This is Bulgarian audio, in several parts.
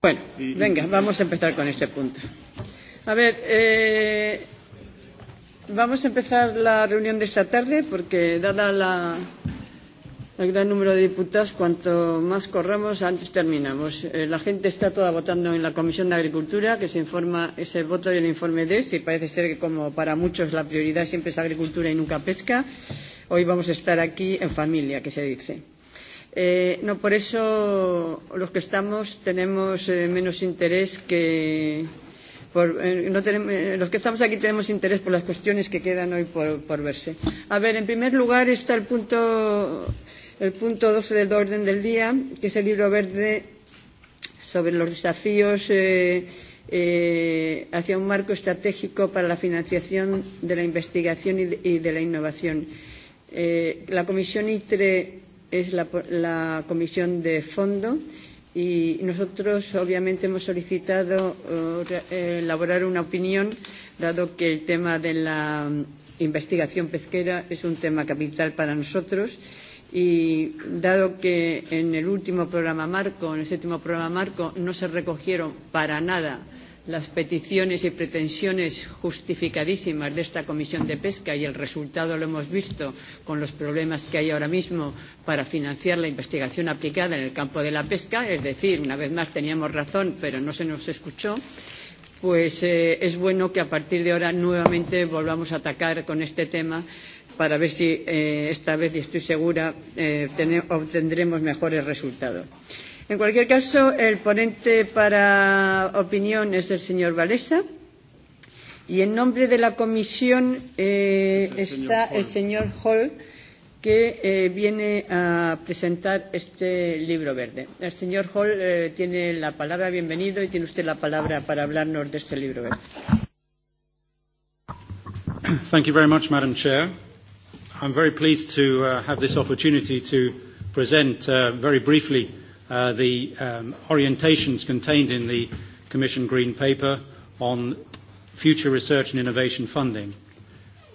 Bueno, venga, vamos a empezar con este punto. A ver, eh, vamos a empezar la reunión de esta tarde porque, dada la, el gran número de diputados, cuanto más corramos, antes terminamos. Eh, la gente está toda votando en la Comisión de Agricultura, que se informa ese voto y el informe de si parece ser que, como para muchos, la prioridad siempre es agricultura y nunca pesca. Hoy vamos a estar aquí en familia, que se dice. Eh, no, por eso los que estamos tenemos eh, menos interés que. Por, eh, no tenemos, eh, los que estamos aquí tenemos interés por las cuestiones que quedan hoy por, por verse. A ver, en primer lugar está el punto, el punto 12 del orden del día, que es el libro verde sobre los desafíos eh, eh, hacia un marco estratégico para la financiación de la investigación y de, y de la innovación. Eh, la Comisión ITRE es la, la comisión de fondo y nosotros obviamente hemos solicitado eh, elaborar una opinión dado que el tema de la investigación pesquera es un tema capital para nosotros y dado que en el último programa marco, en el séptimo programa marco, no se recogieron para nada las peticiones y pretensiones justificadísimas de esta Comisión de Pesca y el resultado lo hemos visto con los problemas que hay ahora mismo para financiar la investigación aplicada en el campo de la pesca, es decir, una vez más teníamos razón, pero no se nos escuchó pues eh, es bueno que a partir de ahora nuevamente volvamos a atacar con este tema para ver si eh, esta vez, y estoy segura, eh, obtendremos mejores resultados. En cualquier caso, el ponente para opinión es el señor Valesa. Y en nombre de la comisión eh, está el señor Hall, que eh, viene a presentar este libro verde. El señor Hall eh, tiene la palabra, bienvenido, y tiene usted la palabra para hablarnos de este libro verde. Thank you very much, Madam Chair. I'm very pleased to uh, have this opportunity to present uh, very briefly the um, orientations contained in the Commission Green Paper on future research and innovation funding.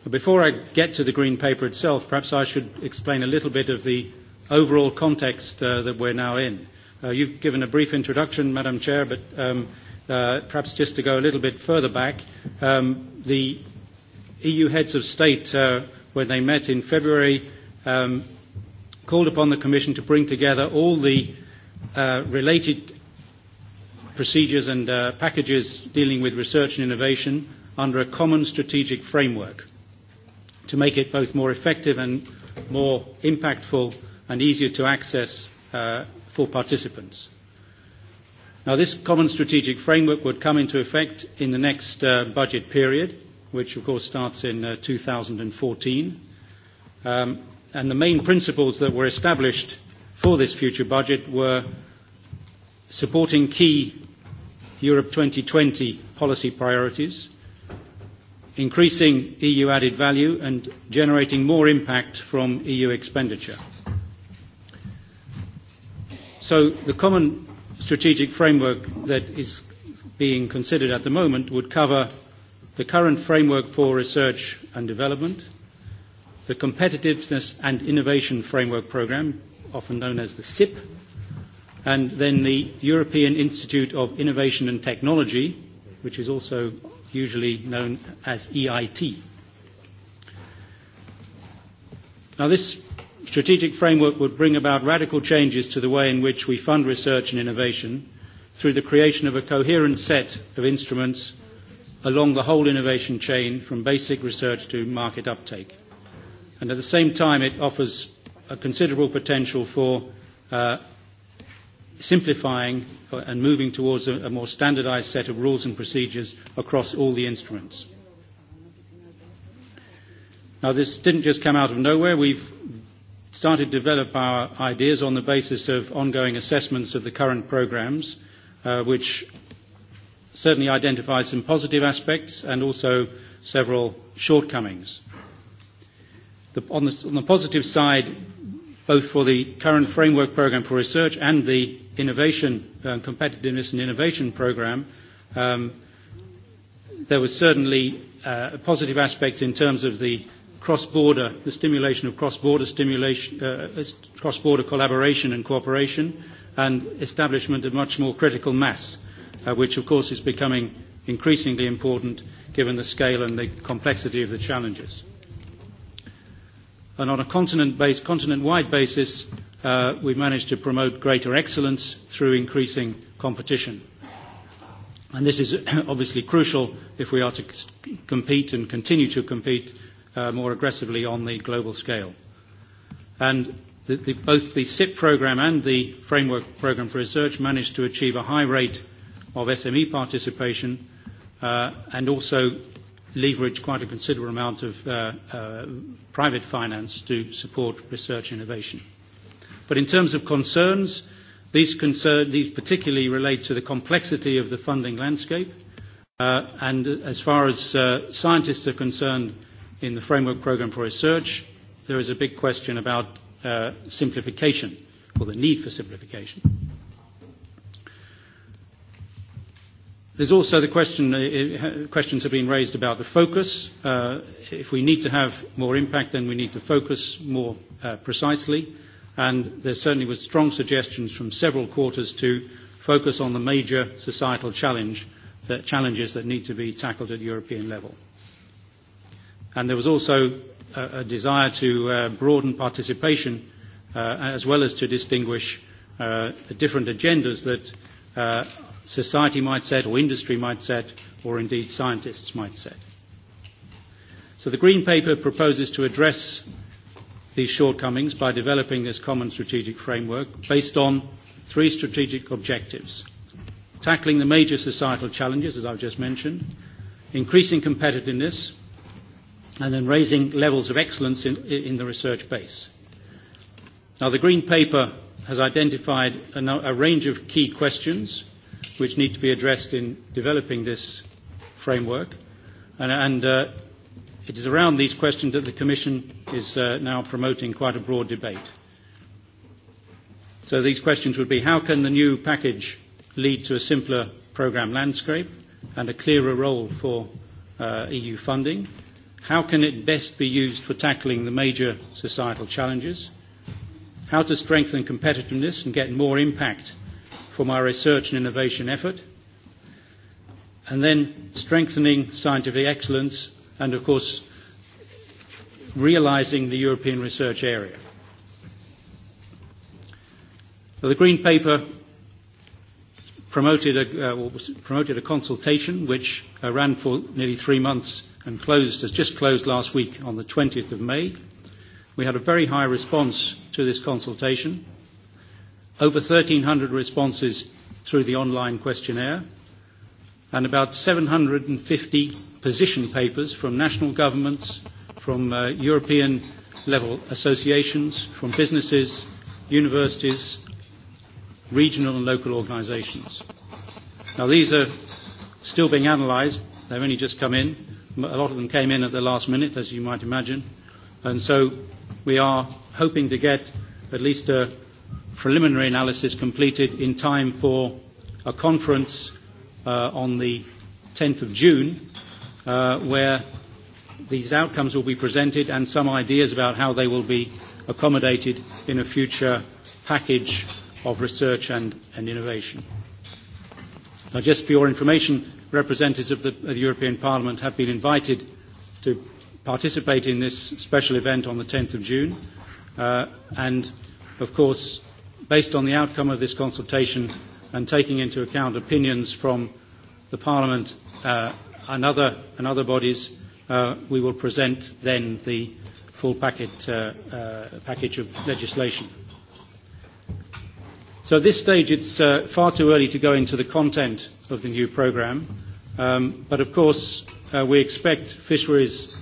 Before I get to the Green Paper itself, perhaps I should explain a little bit of the overall context uh, that we're now in. Uh, you've given a brief introduction, Madam Chair, but um, uh, perhaps just to go a little bit further back, um, the EU heads of state, uh, when they met in February, um, called upon the Commission to bring together all the uh, related procedures and uh, packages dealing with research and innovation under a common strategic framework to make it both more effective and more impactful and easier to access uh, for participants. Now, this common strategic framework would come into effect in the next uh, budget period, which of course starts in uh, 2014. Um, and the main principles that were established for this future budget were supporting key Europe 2020 policy priorities, increasing EU added value and generating more impact from EU expenditure. So the common strategic framework that is being considered at the moment would cover the current framework for research and development, the competitiveness and innovation framework programme often known as the SIP, and then the European Institute of Innovation and Technology, which is also usually known as EIT. Now, this strategic framework would bring about radical changes to the way in which we fund research and innovation through the creation of a coherent set of instruments along the whole innovation chain from basic research to market uptake. And at the same time, it offers a considerable potential for uh, simplifying and moving towards a, a more standardized set of rules and procedures across all the instruments. Now, this didn't just come out of nowhere. We've started to develop our ideas on the basis of ongoing assessments of the current programs, uh, which certainly identified some positive aspects and also several shortcomings. The, on, the, on the positive side, both for the current framework program for research and the innovation, um, competitiveness and innovation program, um, there was certainly uh, positive aspects in terms of the cross-border, the stimulation of cross-border stimulation, uh, cross-border collaboration and cooperation, and establishment of much more critical mass, uh, which of course is becoming increasingly important given the scale and the complexity of the challenges. And on a continent-based, continent-wide basis, we've managed to promote greater excellence through increasing competition. And this is obviously crucial if we are to compete and continue to compete more aggressively on the global scale. And the, the, both the SIP programme and the Framework Programme for Research managed to achieve a high rate of SME participation and also leverage quite a considerable amount of uh, uh, private finance to support research innovation. But in terms of concerns, these, concern, these particularly relate to the complexity of the funding landscape. Uh, and as far as uh, scientists are concerned in the Framework Programme for Research, there is a big question about uh, simplification or the need for simplification. There's also the question, questions have been raised about the focus. Uh, if we need to have more impact, then we need to focus more uh, precisely. And there certainly was strong suggestions from several quarters to focus on the major societal challenge, that challenges that need to be tackled at European level. And there was also a, a desire to uh, broaden participation uh, as well as to distinguish uh, the different agendas that uh, society might set, or industry might set, or indeed scientists might set. So the Green Paper proposes to address these shortcomings by developing this common strategic framework based on three strategic objectives tackling the major societal challenges, as I've just mentioned, increasing competitiveness, and then raising levels of excellence in, in the research base. Now, the Green Paper has identified a, a range of key questions which need to be addressed in developing this framework. And, and uh, it is around these questions that the Commission is uh, now promoting quite a broad debate. So these questions would be how can the new package lead to a simpler programme landscape and a clearer role for uh, EU funding? How can it best be used for tackling the major societal challenges? How to strengthen competitiveness and get more impact from our research and innovation effort, and then strengthening scientific excellence and, of course, realising the European research area. The Green Paper promoted a, consultation which ran for nearly three months and closed, has just closed last week on the 20th of May. We had a very high response to this consultation over 1,300 responses through the online questionnaire, and about 750 position papers from national governments, from uh, European level associations, from businesses, universities, regional and local organisations. Now these are still being analysed. They've only just come in. A lot of them came in at the last minute, as you might imagine. And so we are hoping to get at least a preliminary analysis completed in time for a conference uh, on the 10th of June uh, where these outcomes will be presented and some ideas about how they will be accommodated in a future package of research and, and innovation. Now, just for your information, representatives of the, of the European Parliament have been invited to participate in this special event on the 10th of June. Uh, and, of course, based on the outcome of this consultation and taking into account opinions from the Parliament uh, and, other, and other bodies, uh, we will present then the full packet, uh, uh, package of legislation. So at this stage, it's uh, far too early to go into the content of the new programme, um, but of course, uh, we expect fisheries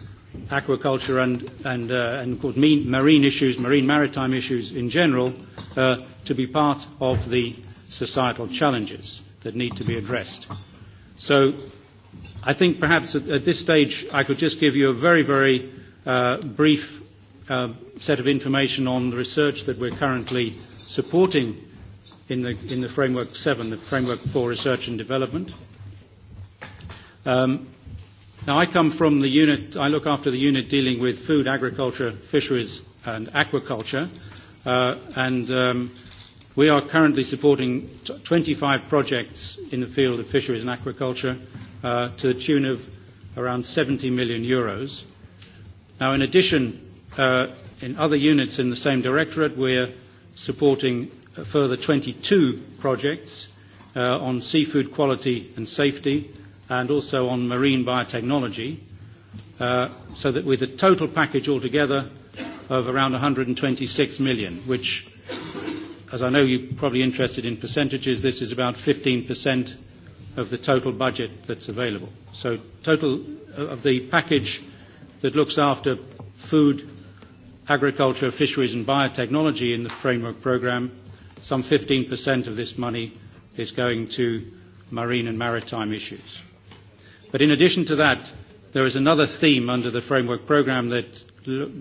aquaculture and, and, uh, and of course mean, marine issues, marine maritime issues in general, uh, to be part of the societal challenges that need to be addressed. So I think perhaps at, at this stage I could just give you a very, very uh, brief uh, set of information on the research that we're currently supporting in the, in the Framework 7, the Framework for Research and Development. Um, Now, I come from the unit, I look after the unit dealing with food, agriculture, fisheries, and aquaculture, uh, and um, we are currently supporting t- 25 projects in the field of fisheries and aquaculture uh, to the tune of around 70 million euros. Now, in addition, uh, in other units in the same directorate, we're supporting a further 22 projects uh, on seafood quality and safety and also on marine biotechnology, so that with a total package altogether of around 126 million, which, as I know you're probably interested in percentages, this is about 15% of the total budget that's available. So total of the package that looks after food, agriculture, fisheries, and biotechnology in the framework program, some 15% of this money is going to marine and maritime issues. But in addition to that, there is another theme under the framework programme that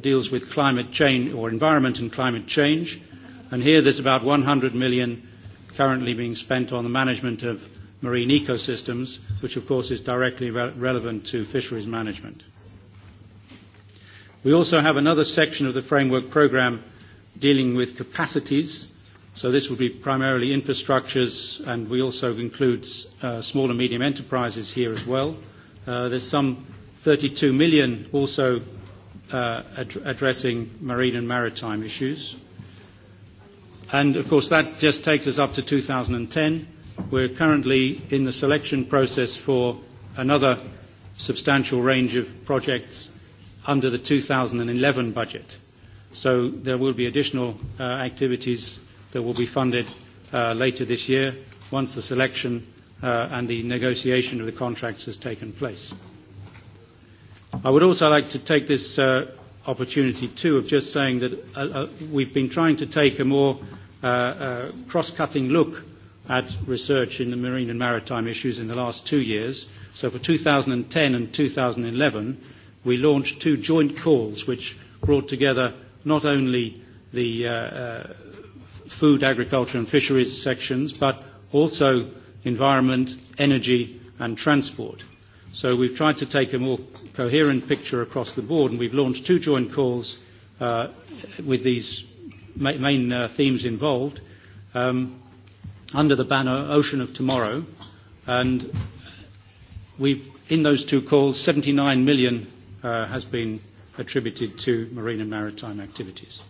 deals with climate change or environment and climate change. And here there's about 100 million currently being spent on the management of marine ecosystems, which of course is directly re- relevant to fisheries management. We also have another section of the framework programme dealing with capacities So this will be primarily infrastructures, and we also include small and medium enterprises here as well. There's some 32 million also addressing marine and maritime issues. And of course, that just takes us up to 2010. We're currently in the selection process for another substantial range of projects under the 2011 budget. So there will be additional activities that will be funded uh, later this year once the selection uh, and the negotiation of the contracts has taken place. I would also like to take this uh, opportunity too of just saying that uh, uh, we've been trying to take a more uh, uh, cross-cutting look at research in the marine and maritime issues in the last two years. So for 2010 and 2011, we launched two joint calls which brought together not only the uh, uh, food, agriculture and fisheries sections, but also environment, energy and transport. So we've tried to take a more coherent picture across the board, and we've launched two joint calls uh, with these ma- main uh, themes involved um, under the banner Ocean of Tomorrow. And we've, in those two calls, 79 million uh, has been attributed to marine and maritime activities.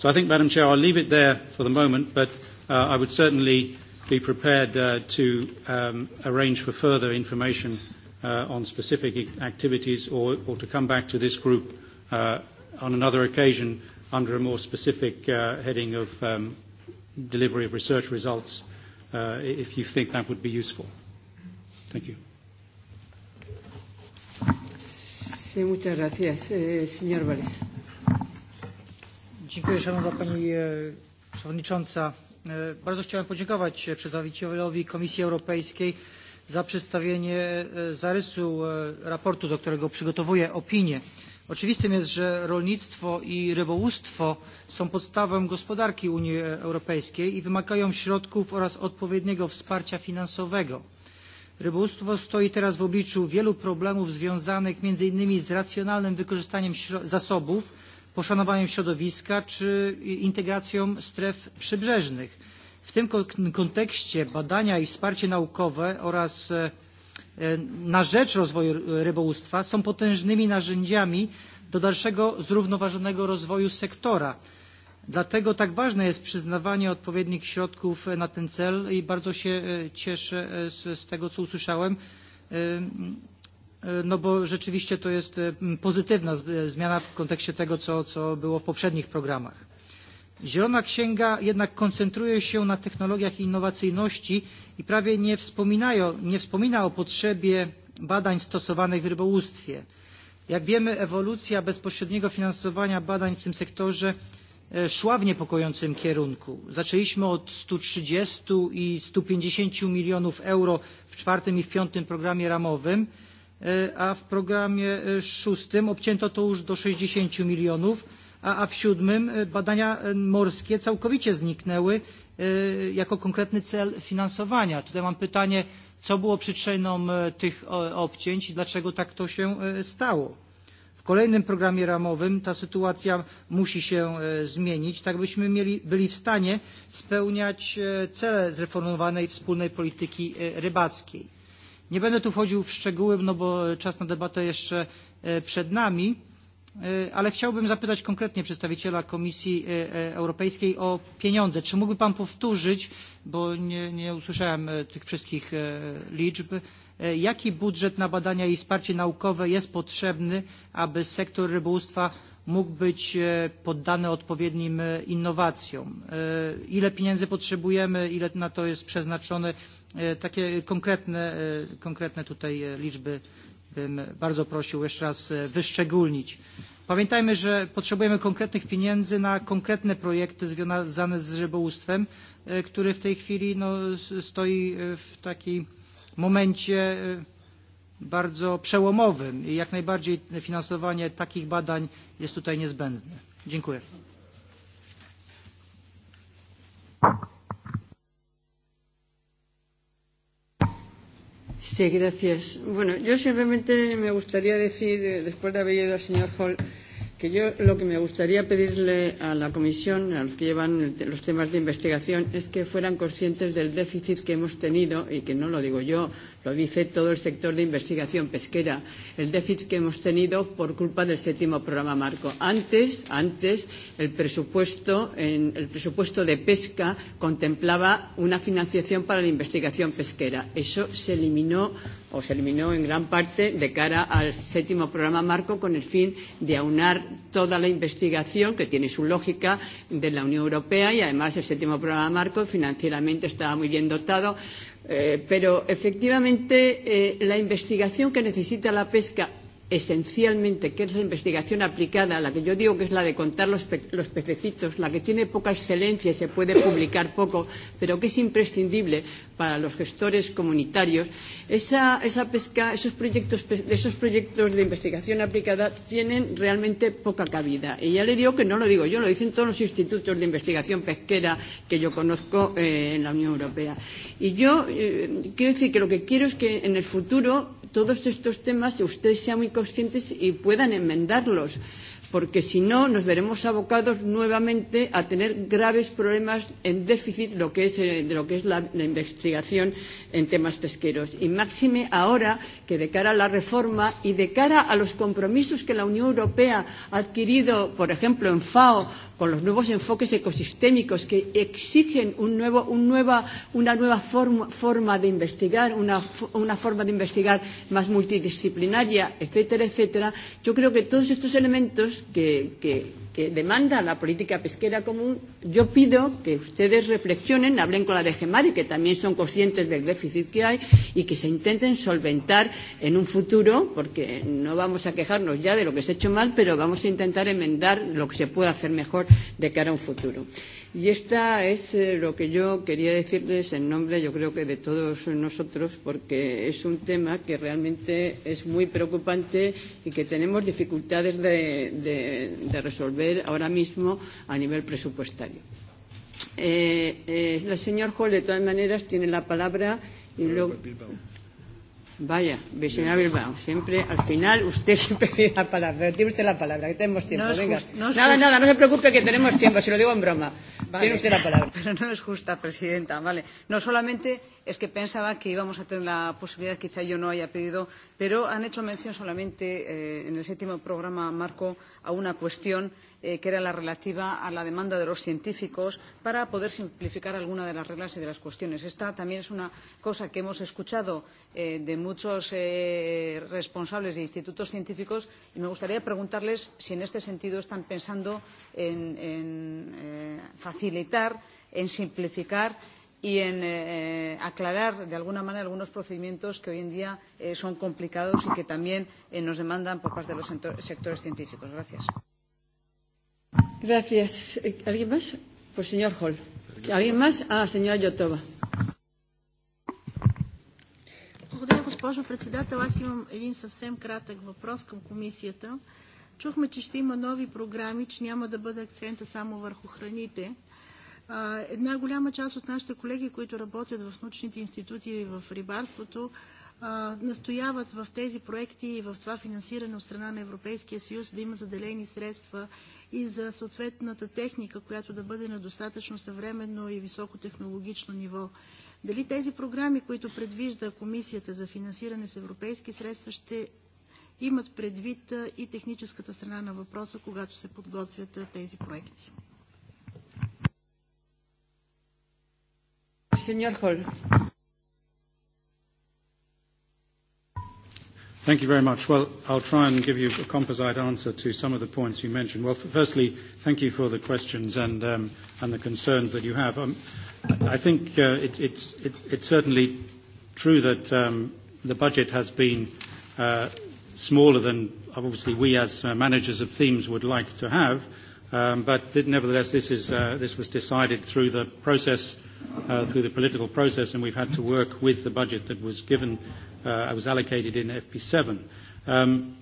So I think, Madam Chair, I'll leave it there for the moment, but uh, I would certainly be prepared uh, to um, arrange for further information uh, on specific activities or, or to come back to this group uh, on another occasion under a more specific uh, heading of um, delivery of research results uh, if you think that would be useful. Thank you. Sí, muchas gracias, eh, señor Vales. Dziękuję Szanowna Pani Przewodnicząca. Bardzo chciałem podziękować przedstawicielowi Komisji Europejskiej za przedstawienie zarysu raportu, do którego przygotowuję opinię. Oczywistym jest, że rolnictwo i rybołówstwo są podstawą gospodarki Unii Europejskiej i wymagają środków oraz odpowiedniego wsparcia finansowego. Rybołówstwo stoi teraz w obliczu wielu problemów związanych między innymi z racjonalnym wykorzystaniem zasobów, poszanowaniem środowiska czy integracją stref przybrzeżnych. W tym kontekście badania i wsparcie naukowe oraz na rzecz rozwoju rybołówstwa są potężnymi narzędziami do dalszego zrównoważonego rozwoju sektora. Dlatego tak ważne jest przyznawanie odpowiednich środków na ten cel i bardzo się cieszę z tego, co usłyszałem no bo rzeczywiście to jest pozytywna zmiana w kontekście tego, co, co było w poprzednich programach. Zielona Księga jednak koncentruje się na technologiach i innowacyjności i prawie nie, nie wspomina o potrzebie badań stosowanych w rybołówstwie. Jak wiemy, ewolucja bezpośredniego finansowania badań w tym sektorze szła w niepokojącym kierunku. Zaczęliśmy od 130 i 150 milionów euro w czwartym i w piątym programie ramowym – a w programie szóstym obcięto to już do 60 milionów, a w siódmym badania morskie całkowicie zniknęły jako konkretny cel finansowania. Tutaj mam pytanie, co było przyczyną tych obcięć i dlaczego tak to się stało? W kolejnym programie ramowym ta sytuacja musi się zmienić, tak byśmy byli w stanie spełniać cele zreformowanej wspólnej polityki rybackiej Nie będę tu wchodził w szczegóły, no bo czas na debatę jeszcze przed nami, ale chciałbym zapytać konkretnie przedstawiciela Komisji Europejskiej o pieniądze. Czy mógłby Pan powtórzyć, bo nie, nie usłyszałem tych wszystkich liczb, jaki budżet na badania i wsparcie naukowe jest potrzebny, aby sektor rybołówstwa mógł być poddany odpowiednim innowacjom. Ile pieniędzy potrzebujemy, ile na to jest przeznaczone Takie konkretne, konkretne tutaj liczby bym bardzo prosił jeszcze raz wyszczególnić. Pamiętajmy, że potrzebujemy konkretnych pieniędzy na konkretne projekty związane z rybołówstwem, który w tej chwili stoi w takim momencie bardzo przełomowym i jak najbardziej finansowanie takich badań jest tutaj niezbędne. Dziękuję. Sí, gracias. Bueno, yo simplemente me gustaría decir, después de haber ido al señor Hall, que yo lo que me gustaría pedirle a la comisión, a los que llevan los temas de investigación, es que fueran conscientes del déficit que hemos tenido, y que no lo digo yo, Lo dice todo el sector de investigación pesquera, el déficit que hemos tenido por culpa del séptimo programa marco. Antes, antes el, presupuesto en, el presupuesto de pesca contemplaba una financiación para la investigación pesquera. Eso se eliminó o se eliminó en gran parte de cara al séptimo programa marco con el fin de aunar toda la investigación que tiene su lógica de la Unión Europea y además el séptimo programa marco financieramente estaba muy bien dotado Eh, pero efectivamente eh, la investigación que necesita la pesca esencialmente, que es la investigación aplicada, la que yo digo que es la de contar los, pe los pececitos, la que tiene poca excelencia y se puede publicar poco, pero que es imprescindible para los gestores comunitarios, esa, esa pesca, esos, proyectos, esos proyectos de investigación aplicada tienen realmente poca cabida. Y ya le digo que no lo digo yo, lo dicen todos los institutos de investigación pesquera que yo conozco eh, en la Unión Europea. Y yo eh, quiero decir que lo que quiero es que en el futuro todos estos temas ustedes sean muy conscientes y puedan enmendarlos, porque si no nos veremos abocados nuevamente a tener graves problemas en déficit lo que es, de lo que es la, la investigación en temas pesqueros. Y máxime ahora que de cara a la reforma y de cara a los compromisos que la Unión Europea ha adquirido, por ejemplo, en FAO con los nuevos enfoques ecosistémicos que exigen un nuevo, un nueva, una nueva forma, forma de investigar, una, una forma de investigar más multidisciplinaria, etcétera, etcétera. Yo creo que todos estos elementos que, que que demanda la política pesquera común, yo pido que ustedes reflexionen, hablen con la de y que también son conscientes del déficit que hay, y que se intenten solventar en un futuro, porque no vamos a quejarnos ya de lo que se ha hecho mal, pero vamos a intentar enmendar lo que se puede hacer mejor de cara a un futuro. Y esta es lo que yo quería decirles en nombre, yo creo que de todos nosotros, porque es un tema que realmente es muy preocupante y que tenemos dificultades de, de, de resolver ahora mismo a nivel presupuestario. Eh, eh, el señor Hall, de todas maneras, tiene la palabra y luego. Vaya, vecina Bilbao, siempre, al final, usted siempre pide la palabra, tiene usted la palabra, que tenemos tiempo, no venga. no nada, nada, no se preocupe que tenemos tiempo, si lo digo en broma. Vale. Tiene usted la palabra. Pero no es justa, presidenta, vale. No solamente es que pensaba que íbamos a tener la posibilidad, quizá yo no haya pedido, pero han hecho mención solamente eh, en el séptimo programa Marco a una cuestión que era la relativa a la demanda de los científicos, para poder simplificar alguna de las reglas y de las cuestiones. Esta también es una cosa que hemos escuchado de muchos responsables de institutos científicos y me gustaría preguntarles si en este sentido están pensando en, facilitar, en simplificar y en aclarar de alguna manera algunos procedimientos que hoy en día son complicados y que también nos demandan por parte de los sectores científicos. Gracias. Gracias. ¿Alguien más? Pues señor Hall. ¿Alguien más? Ah, señora Yotova. Благодаря, госпожо председател. Аз имам един съвсем кратък въпрос към комисията. Чухме, че ще има нови програми, че няма да бъде акцента само върху храните. Една голяма част от нашите колеги, които работят в научните институти и в рибарството, настояват в тези проекти и в това финансиране от страна на Европейския съюз да има заделени средства и за съответната техника, която да бъде на достатъчно съвременно и високотехнологично ниво. Дали тези програми, които предвижда Комисията за финансиране с европейски средства, ще имат предвид и техническата страна на въпроса, когато се подготвят тези проекти? Сеньор Хол. Thank you very much. Well, I'll try and give you a composite answer to some of the points you mentioned. Well, firstly, thank you for the questions and um and the concerns that you have. Um I think uh it it's it it's certainly true that um the budget has been uh smaller than obviously we as uh managers of themes would like to have. Um But nevertheless, this is uh this was decided through the process, uh through the political process, and we've had to work with the budget that was given uh, I was allocated in FP7. Um,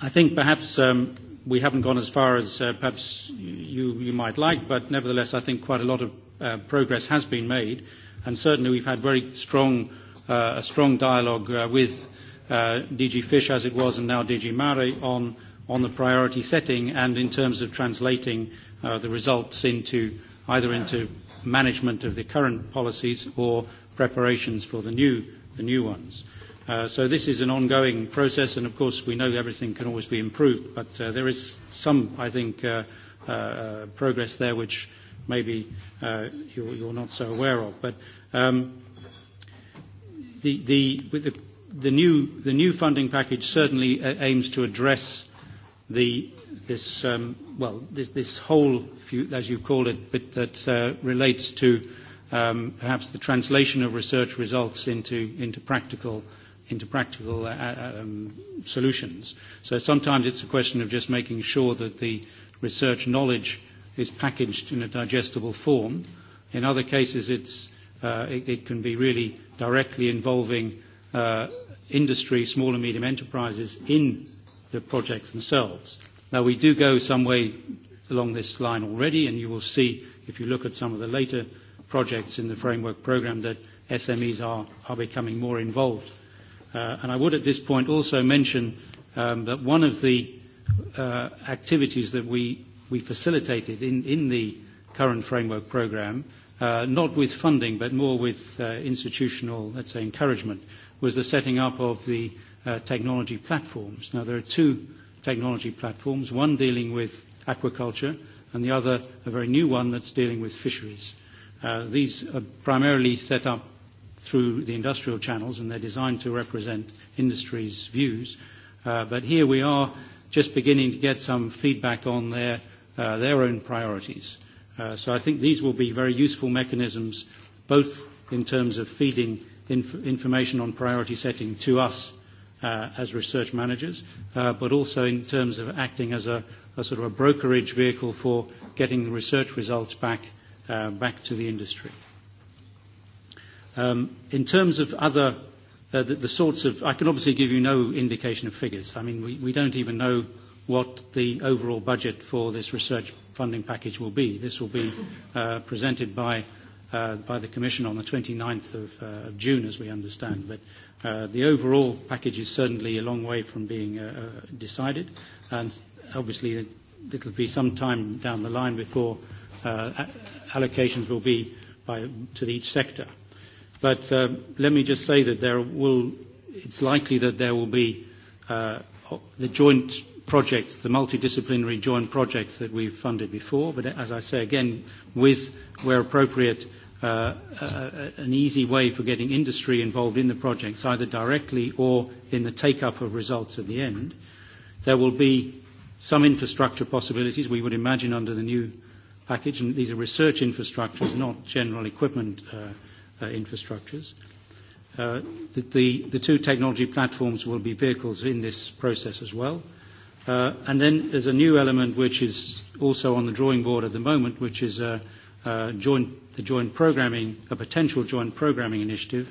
I think perhaps um, we haven't gone as far as uh, perhaps you, you might like, but nevertheless, I think quite a lot of uh, progress has been made, and certainly we've had very strong, uh, a strong dialogue uh, with uh, DG Fish as it was and now DG Mare on, on the priority setting and in terms of translating uh, the results into either into management of the current policies or preparations for the new the new ones. Uh, so this is an ongoing process, and of course we know everything can always be improved, but uh, there is some, I think, uh, uh, progress there which maybe uh, you're, you're not so aware of. But um, the, the, with the, the, new, the new funding package certainly aims to address the this um, well this, this whole, if you, as you call it, bit that uh, relates to um, perhaps the translation of research results into, into practical, into practical uh, um, solutions. So sometimes it's a question of just making sure that the research knowledge is packaged in a digestible form. In other cases, it's, uh, it, it can be really directly involving uh, industry, small and medium enterprises in the projects themselves. Now, we do go some way along this line already, and you will see if you look at some of the later projects in the framework programme that SMEs are, are becoming more involved. and I would at this point also mention um, that one of the uh, activities that we, we facilitated in, in the current framework programme, uh, not with funding but more with uh, institutional, let's say, encouragement, was the setting up of the uh, technology platforms. Now, there are two technology platforms, one dealing with aquaculture and the other, a very new one, that's dealing with fisheries. These are primarily set up through the industrial channels, and they're designed to represent industry's views. But here we are just beginning to get some feedback on their their own priorities. So I think these will be very useful mechanisms, both in terms of feeding information on priority setting to us as research managers, but also in terms of acting as a sort of a brokerage vehicle for getting research results back uh, back to the industry. Um, in terms of other, uh, the, the sorts of, I can obviously give you no indication of figures. I mean, we, we don't even know what the overall budget for this research funding package will be. This will be uh, presented by, uh, by the Commission on the 29th of, uh, of June, as we understand. But uh, the overall package is certainly a long way from being uh, uh, decided. And obviously, it'll be some time down the line before uh, allocations will be by, to each sector. But uh, let me just say that there will, it's likely that there will be uh, the joint projects, the multidisciplinary joint projects that we've funded before, but as I say again, with, where appropriate, uh, uh, an easy way for getting industry involved in the projects, either directly or in the take-up of results at the end. There will be some infrastructure possibilities, we would imagine, under the new package, and these are research infrastructures, not general equipment uh, uh, infrastructures. Uh, the, the, the two technology platforms will be vehicles in this process as well. Uh, and then there's a new element which is also on the drawing board at the moment, which is uh, uh, joint, the joint programming, a potential joint programming initiative,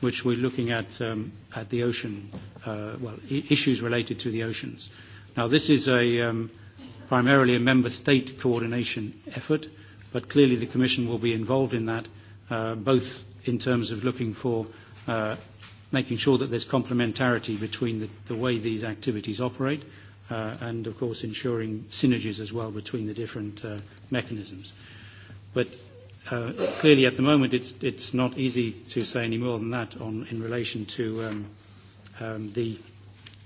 which we're looking at um, at the ocean, uh, well, I- issues related to the oceans. Now, this is a um, primarily a member state coordination effort, but clearly the Commission will be involved in that, both in terms of looking for uh, making sure that there's complementarity between the, the way these activities operate uh, and, of course, ensuring synergies as well between the different uh, mechanisms. But uh, clearly at the moment it's, it's not easy to say any more than that on, in relation to um, um, the,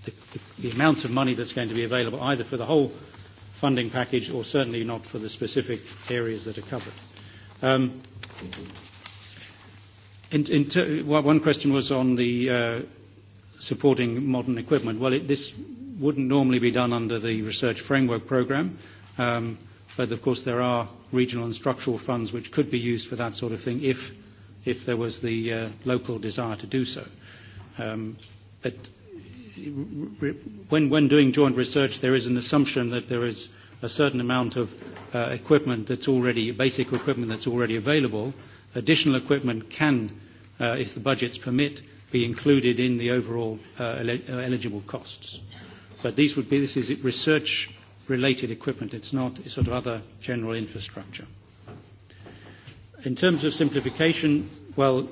the, the amount of money that's going to be available either for the whole funding package, or certainly not for the specific areas that are covered. Um, in, in ter- one question was on the uh, supporting modern equipment. Well, it, this wouldn't normally be done under the Research Framework Programme, um, but of course there are regional and structural funds which could be used for that sort of thing if, if there was the uh, local desire to do so. Um, but when, when doing joint research, there is an assumption that there is a certain amount of uh, equipment that's already, basic equipment that's already available. Additional equipment can, uh, if the budgets permit, be included in the overall uh, eligible costs. But these would be, this is research-related equipment. It's not sort of other general infrastructure. In terms of simplification, well,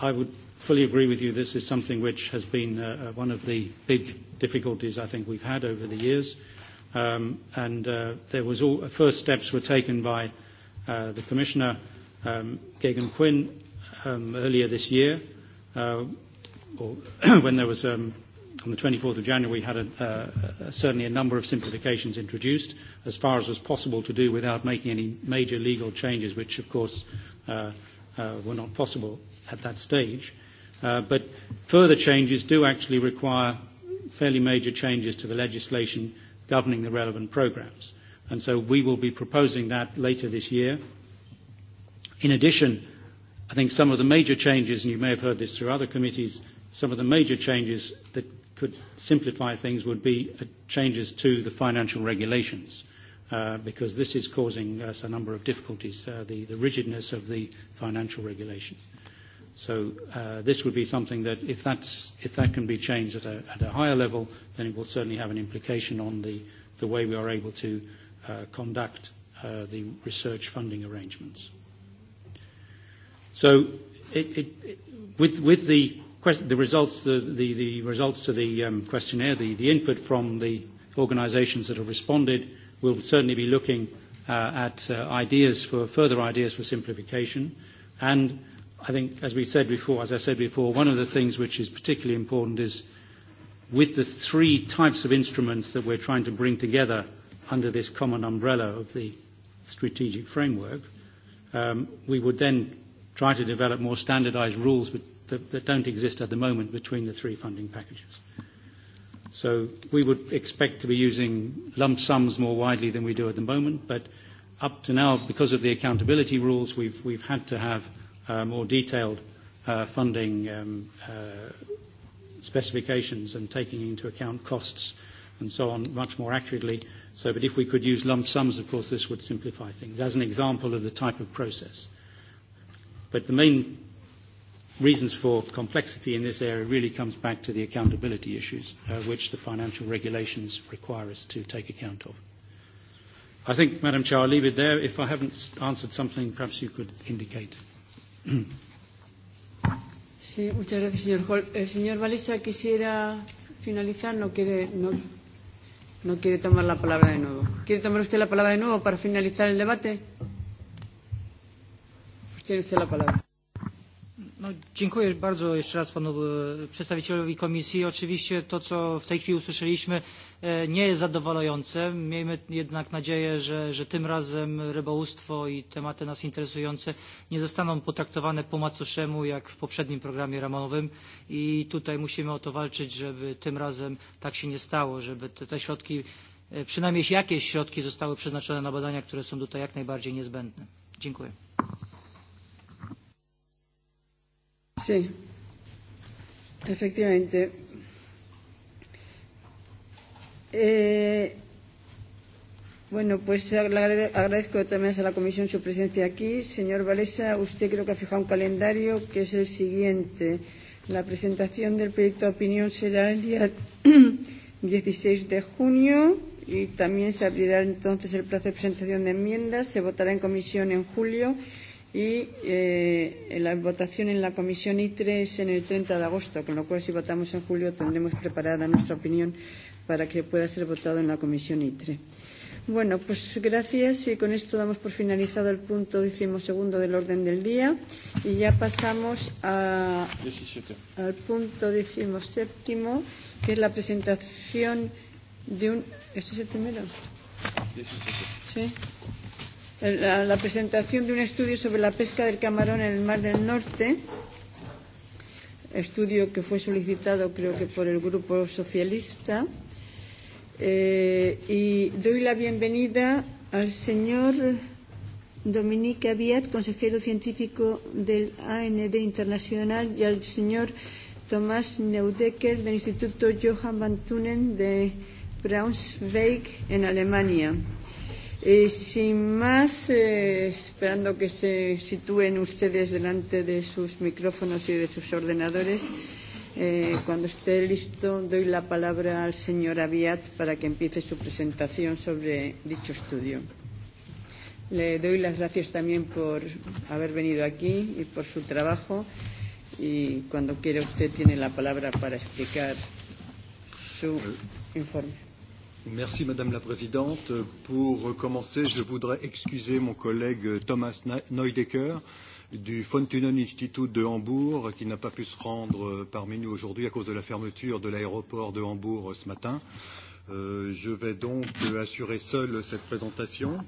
I would fully agree with you. This is something which has been uh, one of the big difficulties I think we've had over the years. Um, and uh, there was all, first steps were taken by uh, the Commissioner um, Gagan Quinn um, earlier this year, uh, or when there was um, on the 24th of January, we had a, uh, certainly a number of simplifications introduced as far as was possible to do without making any major legal changes, which of course uh, uh, were not possible at that stage. But further changes do actually require fairly major changes to the legislation governing the relevant programs. And so we will be proposing that later this year. In addition, I think some of the major changes, and you may have heard this through other committees, some of the major changes that could simplify things would be changes to the financial regulations, because this is causing us a number of difficulties, the rigidness of the financial regulation. So uh, this would be something that, if, that's, if that can be changed at a, at a higher level, then it will certainly have an implication on the, the way we are able to uh, conduct uh, the research funding arrangements. So it, it, with, with the, the, results, the, the, the results to the um, questionnaire, the, the input from the organisations that have responded, we'll certainly be looking uh, at uh, ideas for further ideas for simplification and I think, as we said before, as I said before, one of the things which is particularly important is with the three types of instruments that we're trying to bring together under this common umbrella of the strategic framework, um, we would then try to develop more standardized rules that, that don't exist at the moment between the three funding packages. So we would expect to be using lump sums more widely than we do at the moment, but up to now, because of the accountability rules, we've, we've had to have – uh, more detailed uh, funding um, uh, specifications and taking into account costs and so on much more accurately. So, but if we could use lump sums, of course, this would simplify things as an example of the type of process. But the main reasons for complexity in this area really comes back to the accountability issues, uh, which the financial regulations require us to take account of. I think, Madam Chair, I'll leave it there. If I haven't answered something, perhaps you could indicate. Sí, muchas gracias, señor Hall. El señor Valesa quisiera finalizar, no quiere, no, no quiere tomar la palabra de nuevo. ¿Quiere tomar usted la palabra de nuevo para finalizar el debate? Pues tiene usted la palabra dziękuję bardzo jeszcze raz panu przedstawicielowi komisji. Oczywiście to, co w tej chwili usłyszeliśmy, nie jest zadowalające. Miejmy jednak nadzieję, że, tym razem rybołówstwo i tematy nas interesujące nie zostaną potraktowane po macoszemu, jak w poprzednim programie ramowym. I tutaj musimy o to walczyć, żeby tym razem tak się nie stało, żeby te środki, przynajmniej jakieś środki zostały przeznaczone na badania, które są tutaj jak najbardziej niezbędne. Dziękuję. sí, efectivamente, Eh, bueno, pues agradezco también a la Comisión su presencia aquí. Señor Valesa, usted creo que ha fijado un calendario que es el siguiente. La presentación del proyecto de opinión será el día 16 de junio y también se abrirá entonces el plazo de presentación de enmiendas. Se votará en comisión en julio y eh, la votación en la comisión ITRE es en el 30 de agosto, con lo cual si votamos en julio tendremos preparada nuestra opinión para que pueda ser votado en la comisión ITRE. Bueno, pues gracias y con esto damos por finalizado el punto decimosegundo del orden del día y ya pasamos a, al punto decimoséptimo, que es la presentación de un... ¿Este es el primero? 17. Sí la, la presentación de un estudio sobre la pesca del camarón en el Mar del Norte, estudio que fue solicitado creo que por el Grupo Socialista. Eh, y doy la bienvenida al señor Dominique Abiat, consejero científico del AND Internacional, y al señor Tomás Neudecker del Instituto Johann van Thunen de Braunschweig en Alemania. Eh, sin más, eh, esperando que se sitúen ustedes delante de sus micrófonos y de sus ordenadores, eh, cuando esté listo doy la palabra al señor Aviat para que empiece su presentación sobre dicho estudio. Le doy las gracias también por haber venido aquí y por su trabajo y cuando quiera usted tiene la palabra para explicar su informe. Merci Madame la Présidente. Pour commencer, je voudrais excuser mon collègue Thomas Neudecker du Fontunen Institut de Hambourg qui n'a pas pu se rendre parmi nous aujourd'hui à cause de la fermeture de l'aéroport de Hambourg ce matin. Je vais donc assurer seul cette présentation.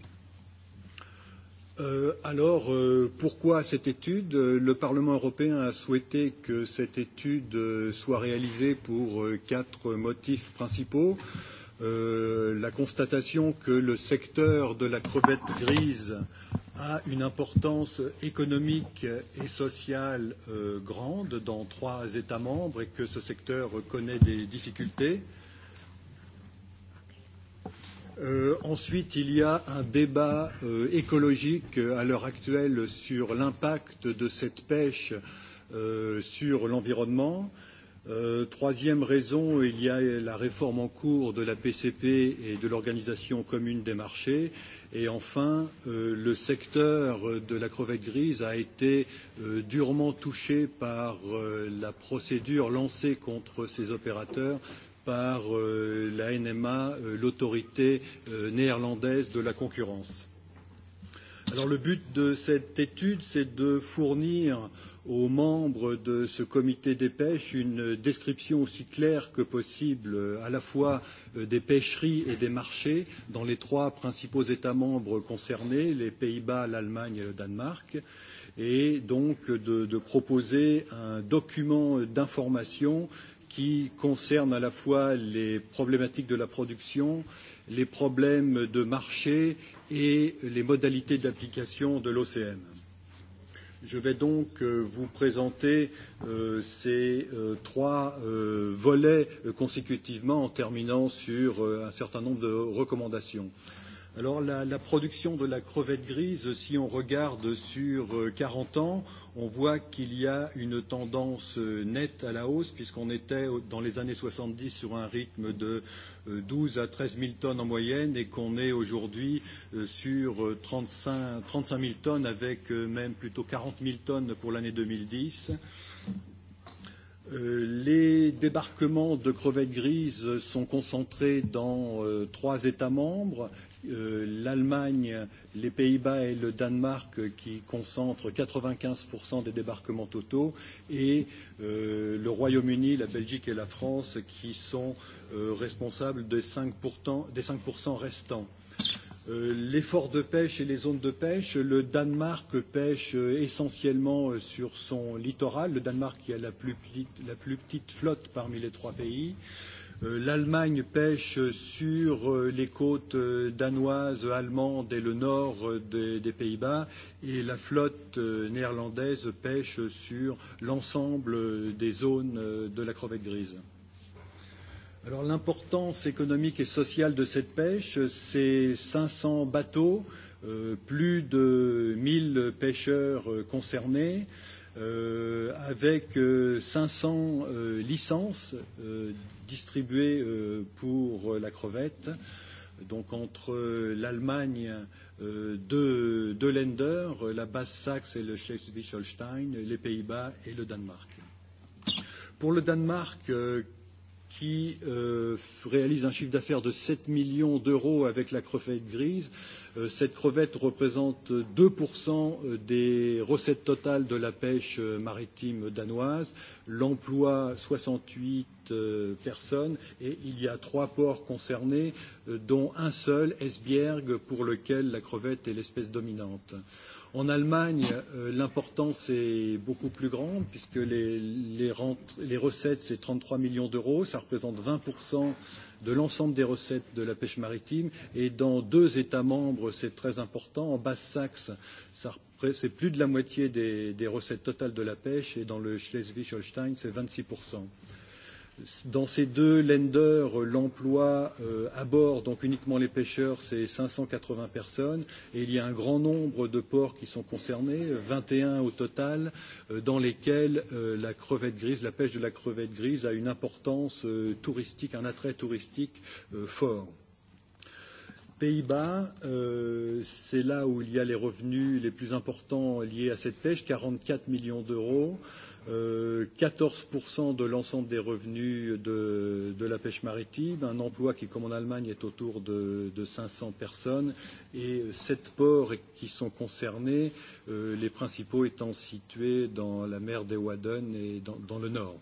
Alors, pourquoi cette étude Le Parlement européen a souhaité que cette étude soit réalisée pour quatre motifs principaux. Euh, la constatation que le secteur de la crevette grise a une importance économique et sociale grande dans trois États membres et que ce secteur connaît des difficultés. ensuite, il y a un débat écologique à l'heure actuelle sur l'impact de cette pêche sur l'environnement. Euh, troisième raison, il y a la réforme en cours de la PCP et de l'organisation commune des marchés. Et enfin, le secteur de la crevette grise a été durement touché par la procédure lancée contre ces opérateurs par la NMA, l'autorité néerlandaise de la concurrence. Alors le but de cette étude, c'est de fournir euh, aux membres de ce comité des pêches une description aussi claire que possible à la fois des pêcheries et des marchés dans les trois principaux États membres concernés, les Pays-Bas, l'Allemagne et le Danemark, et donc de, proposer un document d'information qui concerne à la fois les problématiques de la production, les problèmes de marché et les modalités d'application de l'OCM. Je vais donc vous présenter ces trois volets consécutivement en terminant sur un certain nombre de recommandations. Alors la, la production de la crevette grise, si on regarde sur 40 ans, on voit qu'il y a une tendance nette à la hausse, puisqu'on était dans les années 70 sur un rythme de 12 à 13 000 tonnes en moyenne et qu'on est aujourd'hui sur 35, 35 000 tonnes, avec même plutôt 40 000 tonnes pour l'année 2010 les débarquements de crevettes grises sont concentrés dans trois États membres l'Allemagne, les Pays-Bas et le Danemark qui concentrent 95% des débarquements totaux et le Royaume-Uni, la Belgique et la France qui sont responsables des 5%, des 5 restants l'effort de pêche et les zones de pêche. Le Danemark pêche essentiellement sur son littoral. Le Danemark qui a la plus, petite flotte parmi les trois pays. Euh, L'Allemagne pêche sur les côtes danoises, allemandes et le nord des, des Pays-Bas, et la flotte néerlandaise pêche sur l'ensemble des zones de la crevette grise. Alors l'importance économique et sociale de cette pêche, c'est 500 bateaux, euh, plus de 1000 pêcheurs euh, concernés, euh, avec euh, 500 euh, licences euh, euh, pour la crevette. Donc entre l'Allemagne, deux, deux lenders, la Basse-Saxe et le Schleswig-Holstein, les Pays-Bas et le Danemark. Pour le Danemark, qui réalise un chiffre d'affaires de 7 millions d'euros avec la crevette grise, Cette crevette représente 2% des recettes totales de la pêche maritime danoise, l'emploi 68 personnes et il y a trois ports concernés, dont un seul, Esbjerg, pour lequel la crevette est l'espèce dominante. En Allemagne, l'importance est beaucoup plus grande puisque les, les, rentes, les recettes, c'est 33 millions d'euros, ça représente 20 de l'ensemble des recettes de la pêche maritime. Et dans deux États membres, c'est très important. En Basse-Saxe, c'est plus de la moitié des, recettes totales de la pêche. Et dans le Schleswig-Holstein, c'est 26 Dans ces deux lenders, l'emploi à bord, donc uniquement les pêcheurs, c'est 580 personnes. Et il y a un grand nombre de ports qui sont concernés, 21 au total, dans lesquels la crevette grise, la pêche de la crevette grise a une importance touristique, un attrait touristique fort. Pays-Bas, c'est là où il y a les revenus les plus importants liés à cette pêche, 44 millions d'euros. Euh, 14% de l'ensemble des revenus de, de la pêche maritime, un emploi qui, comme en Allemagne, est autour de, de 500 personnes, et sept ports qui sont concernés, euh, les principaux étant situés dans la mer des Wadden et dans, dans le nord.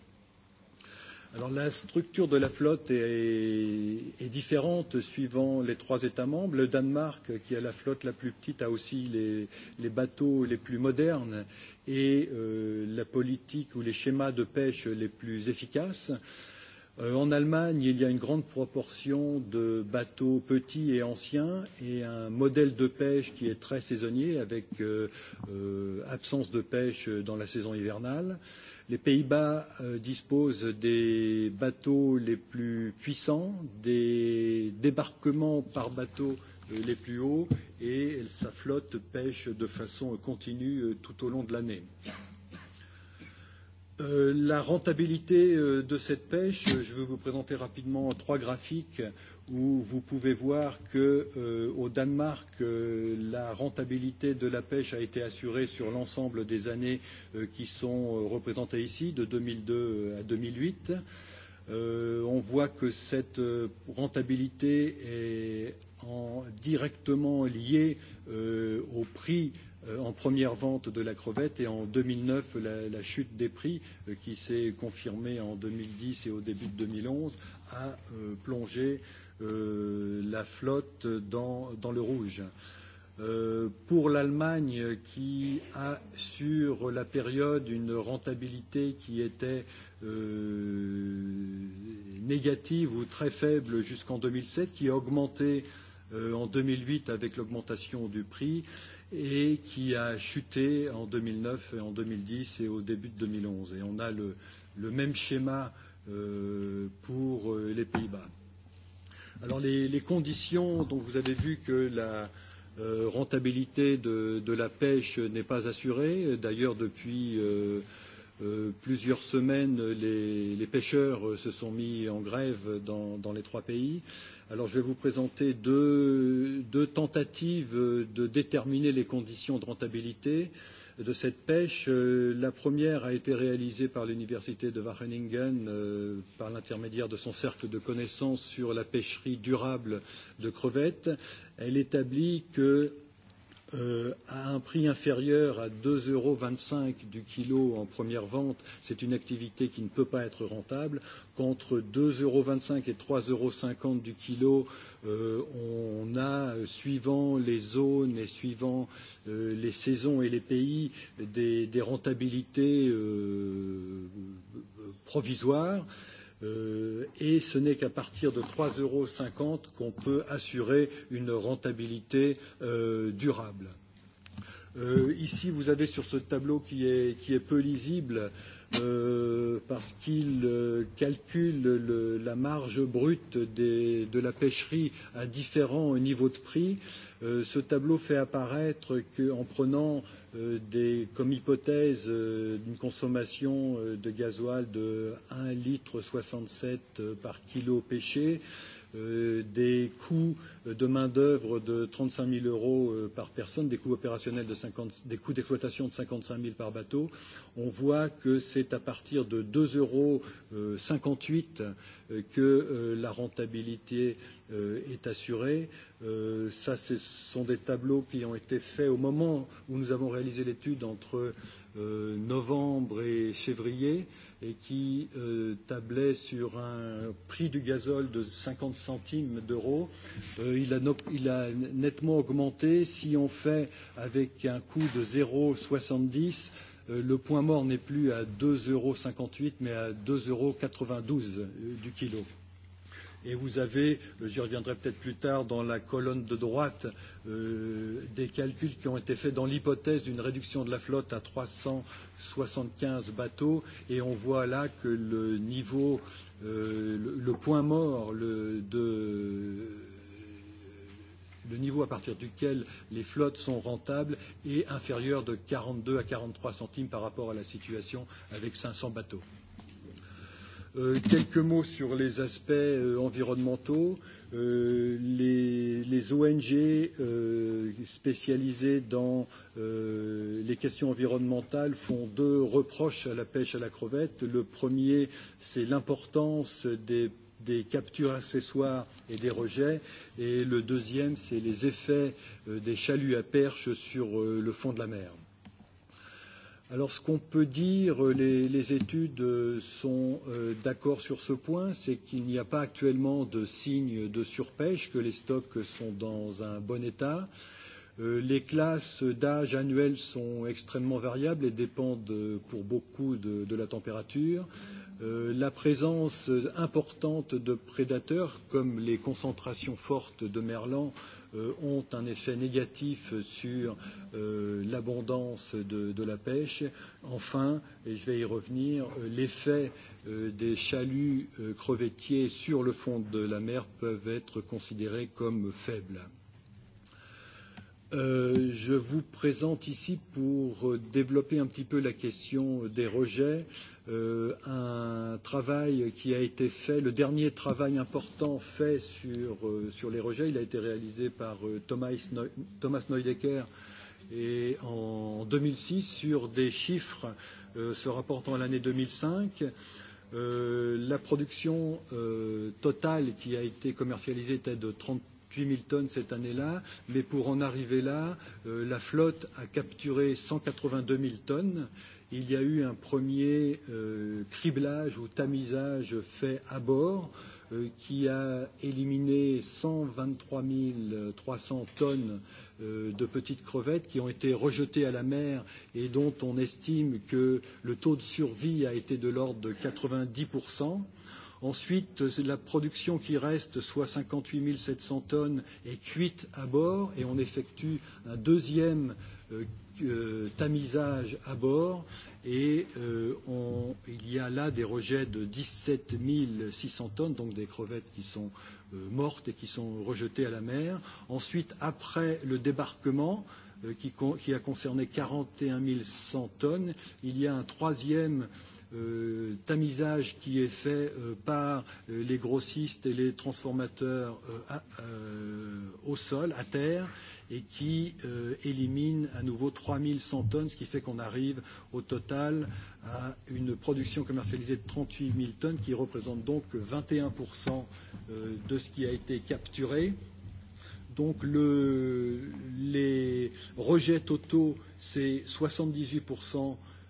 Alors la structure de la flotte est, est différente suivant les trois États membres. Le Danemark, qui a la flotte la plus petite, a aussi les, les bateaux les plus modernes et euh, la politique ou les schémas de pêche les plus efficaces. Euh, en Allemagne, il y a une grande proportion de bateaux petits et anciens et un modèle de pêche qui est très saisonnier avec euh, euh, absence de pêche dans la saison hivernale. Euh, Les Pays-Bas disposent des bateaux les plus puissants, des débarquements par bateau les plus hauts et sa flotte pêche de façon continue tout au long de l'année. La rentabilité de cette pêche, je vais vous présenter rapidement trois graphiques où vous pouvez voir qu'au euh, Danemark, euh, la rentabilité de la pêche a été assurée sur l'ensemble des années euh, qui sont euh, représentées ici, de 2002 à 2008. Euh, on voit que cette euh, rentabilité est en, directement liée euh, au prix euh, en première vente de la crevette et en 2009 la, la chute des prix euh, qui s'est confirmée en 2010 et au début de 2011 a euh, plongé euh, la flotte dans, dans le rouge. Pour l'Allemagne, qui a sur la période une rentabilité qui était négative ou très faible jusqu'en 2007, qui a augmenté en 2008 avec l'augmentation du prix et qui a chuté en 2009 et en 2010 et au début de 2011. Et on a le, le même schéma euh, pour les Pays-Bas. Alors les, les conditions, donc vous avez vu que la euh, rentabilité de, de la pêche n'est pas assurée. D'ailleurs, depuis euh, euh, plusieurs semaines, les, les pêcheurs se sont mis en grève dans, dans les trois pays. Alors je vais vous présenter deux, deux tentatives de déterminer les conditions de rentabilité. Euh, de cette pêche. La première a été réalisée par l'université de Wageningen par l'intermédiaire de son cercle de connaissances sur la pêcherie durable de crevettes. Elle établit que à un prix inférieur à deux euros du kilo en première vente, c'est une activité qui ne peut pas être rentable. Qu'entre deux euros et trois euros du kilo, on a, suivant les zones et suivant les saisons et les pays, des, rentabilités provisoires. Euh, et ce n'est qu'à partir de 3,50 euros qu'on peut assurer une rentabilité durable. ici, vous avez sur ce tableau qui est, qui est peu lisible, parce qu'il calcule la marge brute de la pêcherie à différents niveaux de prix, ce tableau fait apparaître qu'en prenant euh, des, comme hypothèse d'une consommation de gasoil de 1,67 litre par kilo pêché, des coûts de main-d'œuvre de 35 000 euros par personne, des coûts opérationnels de 50, des coûts d'exploitation de 55 000 par bateau, on voit que c'est à partir de 2,58 euros que la rentabilité est assurée ça, ce sont des tableaux qui ont été faits au moment où nous avons réalisé l'étude entre euh, novembre et février et qui euh, tablait sur un prix du gazole de 50 centimes d'euros. Euh, il, a no, il a nettement augmenté. Si on fait avec un coût de 0,70, euros, le point mort n'est plus à 2,58 euros, mais à 2,92 euros du kilo. Et vous avez, j'y reviendrai peut-être plus tard dans la colonne de droite, des calculs qui ont été faits dans l'hypothèse d'une réduction de la flotte à 375 bateaux. Et on voit là que le niveau, le point mort le, de le niveau à partir duquel les flottes sont rentables est inférieur de 42 à 43 centimes par rapport à la situation avec 500 bateaux quelques mots sur les aspects environnementaux. les, les ONG spécialisées dans les questions environnementales font deux reproches à la pêche à la crevette. Le premier, c'est l'importance des des captures accessoires et des rejets. Et le deuxième, c'est les effets des chaluts à perche sur le fond de la mer Alors ce qu'on peut dire, les, les études sont d'accord sur ce point, c'est qu'il n'y a pas actuellement de signes de surpêche, que les stocks sont dans un bon état. les classes d'âge annuelles sont extrêmement variables et dépendent pour beaucoup de, de la température. la présence importante de prédateurs, comme les concentrations fortes de merlan, ont un effet négatif sur l'abondance de, de la pêche. Enfin, et je vais y revenir, l'effet des chaluts crevettiers sur le fond de la mer peuvent être considérés comme faibles je vous présente ici, pour développer un petit peu la question des rejets, un travail qui a été fait, le dernier travail important fait sur, sur les rejets. Il a été réalisé par Thomas Thomas Neudecker et en 2006 sur des chiffres se rapportant à l'année 2005 la production totale qui a été commercialisée était de 30 8 mille tonnes cette année-là, mais pour en arriver là, la flotte a capturé 182 000 tonnes. Il y a eu un premier criblage ou tamisage fait à bord qui a éliminé 123 300 tonnes de petites crevettes qui ont été rejetées à la mer et dont on estime que le taux de survie a été de l'ordre de 90 Ensuite, c'est de la production qui reste, soit 58 700 tonnes, est cuite à bord et on effectue un deuxième tamisage à bord et euh, on, il y a là des rejets de 17 600 tonnes, donc des crevettes qui sont euh, mortes et qui sont rejetées à la mer. Ensuite, après le débarquement, euh, qui, qui a concerné 41 100 tonnes, il y a un troisième euh, tamisage qui est fait par les grossistes et les transformateurs au sol, à terre, et qui élimine à nouveau 3100 tonnes, ce qui fait qu'on arrive au total à une production commercialisée de 38 000 tonnes, qui représente donc 21 de ce qui a été capturé. Donc le, les rejets totaux, c'est 78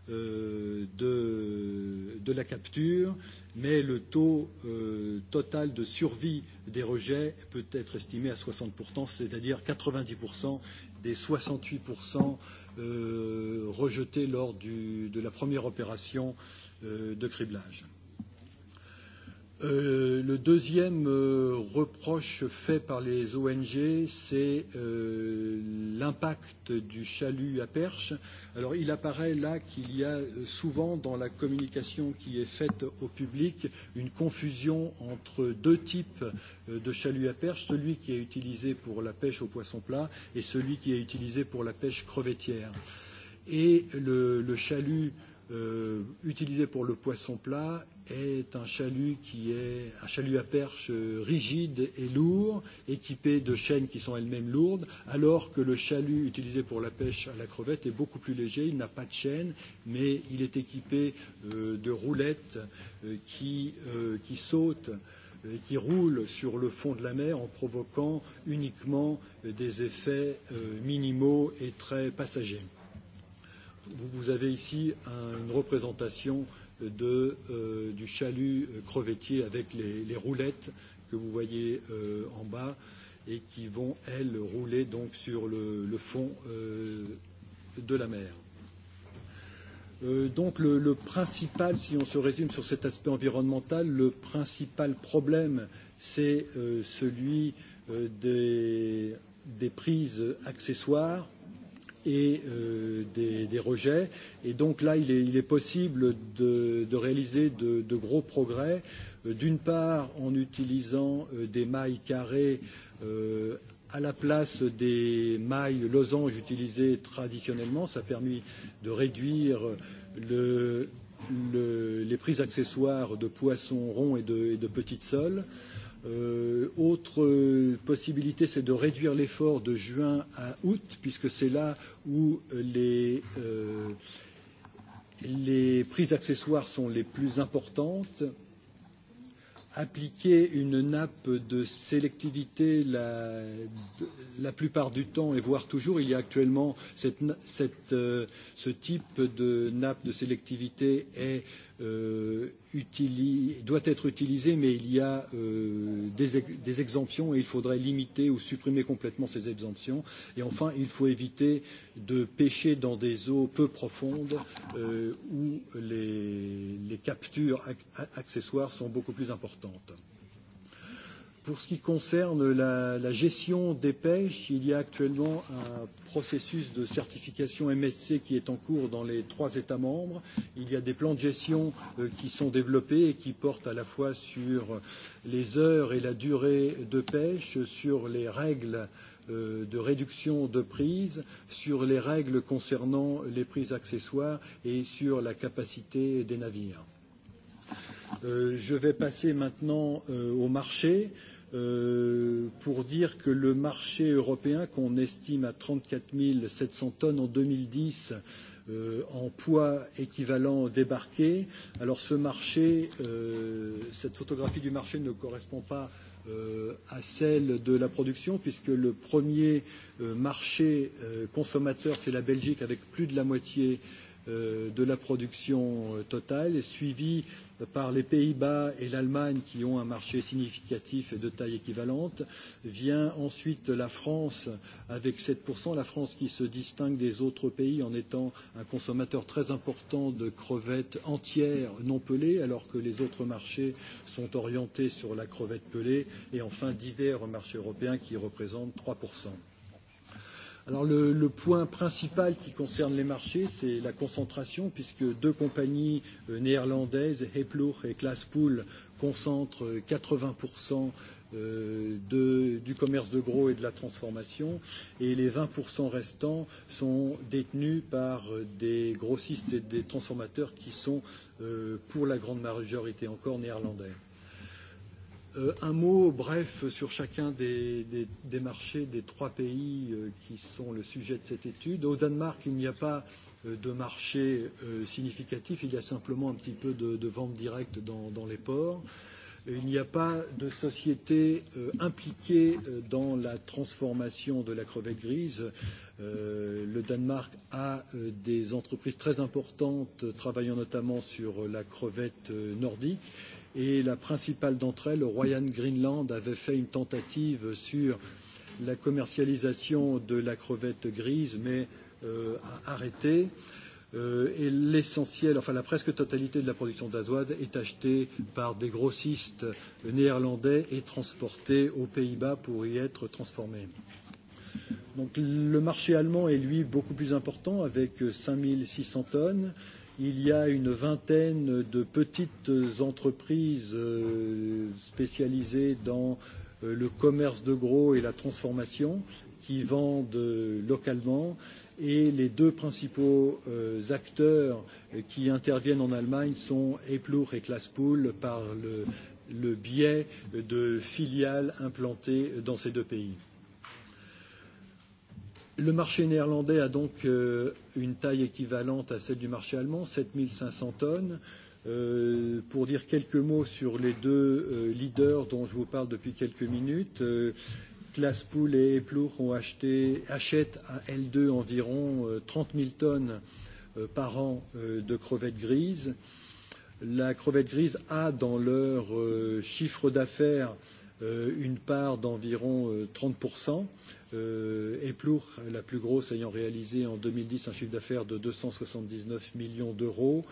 de, de la capture, mais le taux euh, total de survie des rejets peut être estimé à 60%, c'est-à-dire 90% des 68% euh, rejetés lors du, de la première opération euh, de criblage. Euh, le deuxième reproche fait par les ONG, c'est l'impact du chalut à perche. Alors il apparaît là qu'il y a souvent dans la communication qui est faite au public une confusion entre deux types de chalut à perche, celui qui est utilisé pour la pêche au poisson plat et celui qui est utilisé pour la pêche crevettière. Et le, chalut euh, euh, utilisé pour le poisson plat est un chalut qui est un chalut à perche rigide et lourd, équipé de chaînes qui sont elles-mêmes lourdes, alors que le chalut utilisé pour la pêche à la crevette est beaucoup plus léger, il n'a pas de chaîne, mais il est équipé euh, de roulettes euh, qui, euh, qui sautent et qui roulent sur le fond de la mer en provoquant uniquement des effets euh, minimaux et très passagers vous, avez ici un, une représentation de, euh, du chalut crevettier avec les, les roulettes que vous voyez euh, en bas et qui vont, elles, rouler donc sur le, le fond euh, de la mer. Euh, donc le, le principal, si on se résume sur cet aspect environnemental, le principal problème, c'est euh, celui euh, des, des prises accessoires et euh, des, des rejets. Et donc là, il est, il est possible de, de réaliser de, de gros progrès, euh, d'une part en utilisant euh, des mailles carrées euh, à la place des mailles losanges utilisées traditionnellement. Ça a permis de réduire le, le, les prises accessoires de poissons ronds et de, et de petites soles. Euh, Euh, autre possibilité, c'est de réduire l'effort de juin à août, puisque c'est là où les, euh, les prises accessoires sont les plus importantes. Appliquer une nappe de sélectivité la, la plupart du temps et voire toujours, il y a actuellement cette, cette, euh, ce type de nappe de sélectivité est euh, doit être utilisé, mais il y a des, exemptions et il faudrait limiter ou supprimer complètement ces exemptions. Et enfin, il faut éviter de pêcher dans des eaux peu profondes où les, captures accessoires sont beaucoup plus importantes. Pour ce qui concerne la, la gestion des pêches, il y a actuellement un processus de certification MSC qui est en cours dans les trois États membres. Il y a des plans de gestion qui sont développés et qui portent à la fois sur les heures et la durée de pêche, sur les règles de réduction de prise, sur les règles concernant les prises accessoires et sur la capacité des navires. je vais passer maintenant au marché. Euh, pour dire que le marché européen, qu'on estime à 34 700 tonnes en 2010, en poids équivalent débarqué. Alors ce marché, cette photographie du marché ne correspond pas à celle de la production, puisque le premier marché consommateur, c'est la Belgique, avec plus de la moitié de la production totale, suivi par les Pays-Bas et l'Allemagne qui ont un marché significatif et de taille équivalente. Vient ensuite la France avec 7%, la France qui se distingue des autres pays en étant un consommateur très important de crevettes entières non pelées, alors que les autres marchés sont orientés sur la crevette pelée, et enfin divers marchés européens qui représentent 3%. Alors le, le point principal qui concerne les marchés, c'est la concentration, puisque deux compagnies néerlandaises, Heploch et Classpool, concentrent 80% de, du commerce de gros et de la transformation, et les 20% restants sont détenus par des grossistes et des transformateurs qui sont, euh, pour la grande majorité encore, néerlandais. Euh, un mot bref sur chacun des, des, des marchés des trois pays euh, qui sont le sujet de cette étude. Au Danemark, il n'y a pas euh, de marché euh, significatif, il y a simplement un petit peu de, de vente directe dans, dans les ports. Il n'y a pas de société euh, impliquée euh, dans la transformation de la crevette grise. Euh, le Danemark a euh, des entreprises très importantes euh, travaillant notamment sur euh, la crevette euh, nordique et la principale d'entre elles, Royan Greenland, avait fait une tentative sur la commercialisation de la crevette grise, mais euh, arrêté. Euh, et l'essentiel, enfin la presque totalité de la production d'azoade est achetée par des grossistes néerlandais et transportée aux Pays-Bas pour y être transformée. Donc le marché allemand est lui beaucoup plus important avec 5600 tonnes. Euh, Il y a une vingtaine de petites entreprises spécialisées dans le commerce de gros et la transformation qui vendent localement et les deux principaux acteurs qui interviennent en Allemagne sont Eplour et Classpool par le, biais de filiales implantées dans ces deux pays. Le marché néerlandais a donc une taille équivalente à celle du marché allemand, 7500 tonnes. Pour dire quelques mots sur les deux leaders dont je vous parle depuis quelques minutes, Classpool et Eplour ont acheté, achètent à L2 environ 30 000 tonnes par an de crevettes grises. La crevette grise a dans leur chiffre d'affaires une part d'environ 30 Eplour, la plus grosse, ayant réalisé en 2010 un chiffre d'affaires de 279 millions d'euros.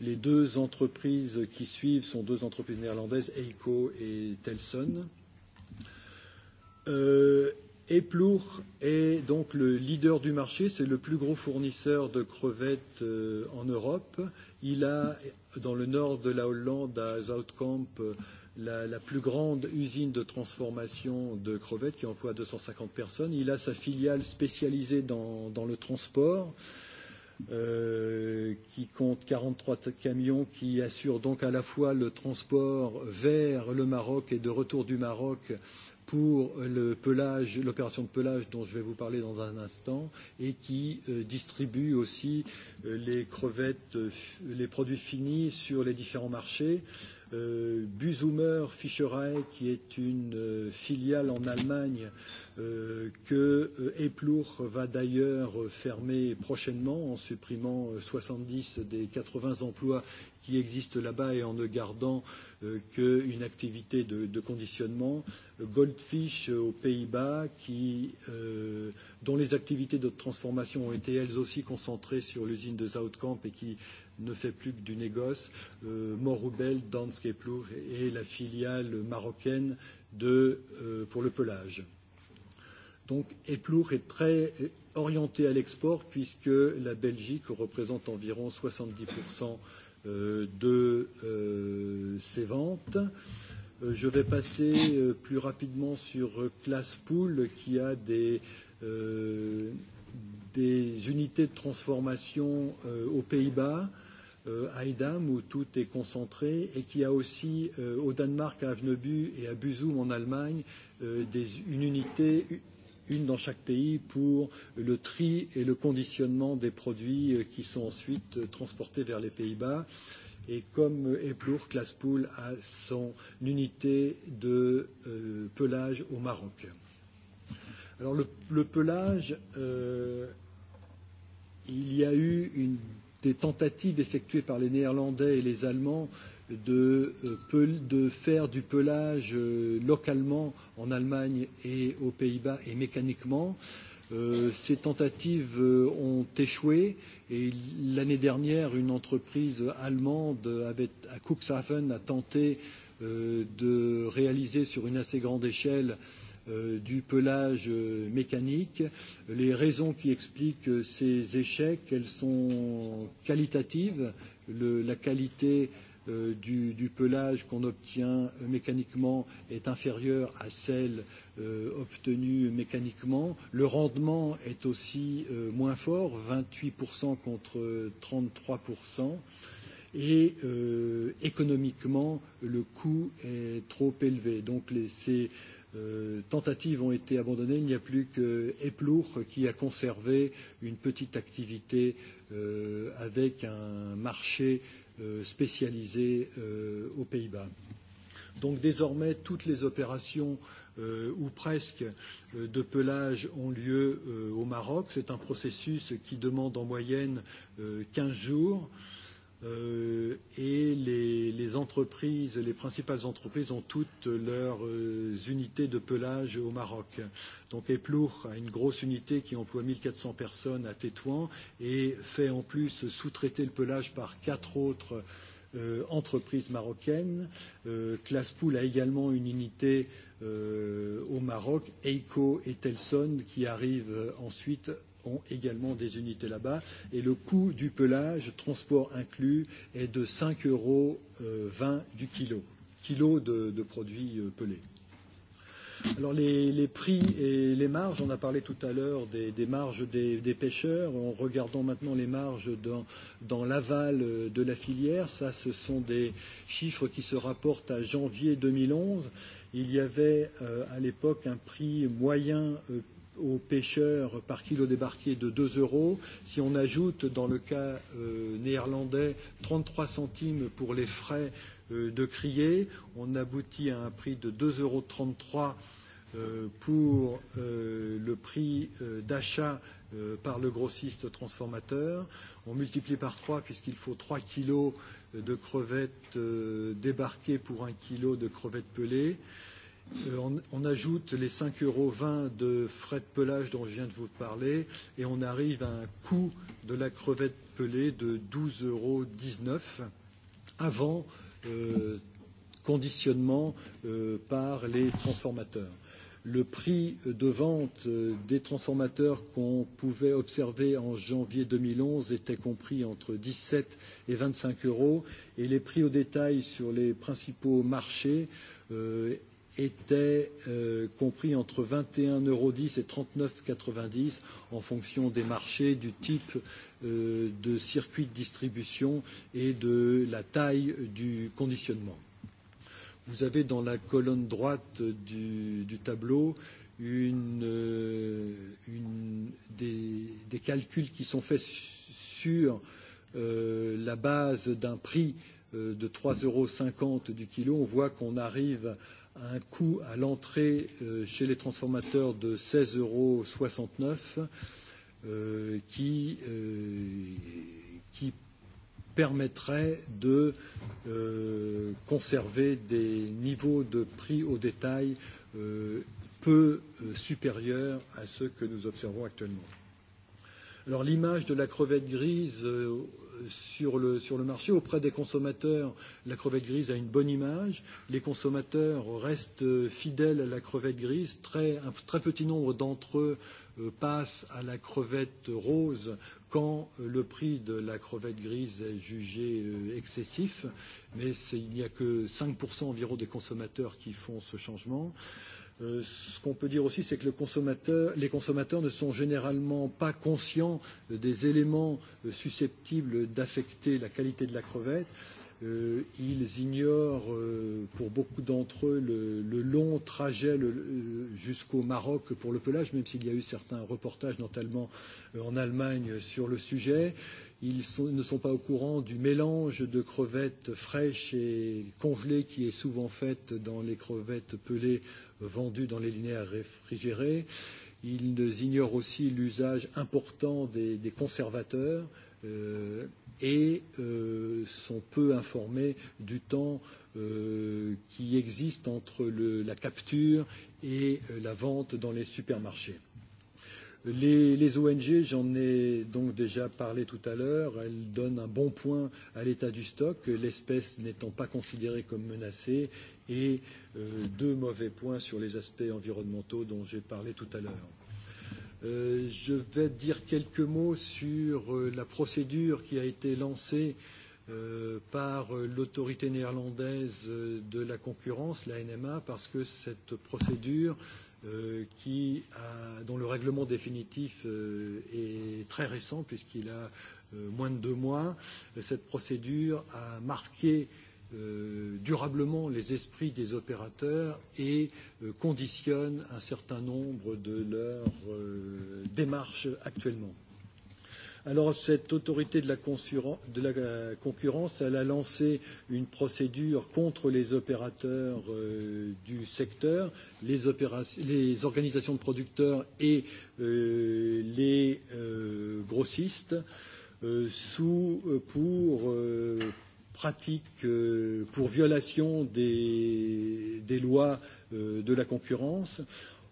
Les deux entreprises qui suivent sont deux entreprises néerlandaises, Eiko et Telson. Euh, Eplour est donc le leader du marché, c'est le plus gros fournisseur de crevettes en Europe. Il a, dans le nord de la Hollande, à Zoutkamp, la, la plus grande usine de transformation de crevettes qui emploie 250 personnes. Il a sa filiale spécialisée dans, dans le transport euh, qui compte 43 camions qui assurent donc à la fois le transport vers le Maroc et de retour du Maroc pour le pelage, l'opération de pelage dont je vais vous parler dans un instant, et qui euh, distribue aussi euh, les crevettes, euh, les produits finis sur les différents marchés. Euh, euh, Busumer Fischerei, qui est une euh, filiale en Allemagne euh, que euh, Eplour va d'ailleurs fermer prochainement en supprimant euh, 70 des 80 emplois qui existent là-bas et en ne gardant euh, qu'une activité de, de conditionnement. Goldfish euh, aux Pays-Bas, euh, dont les activités de transformation ont été elles aussi concentrées sur l'usine de Zoutkamp et qui ne fait plus que du négoce. Euh, Montroubaix, Dansk et Plour est la filiale marocaine de, euh, pour le pelage. Donc Eplour est très orienté à l'export puisque la Belgique représente environ 70% de ses ventes. Je vais passer plus rapidement sur Pool, qui a des, des unités de transformation aux Pays-Bas euh, où tout est concentré et qu'il y a aussi euh, au Danemark, à Avnebu et à Buzum en Allemagne euh, des, une unité, une dans chaque pays pour le tri et le conditionnement des produits qui sont ensuite transportés vers les Pays-Bas. Et comme Eplour, Claspool a son unité de euh, pelage au Maroc. Alors le, le pelage, euh, il y a eu une des tentatives effectuées par les Néerlandais et les Allemands de, de faire du pelage localement en Allemagne et aux Pays-Bas et mécaniquement. Ces tentatives ont échoué et l'année dernière, une entreprise allemande avait, à Cuxhaven a tenté de réaliser sur une assez grande échelle euh, du pelage mécanique. Les raisons qui expliquent ces échecs, elles sont qualitatives. la qualité du, pelage qu'on obtient mécaniquement est inférieure à celle obtenue mécaniquement. Le rendement est aussi moins fort, 28% contre 33%, Et et économiquement, le coût est trop élevé. Donc ces, tentatives ont été abandonnées. Il n'y a plus que Eplour qui a conservé une petite activité avec un marché spécialisé aux Pays-Bas. Donc désormais, toutes les opérations ou presque de pelage ont lieu au Maroc. C'est un processus qui demande en moyenne quinze jours. Euh, euh, et les, les entreprises, les principales entreprises ont toutes leurs euh, unités de pelage au Maroc. Donc Eplour a une grosse unité qui emploie 1400 personnes à Tétouan et fait en plus sous-traiter le pelage par quatre autres euh, entreprises marocaines. Euh, Classpool a également une unité euh, au Maroc, Eiko et Telson qui arrivent ensuite ont également des unités là-bas. Et le coût du pelage, transport inclus, est de 5,20 euros du kilo, kilo de, de produits pelés. Alors les, les prix et les marges, on a parlé tout à l'heure des, des marges des, des pêcheurs. En regardant maintenant les marges dans, dans l'aval de la filière, ça ce sont des chiffres qui se rapportent à janvier 2011. Il y avait euh, à l'époque un prix moyen euh, aux pêcheurs par kilo débarqué de 2 euros. Si on ajoute dans le cas euh, néerlandais 33 centimes pour les frais euh, de crier, on aboutit à un prix de 2,33 euros pour euh, le prix euh, d'achat par le grossiste transformateur. On multiplie par 3 puisqu'il faut 3 kilos de crevettes débarquées pour 1 kilo de crevettes pelées. Euh, on, on ajoute les 5,20 euros de frais de pelage dont je viens de vous parler et on arrive à un coût de la crevette pelée de 12,19 euros avant euh, conditionnement euh, par les transformateurs. Le prix de vente des transformateurs qu'on pouvait observer en janvier 2011 était compris entre 17 et 25 euros et les prix au détail sur les principaux marchés était euh, compris entre 21,10 euros et 39,90 en fonction des marchés, du type euh, de circuit de distribution et de la taille du conditionnement. Vous avez dans la colonne droite du, du tableau une, euh, une, des, des calculs qui sont faits sur euh, la base d'un prix euh, de 3,50 euros du kilo. On voit qu'on arrive à à un coût à l'entrée chez les transformateurs de 16,69 euros, qui, qui permettrait de conserver des niveaux de prix au détail peu supérieurs à ceux que nous observons actuellement. Alors l'image de la crevette grise euh, sur le, sur le marché. Auprès des consommateurs, la crevette grise a une bonne image. Les consommateurs restent fidèles à la crevette grise. Très, un très petit nombre d'entre eux passent à la crevette rose quand le prix de la crevette grise est jugé excessif. Mais il n'y a que 5% environ des consommateurs qui font ce changement. Euh, ce qu'on peut dire aussi, c'est que le consommateur, les consommateurs ne sont généralement pas conscients des éléments susceptibles d'affecter la qualité de la crevette. Euh, ils ignorent euh, pour beaucoup d'entre eux le, le long trajet le, jusqu'au Maroc pour le pelage, même s'il y a eu certains reportages, notamment en Allemagne, sur le sujet. Ils, sont, ils ne sont pas au courant du mélange de crevettes fraîches et congelées qui est souvent fait dans les crevettes pelées vendues dans les linéaires réfrigérés. Ils ignorent aussi l'usage important des, des conservateurs euh, et euh, sont peu informés du temps euh, qui existe entre le, la capture et la vente dans les supermarchés Les, les ONG, j'en ai donc déjà parlé tout à l'heure, elles donnent un bon point à l'état du stock, l'espèce n'étant pas considérée comme menacée, et euh, deux mauvais points sur les aspects environnementaux dont j'ai parlé tout à l'heure. Euh, je vais dire quelques mots sur euh, la procédure qui a été lancée euh, par euh, l'autorité néerlandaise de la concurrence, la NMA, parce que cette procédure euh, qui a, dont le règlement définitif est très récent puisqu'il a moins de deux mois. Cette procédure a marqué durablement les esprits des opérateurs et conditionne un certain nombre de leurs démarches actuellement. Alors cette autorité de la, de la concurrence, elle a lancé une procédure contre les opérateurs euh, du secteur, les, les organisations de producteurs et euh, les euh, grossistes euh, sous, pour euh, pratique euh, pour violation des, des lois euh, de la concurrence.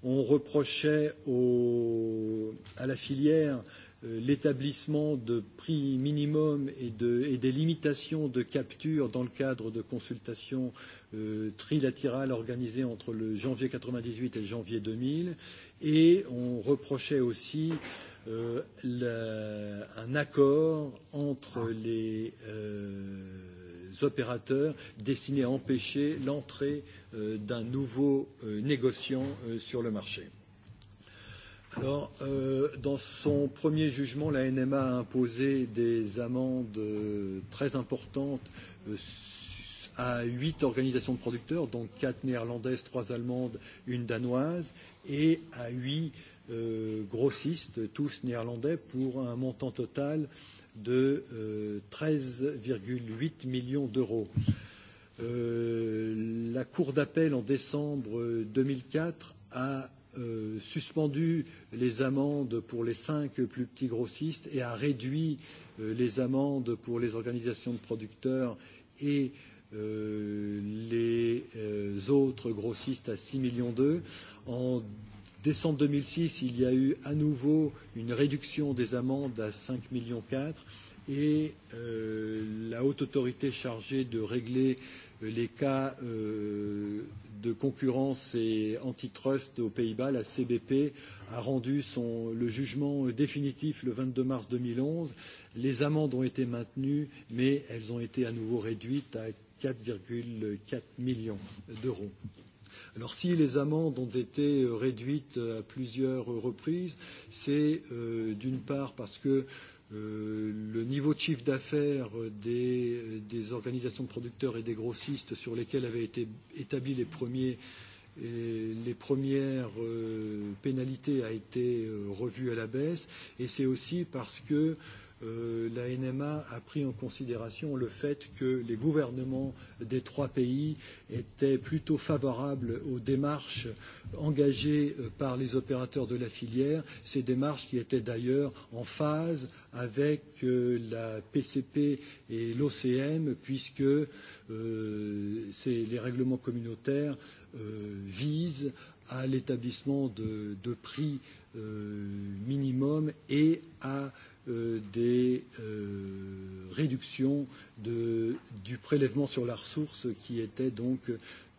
On reprochait au, à la filière euh, l'établissement de prix minimum et, de, et des limitations de capture dans le cadre de consultations euh, trilatérales organisées entre le janvier 1998 et le janvier 2000. Et on reprochait aussi euh, la, un accord entre les euh, opérateurs destiné à empêcher l'entrée euh, d'un nouveau euh, négociant euh, sur le marché. Alors, euh, dans son premier jugement, la NMA a imposé des amendes très importantes à huit organisations de producteurs, donc quatre néerlandaises, trois allemandes, une danoise, et à huit euh, grossistes, tous néerlandais, pour un montant total de euh, 13,8 millions d'euros. Euh, la Cour d'appel en décembre 2004 a suspendu les amendes pour les cinq plus petits grossistes et a réduit les amendes pour les organisations de producteurs et les autres grossistes à 6 millions d'eux. En décembre 2006, il y a eu à nouveau une réduction des amendes à 5 millions et la haute autorité chargée de régler les cas de concurrence et antitrust aux Pays-Bas, la CBP a rendu son, le jugement définitif le 22 mars 2011. Les amendes ont été maintenues, mais elles ont été à nouveau réduites à 4,4 millions d'euros. Alors si les amendes ont été réduites à plusieurs reprises, c'est euh, d'une part parce que le niveau de chiffre d'affaires des, des organisations de producteurs et des grossistes sur lesquels avaient été établis les premiers les, les premières euh, pénalités a été euh, revue à la baisse et c'est aussi parce que euh, la NMA a pris en considération le fait que les gouvernements des trois pays étaient plutôt favorables aux démarches engagées par les opérateurs de la filière, ces démarches qui étaient d'ailleurs en phase avec la PCP et l'OCM, puisque les règlements communautaires visent à l'établissement de, prix minimum et à des réductions du prélèvement sur la ressource qui était donc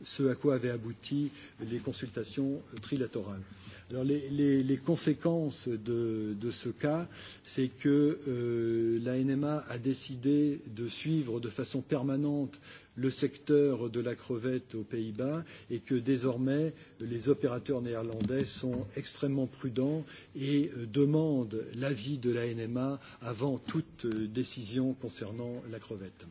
ce à quoi avaient abouti les consultations trilatérales. Alors les, les, les conséquences de, de ce cas, c'est que euh, la NMA a décidé de suivre de façon permanente le secteur de la crevette aux Pays-Bas et que désormais les opérateurs néerlandais sont extrêmement prudents et demandent l'avis de la NMA avant toute décision concernant la crevette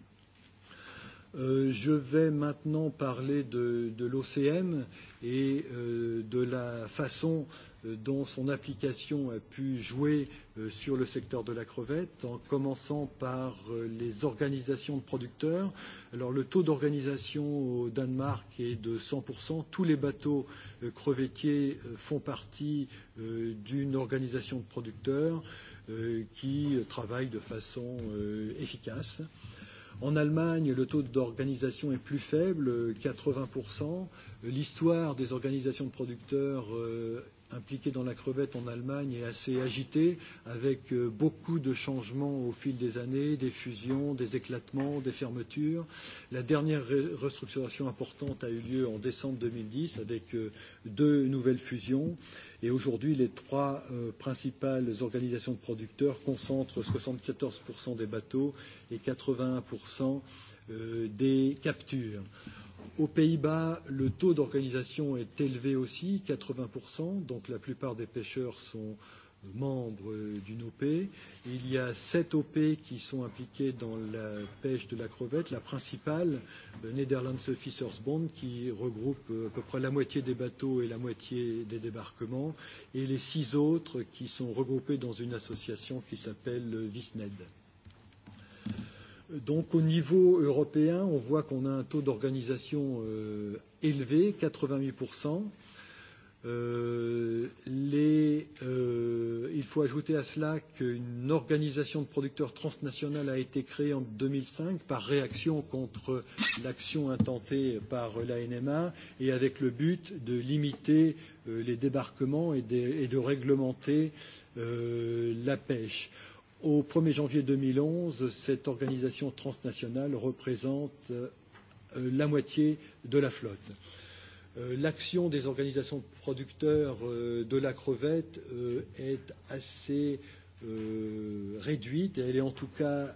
je vais maintenant parler de, de l'OCM et euh, de la façon dont son application a pu jouer sur le secteur de la crevette, en commençant par les organisations de producteurs. Alors le taux d'organisation au Danemark est de 100%. Tous les bateaux crevettiers font partie d'une organisation de producteurs qui travaille de façon efficace. Euh, En Allemagne, le taux d'organisation est plus faible, 80%. L'histoire des organisations de producteurs impliquées dans la crevette en Allemagne est assez agitée, avec beaucoup de changements au fil des années, des fusions, des éclatements, des fermetures. La dernière restructuration importante a eu lieu en décembre 2010 avec deux nouvelles fusions. Euh, Et aujourd'hui, les trois euh, principales organisations de producteurs concentrent 74% des bateaux et 81% euh, des captures. Aux Pays-Bas, le taux d'organisation est élevé aussi, 80%, donc la plupart des pêcheurs sont euh, membres d'une OP. Il y a sept OP qui sont impliquées dans la pêche de la crevette. La principale, le Netherlands Fishers Bond, qui regroupe à peu près la moitié des bateaux et la moitié des débarquements, et les six autres qui sont regroupés dans une association qui s'appelle Visned. Donc au niveau européen, on voit qu'on a un taux d'organisation euh, élevé, 88 il faut ajouter à cela qu'une organisation de producteurs transnationale a été créée en 2005 par réaction contre l'action intentée par l'ANMA et avec le but de limiter les débarquements et de, réglementer la pêche. Au 1er janvier 2011, cette organisation transnationale représente la moitié de la flotte. L'action des organisations de producteurs de la crevette est assez réduite, elle est en tout cas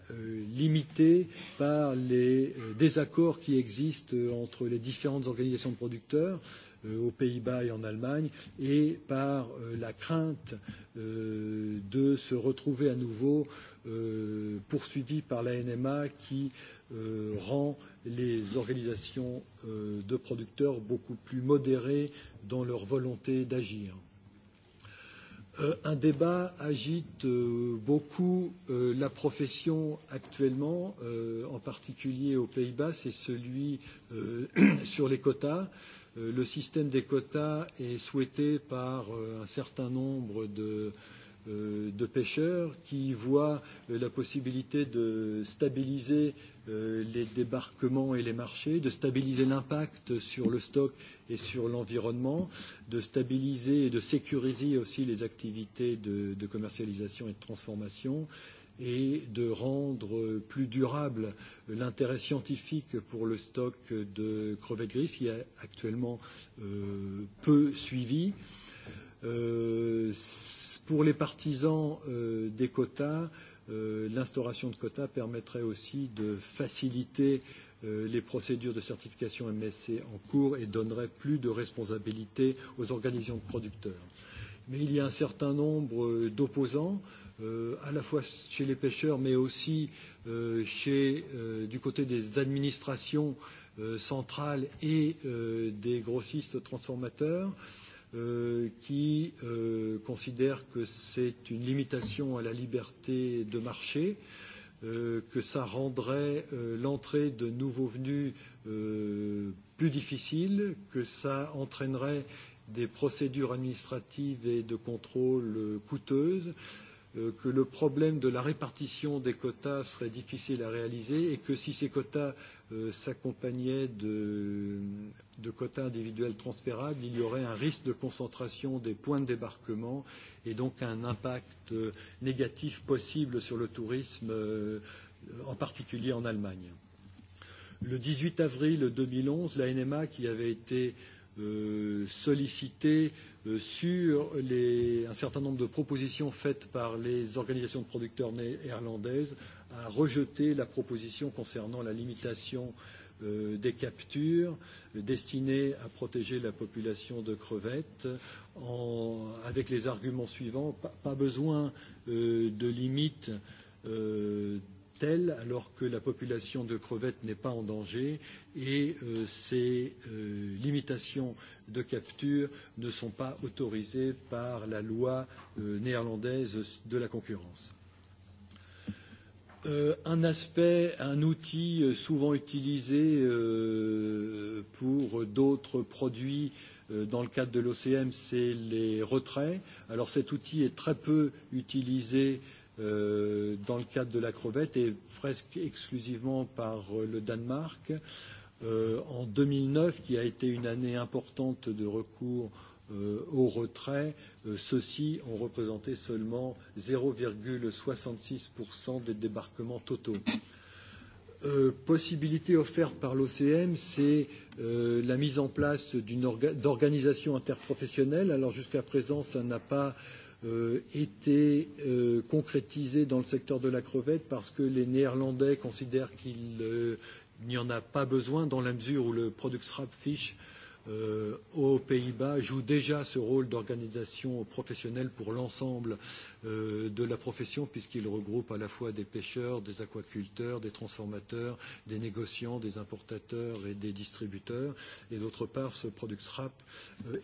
limitée par les désaccords qui existent entre les différentes organisations de producteurs aux Pays-Bas et en Allemagne, et par la crainte de se retrouver à nouveau poursuivi par la NMA qui rend les organisations de producteurs beaucoup plus modérées dans leur volonté d'agir. un débat agite beaucoup la profession actuellement, en particulier aux Pays-Bas, c'est celui sur les quotas le système des quotas est souhaité par un certain nombre de, de pêcheurs qui voient la possibilité de stabiliser les débarquements et les marchés, de stabiliser l'impact sur le stock et sur l'environnement, de stabiliser et de sécuriser aussi les activités de, de commercialisation et de transformation et de rendre plus durable l'intérêt scientifique pour le stock de crevettes grises qui est actuellement euh, peu suivi. Euh, pour les partisans euh, des quotas, euh, l'instauration de quotas permettrait aussi de faciliter les procédures de certification MSC en cours et donnerait plus de responsabilités aux organisations de producteurs. Mais il y a un certain nombre d'opposants, à la fois chez les pêcheurs, mais aussi chez, du côté des administrations centrales et des grossistes transformateurs. Euh, qui considère que c'est une limitation à la liberté de marché, que ça rendrait l'entrée de nouveaux venus plus difficile, que ça entraînerait des procédures administratives et de contrôle coûteuses, que le problème de la répartition des quotas serait difficile à réaliser et que si ces quotas s'accompagnait de, de quotas individuels transférables, il y aurait un risque de concentration des points de débarquement et donc un impact négatif possible sur le tourisme, en particulier en Allemagne. Le 18 avril 2011, l'ANMA, qui avait été sollicitée sur les, un certain nombre de propositions faites par les organisations de producteurs néerlandaises, a rejeté la proposition concernant la limitation des captures destinées à protéger la population de crevettes en, avec les arguments suivants pas, pas besoin euh, de limites euh, telles alors que la population de crevettes n'est pas en danger et euh, ces euh, limitations de capture ne sont pas autorisées par la loi euh, néerlandaise de la concurrence un aspect, un outil souvent utilisé pour d'autres produits dans le cadre de l'OCM, c'est les retraits. Alors cet outil est très peu utilisé dans le cadre de la crevette et presque exclusivement par le Danemark. En 2009, qui a été une année importante de recours au retrait, ceux-ci ont représenté seulement 0,66% des débarquements totaux. possibilité offerte par l'OCM, c'est la mise en place d'organisations interprofessionnelles. Alors jusqu'à présent, ça n'a pas été concrétisé dans le secteur de la crevette parce que les Néerlandais considèrent qu'il n'y en a pas besoin dans la mesure où le Product Strap Fish euh, aux Pays-Bas joue déjà ce rôle d'organisation professionnelle pour l'ensemble de la profession, puisqu'il regroupe à la fois des pêcheurs, des aquaculteurs, des transformateurs, des négociants, des importateurs et des distributeurs. Et d'autre part, ce Product Strap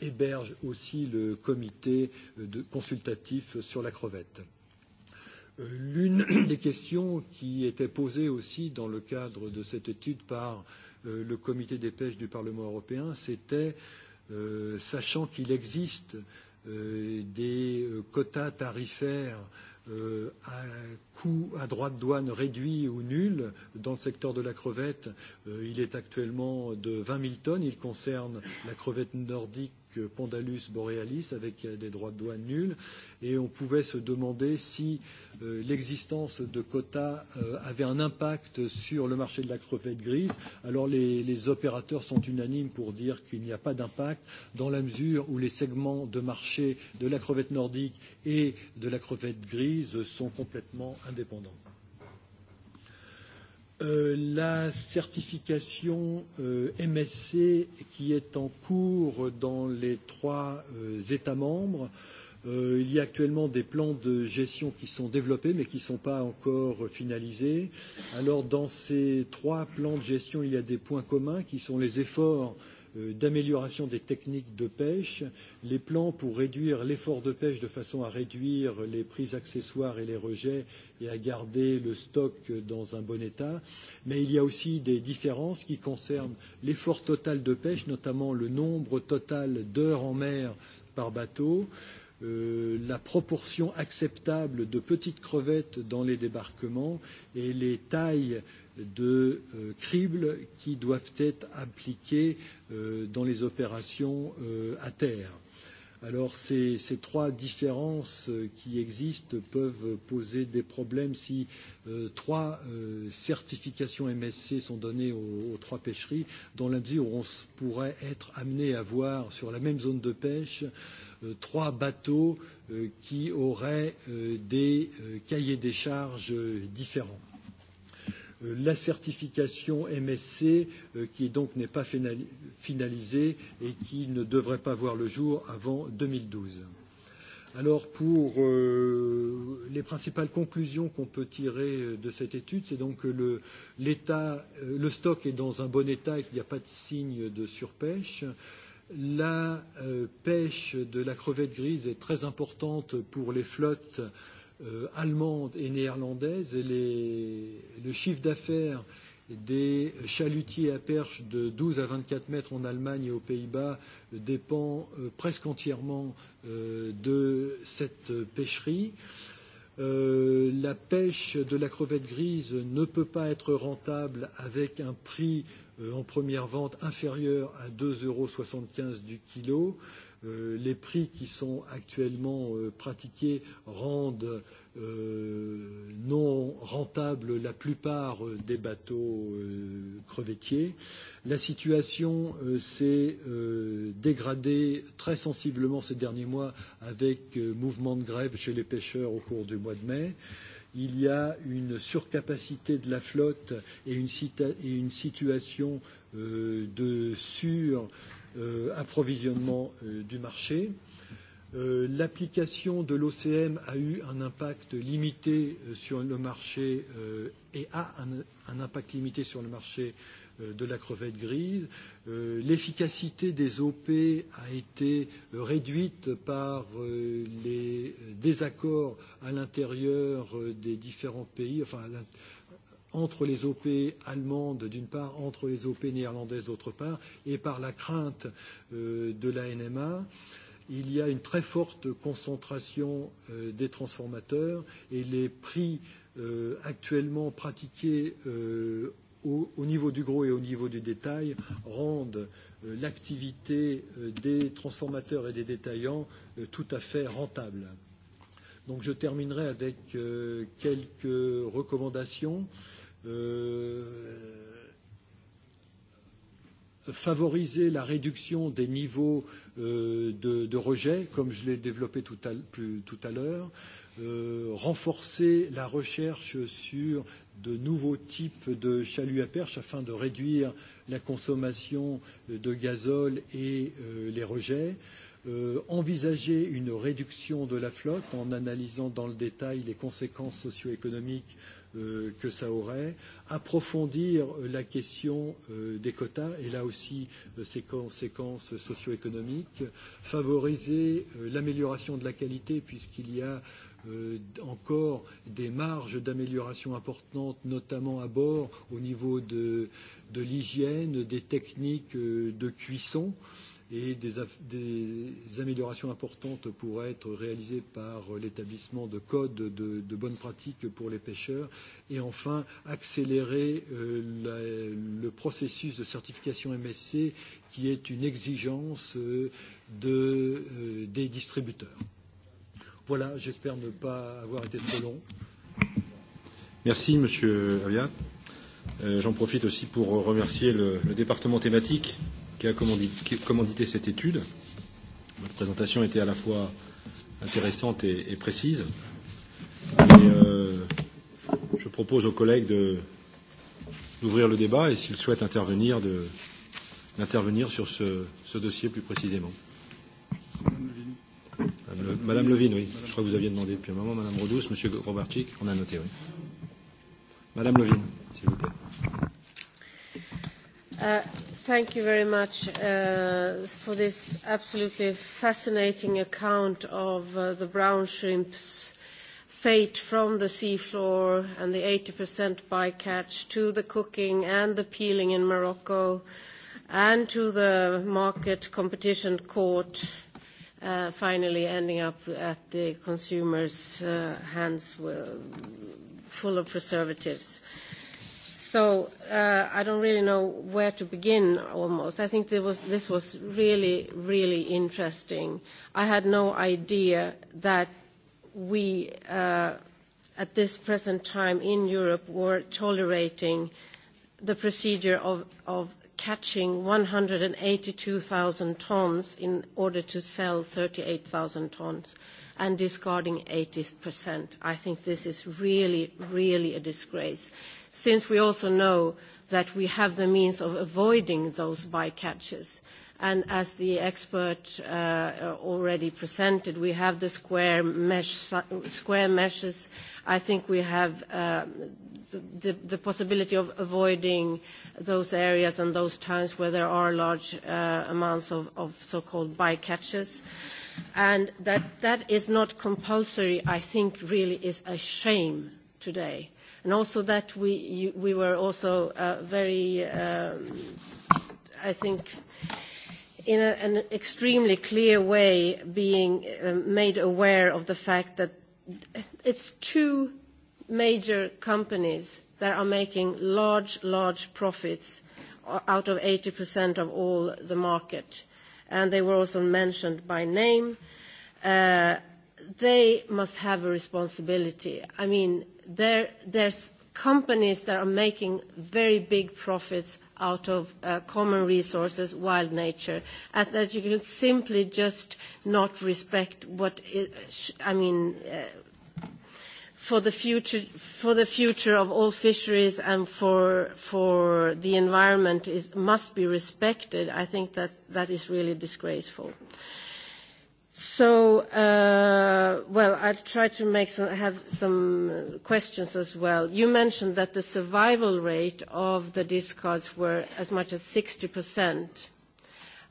héberge aussi le comité consultatif sur la crevette. L'une des questions qui était posée aussi dans le cadre de cette étude par euh, le comité des pêches du Parlement européen, c'était, sachant qu'il existe des quotas tarifaires à coût à droit de douane réduit ou nul dans le secteur de la crevette. il est actuellement de 20 000 tonnes. Il concerne la crevette nordique Pandalus borealis avec des droits de douane nuls. Et on pouvait se demander si l'existence de quotas avait un impact sur le marché de la crevette grise. Alors les, les opérateurs sont unanimes pour dire qu'il n'y a pas d'impact dans la mesure où les segments de marché de la crevette nordique et de la crevette grise sont complètement indépendants la certification MSC qui est en cours dans les trois États membres il y a actuellement des plans de gestion qui sont développés mais qui ne sont pas encore finalisés. Alors dans ces trois plans de gestion, il y a des points communs qui sont les efforts d'amélioration des techniques de pêche, les plans pour réduire l'effort de pêche de façon à réduire les prises accessoires et les rejets et à garder le stock dans un bon état. Mais il y a aussi des différences qui concernent l'effort total de pêche, notamment le nombre total d'heures en mer par bateau, la proportion acceptable de petites crevettes dans les débarquements et les tailles de cribles qui doivent être appliquées dans les opérations à terre Alors ces, ces trois différences qui existent peuvent poser des problèmes si euh, trois euh, certifications MSC sont données aux, aux trois pêcheries, dans la mesure où on pourrait être amené à voir sur la même zone de pêche euh, trois bateaux euh, qui auraient euh, des euh, cahiers des charges différents la certification MSC, qui donc n'est pas finalisée et qui ne devrait pas voir le jour avant 2012. Alors pour euh, les principales conclusions qu'on peut tirer de cette étude, c'est donc que le, l'état, le stock est dans un bon état et qu'il n'y a pas de signe de surpêche. La euh, pêche de la crevette grise est très importante pour les flottes euh, euh, allemande et néerlandaise et les, le chiffre d'affaires des chalutiers à perche de 12 à 24 mètres en Allemagne et aux Pays-Bas dépend euh, presque entièrement euh, de cette pêcherie. Euh, la pêche de la crevette grise ne peut pas être rentable avec un prix euh, en première vente inférieur à 2,75 euros du kilo. Euh, les prix qui sont actuellement pratiqués rendent non rentable la plupart des bateaux crevettiers. La situation s'est dégradée très sensiblement ces derniers mois avec mouvement de grève chez les pêcheurs au cours du mois de mai. Il y a une surcapacité de la flotte et une, situation de sur approvisionnement du marché. L'application de l'OCM a eu un impact limité sur le marché et a un, impact limité sur le marché de la crevette grise. L'efficacité des OP a été réduite par les désaccords à l'intérieur des différents pays, enfin entre les OP allemandes d'une part, entre les OP néerlandaises d'autre part, et par la crainte euh, de la NMA, il y a une très forte concentration euh, des transformateurs et les prix euh, actuellement pratiqués euh, au, au niveau du gros et au niveau du détail rendent euh, l'activité euh, des transformateurs et des détaillants euh, tout à fait rentable. Donc je terminerai avec euh, quelques recommandations. Euh, favoriser la réduction des niveaux de, de rejet, comme je l'ai développé tout à, à l'heure, euh, renforcer la recherche sur de nouveaux types de chaluts à perche afin de réduire la consommation de gazole et euh, les rejets, euh, envisager une réduction de la flotte en analysant dans le détail les conséquences socio-économiques euh, que ça aurait, approfondir la question des quotas et là aussi ses conséquences socio-économiques, favoriser l'amélioration de la qualité puisqu'il y a encore des marges d'amélioration importantes, notamment à bord au niveau de, de l'hygiène, des techniques de cuisson. Euh, et des, des améliorations importantes pourraient être réalisées par l'établissement de codes de, de bonnes pratiques pour les pêcheurs et enfin accélérer euh, la, le processus de certification MSC qui est une exigence euh, de, euh, des distributeurs. Voilà, j'espère ne pas avoir été trop long. Merci Monsieur Avia. Euh, J'en profite aussi pour remercier le, le département thématique qui a commandité cette étude. Votre présentation était à la fois intéressante et, et précise. Et euh, je propose aux collègues d'ouvrir le débat et s'ils souhaitent intervenir, d'intervenir sur ce, ce dossier plus précisément. Madame Levine, Madame Levine oui. Madame. Je crois que vous aviez demandé depuis un moment. Madame Redouce, Monsieur Robarczyk, on a noté, oui. Madame Levine, s'il vous plaît. Thank you very much for this absolutely fascinating account of the brown shrimp's fate from the seafloor and the 80% bycatch to the cooking and the peeling in Morocco and to the market competition court finally ending up at the consumer's hands full of preservatives. Uh, So uh, I don't really know where to begin almost. I think there was, this was really, really interesting. I had no idea that we, uh, at this present time in Europe, were tolerating the procedure of, of catching 182,000 tons in order to sell 38,000 tons and discarding 80%. I think this is really, really a disgrace, since we also know that we have the means of avoiding those bycatches. And as the expert already presented, we have the square meshes. I think we have the possibility of avoiding those areas and those towns where there are large amounts of so-called bycatches. catches And that that is not compulsory, I think, really is a shame today. And also that we, you, we were also uh, very, um, I think, in a, an extremely clear way being made aware of the fact that it's two major companies that are making large, large profits out of 80% of all the market and they were also mentioned by name. They must have a responsibility. I mean, there there's companies that are making very big profits out of common resources, wild nature, and that you can simply just not respect what sh I mean, for the future for the future of all fisheries and for for the environment is must be respected i think that that is really disgraceful so uh, well i'll try to make some have some questions as well you mentioned that the survival rate of the discards were as much as 60%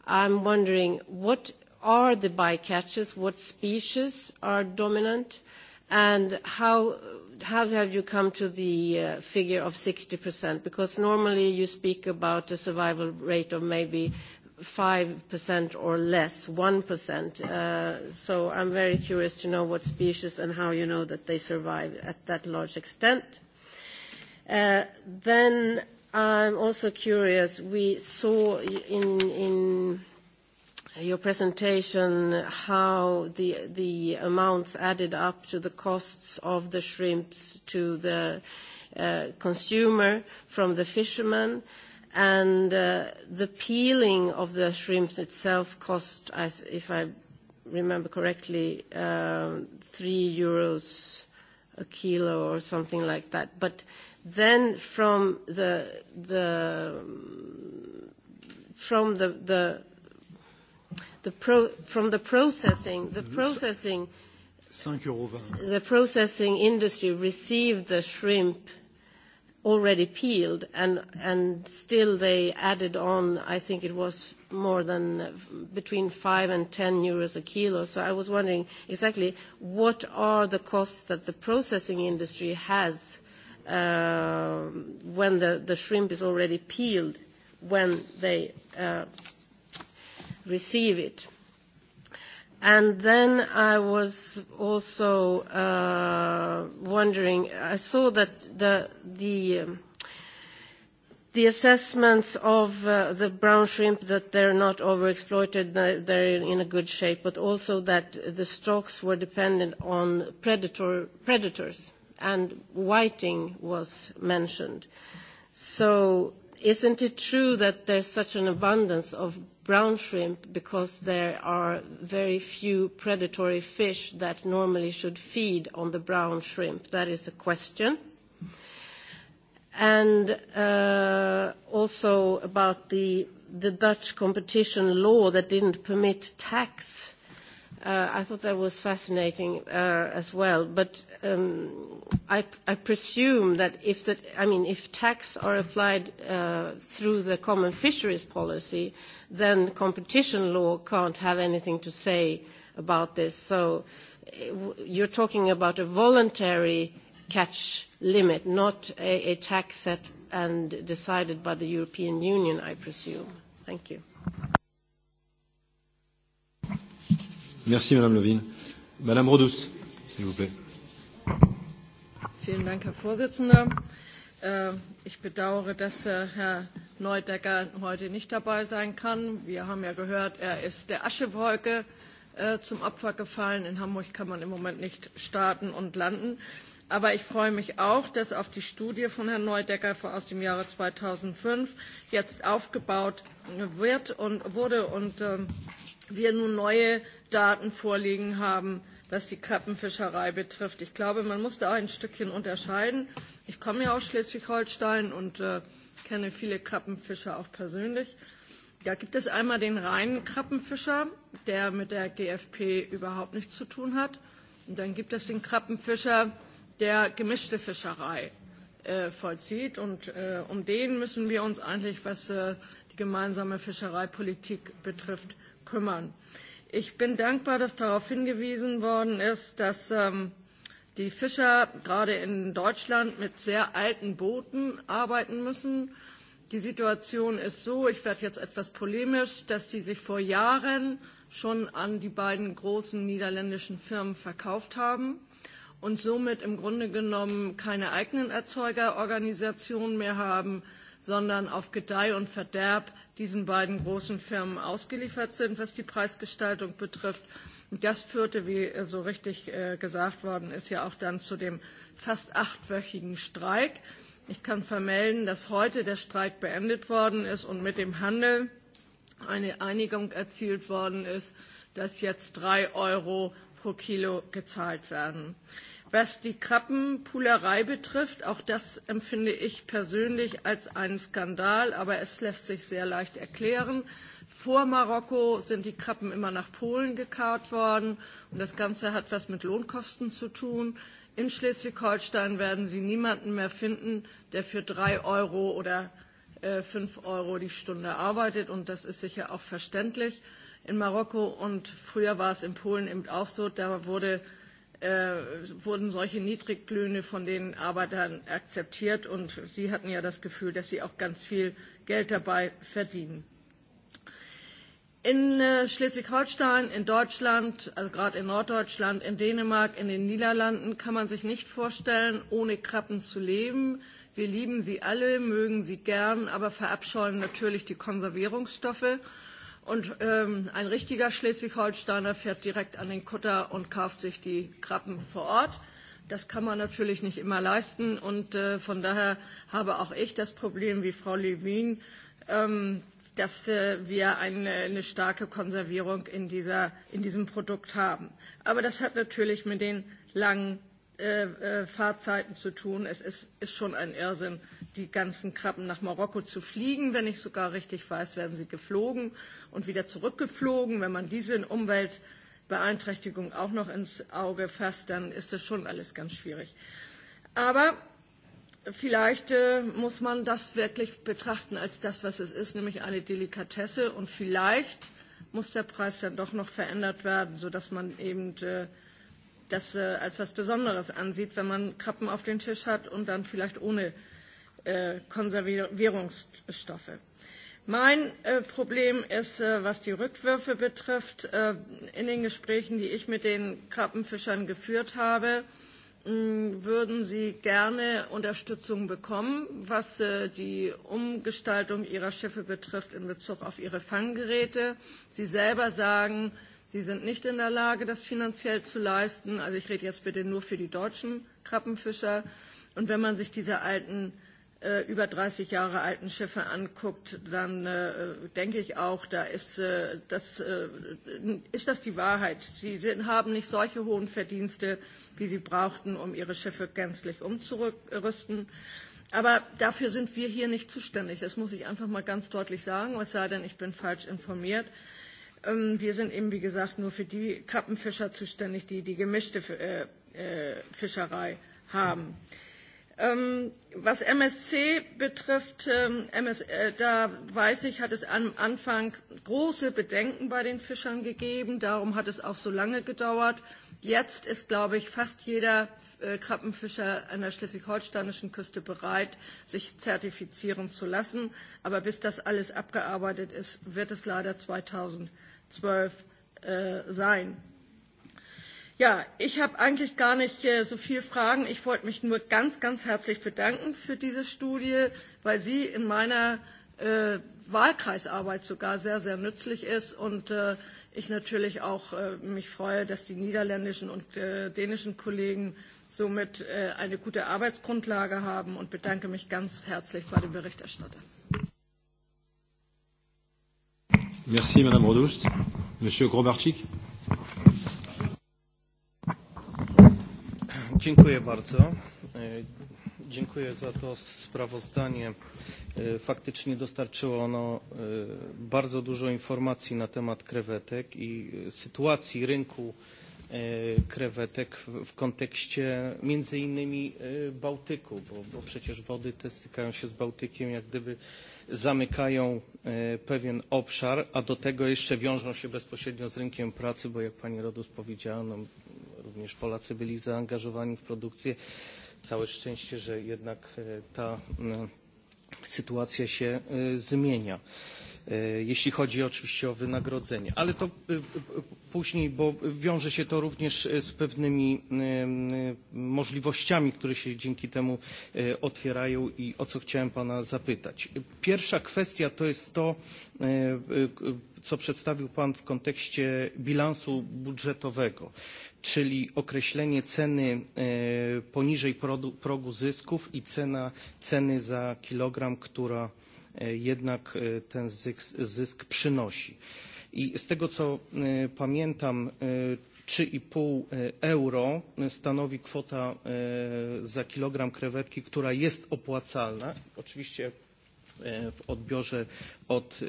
i'm wondering what are the bycatches what species are dominant And how how have you come to the figure of 60%? Because normally you speak about a survival rate of maybe 5% or less, 1%. So I'm very curious to know what species and how you know that they survive at that large extent. Then I'm also curious, we saw in your presentation how the the amounts added up to the costs of the shrimps to the consumer from the fishermen, and the peeling of the shrimps itself cost, if I remember correctly, 3 euros a kilo or something like that. But then from the the from the the the pro from the processing, the processing, the processing industry received the shrimp already peeled, and and still they added on, I think it was more than between 5 and 10 euros a kilo. So I was wondering exactly what are the costs that the processing industry has when the the shrimp is already peeled, when they receive it. And then I was also uh, wondering, I saw that the, the, um, the assessments of uh, the brown shrimp, that they're not overexploited, they're, they're in a good shape, but also that the stocks were dependent on predator, predators, and whiting was mentioned. So Isn't it true that there's such an abundance of brown shrimp because there are very few predatory fish that normally should feed on the brown shrimp? That is a question. And also about the Dutch competition law that didn't permit tax I thought that was fascinating as well. But I presume that if the, I mean, if tax are applied through the common fisheries policy, then competition law can't have anything to say about this. So you're talking about a voluntary catch limit, not a tax set and decided by the European Union, I presume. Thank you. Merci, Madame Levine. Madame Rodus, s'il vous plaît. Vielen Dank, Herr Vorsitzender. Ich bedauere, dass Herr Neudecker heute nicht dabei sein kann. Wir haben ja gehört, er ist der Aschewolke zum Opfer gefallen. In Hamburg kann man im Moment nicht starten und landen. Aber ich freue mich auch, dass auf die Studie von Herrn Neudecker aus dem Jahre 2005 jetzt aufgebaut wird und wurde und wir nun neue Daten vorliegen haben, was die Krabbenfischerei betrifft. Ich glaube, man muss da ein Stückchen unterscheiden. Ich komme ja aus Schleswig-Holstein und kenne viele Krabbenfischer auch persönlich. Da gibt es einmal den reinen Krabbenfischer, der mit der GFP überhaupt nichts zu tun hat. Und dann gibt es den Krabbenfischer, der gemischte Fischerei vollzieht. Und um den müssen wir uns eigentlich, was die gemeinsame Fischereipolitik betrifft, kümmern. Ich bin dankbar, dass darauf hingewiesen worden ist, dass die Fischer gerade in Deutschland mit sehr alten Booten arbeiten müssen. Die Situation ist so, ich werde jetzt etwas polemisch, dass sie sich vor Jahren schon an die beiden großen niederländischen Firmen verkauft haben und somit im Grunde genommen keine eigenen Erzeugerorganisationen mehr haben, sondern auf Gedeih und Verderb diesen beiden großen Firmen ausgeliefert sind, was die Preisgestaltung betrifft. Und das führte, wie so richtig gesagt worden ist, ja auch dann zu dem fast achtwöchigen Streik. Ich kann vermelden, dass heute der Streik beendet worden ist und mit dem Handel eine Einigung erzielt worden ist, dass jetzt drei Euro pro Kilo gezahlt werden. Was die Krabbenpulerei betrifft, auch das empfinde ich persönlich als einen Skandal, aber es lässt sich sehr leicht erklären. Vor Marokko sind die Krabben immer nach Polen gekarrt worden und das Ganze hat was mit Lohnkosten zu tun. In Schleswig-Holstein werden Sie niemanden mehr finden, der für drei Euro oder fünf Euro die Stunde arbeitet und das ist sicher auch verständlich in Marokko und früher war es in Polen eben auch so, da wurde, äh, wurden solche Niedriglöhne von den Arbeitern akzeptiert und sie hatten ja das Gefühl, dass sie auch ganz viel Geld dabei verdienen. In äh, Schleswig-Holstein, in Deutschland, also gerade in Norddeutschland, in Dänemark, in den Niederlanden kann man sich nicht vorstellen, ohne Krabben zu leben. Wir lieben sie alle, mögen sie gern, aber verabscheuen natürlich die Konservierungsstoffe. Und ähm, ein richtiger Schleswig-Holsteiner fährt direkt an den Kutter und kauft sich die Krabben vor Ort. Das kann man natürlich nicht immer leisten. Und äh, von daher habe auch ich das Problem wie Frau Levin, ähm, dass äh, wir eine, eine starke Konservierung in, dieser, in diesem Produkt haben. Aber das hat natürlich mit den langen äh, äh, Fahrzeiten zu tun. Es ist, ist schon ein Irrsinn, die ganzen Krabben nach Marokko zu fliegen. Wenn ich sogar richtig weiß, werden sie geflogen und wieder zurückgeflogen. Wenn man diese Umweltbeeinträchtigung auch noch ins Auge fasst, dann ist das schon alles ganz schwierig. Aber vielleicht muss man das wirklich betrachten als das, was es ist, nämlich eine Delikatesse. Und vielleicht muss der Preis dann doch noch verändert werden, sodass man eben das als etwas Besonderes ansieht, wenn man Krabben auf den Tisch hat und dann vielleicht ohne Konservierungsstoffe. Mein Problem ist, was die Rückwürfe betrifft. in den Gesprächen, die ich mit den Krabbenfischern geführt habe, würden sie gerne Unterstützung bekommen, was die Umgestaltung ihrer Schiffe betrifft in Bezug auf ihre Fanggeräte. Sie selber sagen, sie sind nicht in der Lage, das finanziell zu leisten. Also ich rede jetzt bitte nur für die deutschen Krabbenfischer. Und wenn man sich diese alten über 30 Jahre alten Schiffe anguckt, dann denke ich auch, da ist das, ist das die Wahrheit. Sie haben nicht solche hohen Verdienste, wie sie brauchten, um ihre Schiffe gänzlich umzurüsten. Aber dafür sind wir hier nicht zuständig. Das muss ich einfach mal ganz deutlich sagen, es sei denn, ich bin falsch informiert. Wir sind eben, wie gesagt, nur für die Kappenfischer zuständig, die die gemischte Fischerei haben. Mhm was MSC betrifft, da weiß ich, hat es am Anfang große Bedenken bei den Fischern gegeben. Darum hat es auch so lange gedauert. Jetzt ist, glaube ich, fast jeder Krabbenfischer an der schleswig-holsteinischen Küste bereit, sich zertifizieren zu lassen. Aber bis das alles abgearbeitet ist, wird es leider 2012 sein. Ja, ich habe eigentlich gar nicht äh, so viele Fragen. Ich wollte mich nur ganz, ganz herzlich bedanken für diese Studie, weil sie in meiner äh, Wahlkreisarbeit sogar sehr, sehr nützlich ist und äh, ich natürlich auch äh, mich freue, dass die niederländischen und äh, dänischen Kollegen somit äh, eine gute Arbeitsgrundlage haben und bedanke mich ganz herzlich bei dem Berichterstatter. Merci, Madame Rodust. Monsieur Grobarczyk. Dziękuję bardzo. Dziękuję za to sprawozdanie. Faktycznie dostarczyło ono bardzo dużo informacji na temat krewetek i sytuacji rynku krewetek w kontekście między innymi Bałtyku, bo, przecież wody te stykają się z Bałtykiem, jak gdyby zamykają pewien obszar, a do tego jeszcze wiążą się bezpośrednio z rynkiem pracy, bo jak pani Rodus powiedziała, również Polacy byli zaangażowani w produkcję. Całe szczęście, że jednak ta sytuacja się zmienia jeśli chodzi oczywiście o wynagrodzenie. Ale to później, bo wiąże się to również z pewnymi możliwościami, które się dzięki temu otwierają i o co chciałem Pana zapytać. Pierwsza kwestia to jest to, co przedstawił Pan w kontekście bilansu budżetowego, czyli określenie ceny poniżej progu zysków i ceny za kilogram, która jednak ten zysk przynosi. I z tego co pamiętam, 3,5 euro stanowi kwota za kilogram krewetki, która jest opłacalna. Oczywiście w odbiorze od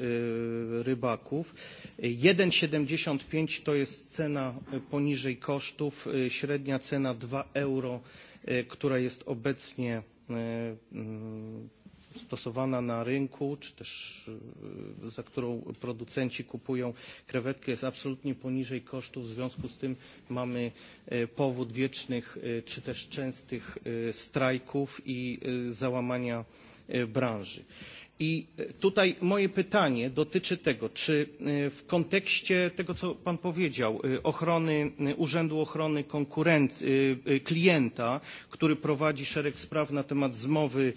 rybaków. 1,75 to jest cena poniżej kosztów, średnia cena 2 euro, która jest obecnie stosowana na rynku, czy też za którą producenci kupują krewetkę, jest absolutnie poniżej kosztów. W związku z tym mamy powód wiecznych czy też częstych strajków i załamania branży. I tutaj moje pytanie dotyczy tego, czy w kontekście tego, co Pan powiedział, ochrony Urzędu Ochrony Klienta, który prowadzi szereg spraw na temat zmowy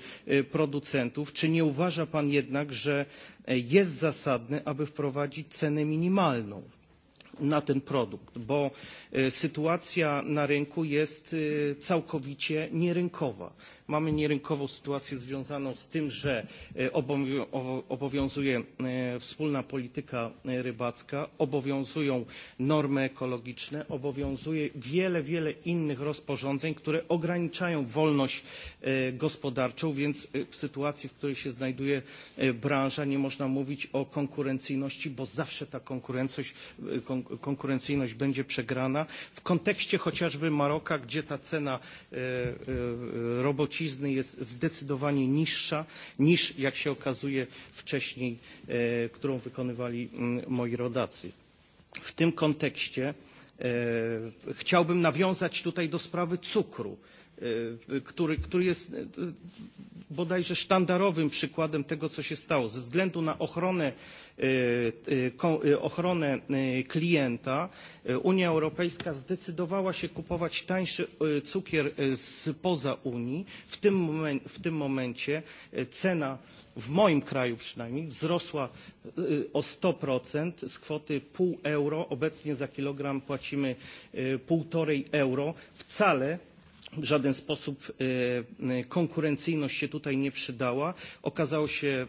producentów, czy nie uważa Pan jednak, że jest zasadne, aby wprowadzić cenę minimalną? na ten produkt, bo sytuacja na rynku jest całkowicie nierynkowa. Mamy nierynkową sytuację związaną z tym, że obowiązuje wspólna polityka rybacka, obowiązują normy ekologiczne, obowiązuje wiele, wiele innych rozporządzeń, które ograniczają wolność gospodarczą, więc w sytuacji, w której się znajduje branża, nie można mówić o konkurencyjności, bo zawsze ta konkurencyjność będzie przegrana. W kontekście chociażby Maroka, gdzie ta cena robocika trucizny jest zdecydowanie niższa niż, jak się okazuje, wcześniej, którą wykonywali moi rodacy. W tym kontekście chciałbym nawiązać tutaj do sprawy cukru który, który jest bodajże sztandarowym przykładem tego, co się stało. Ze względu na ochronę, ochronę klienta Unia Europejska zdecydowała się kupować tańszy cukier spoza Unii. W tym, w tym momencie cena w moim kraju przynajmniej wzrosła o 100% z kwoty pół euro. Obecnie za kilogram płacimy półtorej euro. Wcale w żaden sposób konkurencyjność się tutaj nie przydała. Okazało się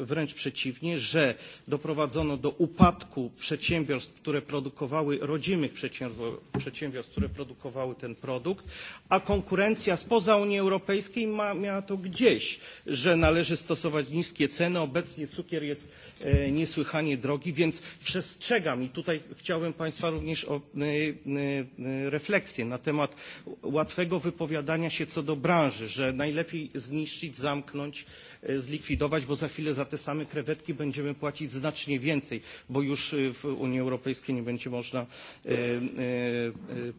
wręcz przeciwnie, że doprowadzono do upadku przedsiębiorstw, które produkowały, rodzimych przedsiębiorstw, które produkowały ten produkt, a konkurencja spoza Unii Europejskiej miała to gdzieś, że należy stosować niskie ceny. Obecnie cukier jest niesłychanie drogi, więc przestrzegam i tutaj chciałbym Państwa również o refleksję na temat łatwego wypowiadania się co do branży, że najlepiej zniszczyć, zamknąć, zlikwidować, bo za chwilę za te same krewetki będziemy płacić znacznie więcej, bo już w Unii Europejskiej nie będzie można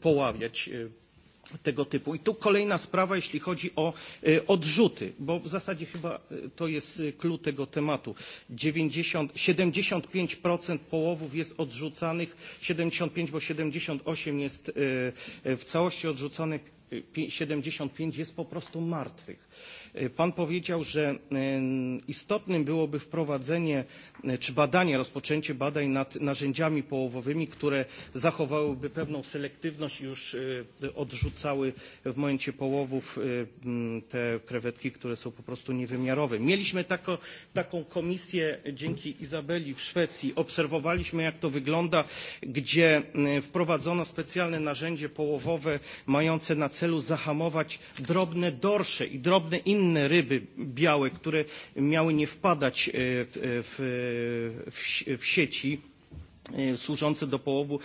poławiać tego typu. I tu kolejna sprawa, jeśli chodzi o odrzuty, bo w zasadzie chyba to jest clue tego tematu. 90, 75% połowów jest odrzucanych, 75, bo 78 jest w całości odrzucanych, 75 jest po prostu martwych Pan powiedział, że istotnym byłoby wprowadzenie czy badanie, rozpoczęcie badań nad narzędziami połowowymi, które zachowałyby pewną selektywność i już odrzucały w momencie połowów te krewetki, które są po prostu niewymiarowe. Mieliśmy taką komisję dzięki Izabeli w Szwecji. Obserwowaliśmy, jak to wygląda, gdzie wprowadzono specjalne narzędzie połowowe mające na celu zahamować drobne dorsze i drobne żadne inne ryby białe, które miały nie wpadać w, w sieci służące do połowu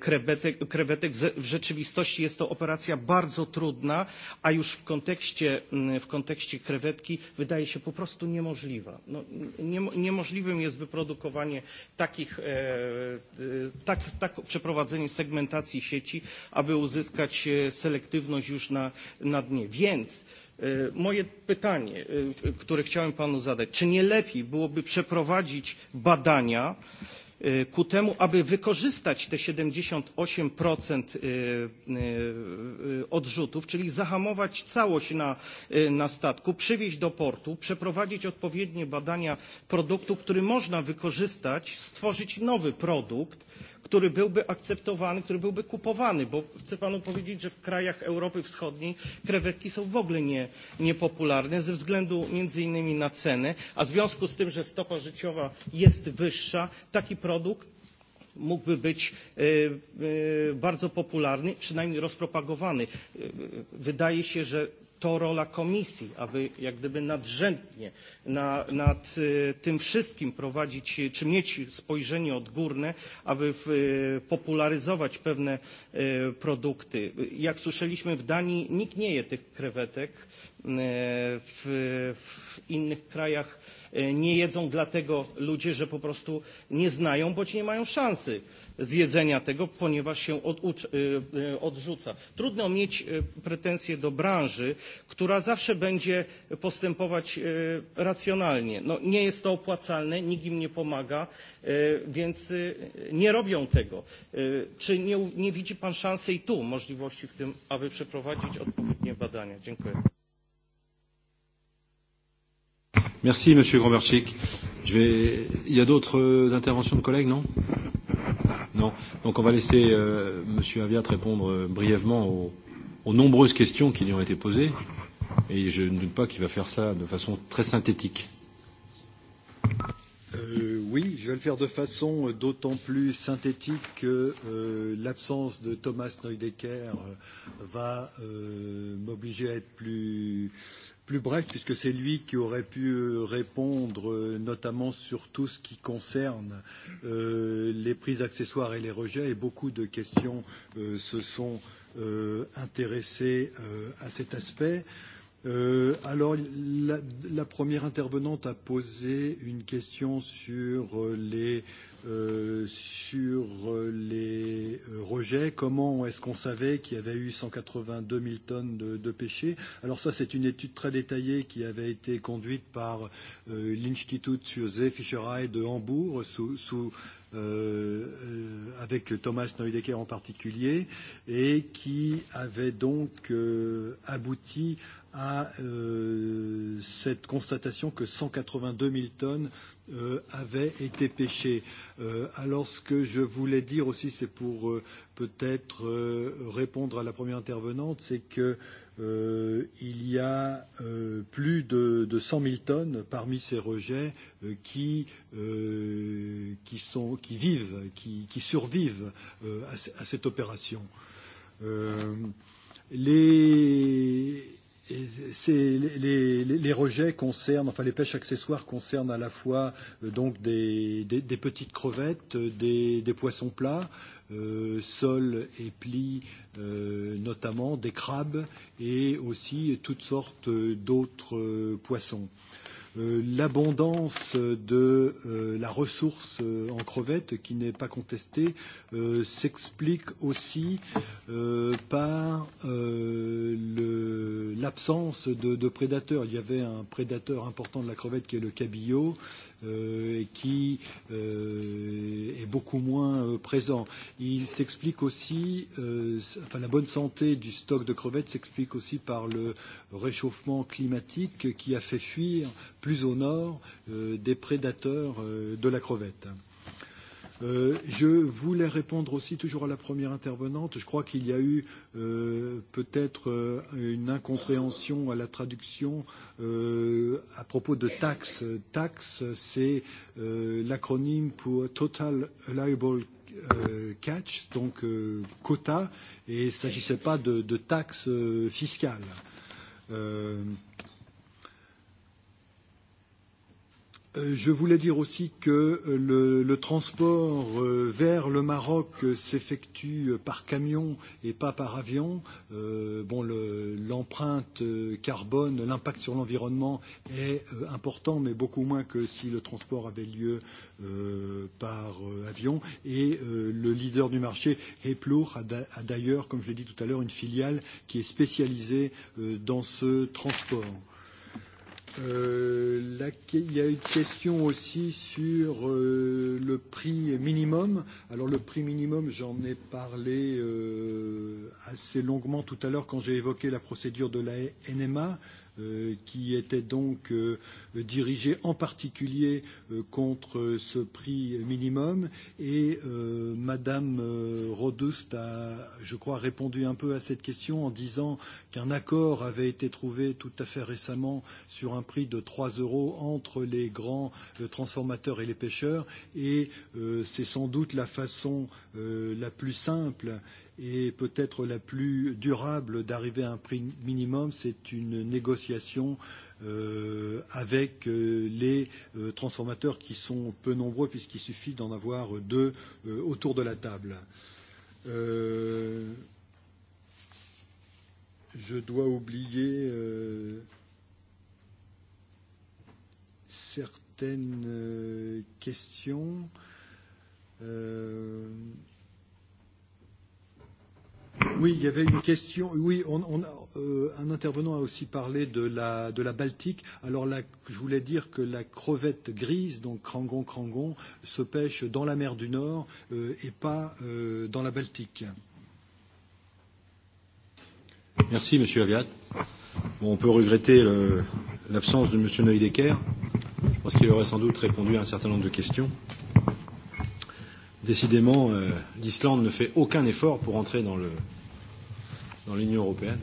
krewetek, krewetek. W rzeczywistości jest to operacja bardzo trudna, a już w kontekście, w kontekście krewetki wydaje się po prostu niemożliwa. No, nie, niemożliwym jest wyprodukowanie takich, tak, tak przeprowadzenie segmentacji sieci, aby uzyskać selektywność już na, na dnie. Więc Moje pytanie, które chciałem panu zadać, czy nie lepiej byłoby przeprowadzić badania ku temu, aby wykorzystać te 78% odrzutów, czyli zahamować całość na, na statku, przywieźć do portu, przeprowadzić odpowiednie badania produktu, który można wykorzystać, stworzyć nowy produkt, który byłby akceptowany, który byłby kupowany, bo chcę panu powiedzieć, że w krajach Europy Wschodniej krewetki są w ogóle nie, niepopularne ze względu między innymi na cenę, a w związku z tym, że stopa życiowa jest wyższa, taki produkt mógłby być bardzo popularny, przynajmniej rozpropagowany. Wydaje się, że to rola komisji, aby jak gdyby nadrzędnie nad tym wszystkim prowadzić, czy mieć spojrzenie odgórne, aby popularyzować pewne produkty. Jak słyszeliśmy w Danii nikt nie je tych krewetek, w innych krajach nie jedzą dlatego ludzie, że po prostu nie znają, bądź nie mają szansy zjedzenia tego, ponieważ się odrzuca. Trudno mieć pretensje do branży, która zawsze będzie postępować racjonalnie. No, nie jest to opłacalne, nikt im nie pomaga, więc nie robią tego. Czy nie, nie widzi Pan szansy i tu możliwości w tym, aby przeprowadzić odpowiednie badania? Dziękuję. Merci, Monsieur Grombertschik. Je vais... Il y a d'autres interventions de collègues, non Non. Donc on va laisser euh, Monsieur Aviat répondre euh, brièvement aux, aux nombreuses questions qui lui ont été posées. Et je ne doute pas qu'il va faire ça de façon très synthétique. Euh, oui, je vais le faire de façon d'autant plus synthétique que euh, l'absence de Thomas Neudecker va euh, m'obliger à être plus plus bref, puisque c'est lui qui aurait pu répondre notamment sur tout ce qui concerne les prises accessoires et les rejets, et beaucoup de questions se sont intéressées à cet aspect. alors, la, première intervenante a posé une question sur les sur les rejets, comment est-ce qu'on savait qu'il y avait eu 182 000 tonnes de, de pêchés Alors ça, c'est une étude très détaillée qui avait été conduite par euh, l'Institut für Fischerei de Hambourg sous, sous euh, avec Thomas Neudecker en particulier, et qui avait donc euh, abouti à euh, cette constatation que 182 000 tonnes euh, avait été péché. Euh, alors ce que je voulais dire aussi, c'est pour euh, peut-être euh, répondre à la première intervenante, c'est que euh, il y a euh, plus de, de 100 000 tonnes parmi ces rejets euh, qui, euh, qui, sont, qui vivent, qui, qui survivent euh, à, à cette opération. Euh, les les, les rejets concernent, enfin les pêches accessoires concernent à la fois euh, donc des, des, des petites crevettes, des, des poissons plats, euh, sols et plis euh, notamment, des crabes et aussi toutes sortes d'autres euh, poissons. Euh, l'abondance de la ressource en crevettes, qui n'est pas contestée, s'explique aussi par l'absence de, prédateurs. Il y avait un prédateur important de la crevette qui est le cabillaud et qui est beaucoup moins présent. Il s'explique aussi, enfin la bonne santé du stock de crevettes s'explique aussi par le réchauffement climatique qui a fait fuir plus au nord des prédateurs de la crevette je voulais répondre aussi toujours à la première intervenante. Je crois qu'il y a eu euh, peut-être euh, une incompréhension à la traduction euh, à propos de taxes taxes, c'est euh, l'acronyme pour Total Liable catch, donc euh, quota, et il ne s'agissait pas de, de taxes euh, fiscales. Euh, Je voulais dire aussi que le, le transport vers le Maroc s'effectue par camion et pas par avion. Euh, bon, l'empreinte le, carbone, l'impact sur l'environnement est important, mais beaucoup moins que si le transport avait lieu euh, par avion. Et euh, le leader du marché, Heplour, a d'ailleurs, comme je l'ai dit tout à l'heure, une filiale qui est spécialisée euh, dans ce transport il y a une question aussi sur euh, le prix minimum. Alors le prix minimum, j'en ai parlé euh, assez longuement tout à l'heure quand j'ai évoqué la procédure de la NMA qui était donc dirigé en particulier contre ce prix minimum. Et Madame Rodust a, je crois, répondu un peu à cette question en disant qu'un accord avait été trouvé tout à fait récemment sur un prix de 3 euros entre les grands transformateurs et les pêcheurs. Et c'est sans doute la façon la plus simple et peut-être la plus durable d'arriver à un prix minimum, c'est une négociation euh, avec euh, les euh, transformateurs qui sont peu nombreux puisqu'il suffit d'en avoir deux euh, autour de la table. Euh, je dois oublier euh, certaines questions. Euh, Oui, il y avait une question. Oui, on, on, euh, un intervenant a aussi parlé de la, de la Baltique. Alors là, je voulais dire que la crevette grise, donc crangon crangon, se pêche dans la mer du Nord euh, et pas euh, dans la Baltique. Merci, Monsieur Aviat. Bon, on peut regretter l'absence de Monsieur Neudecker, parce qu'il aurait sans doute répondu à un certain nombre de questions. Euh, Décidément, euh, l'Islande ne fait aucun effort pour entrer dans, le, dans l'Union européenne.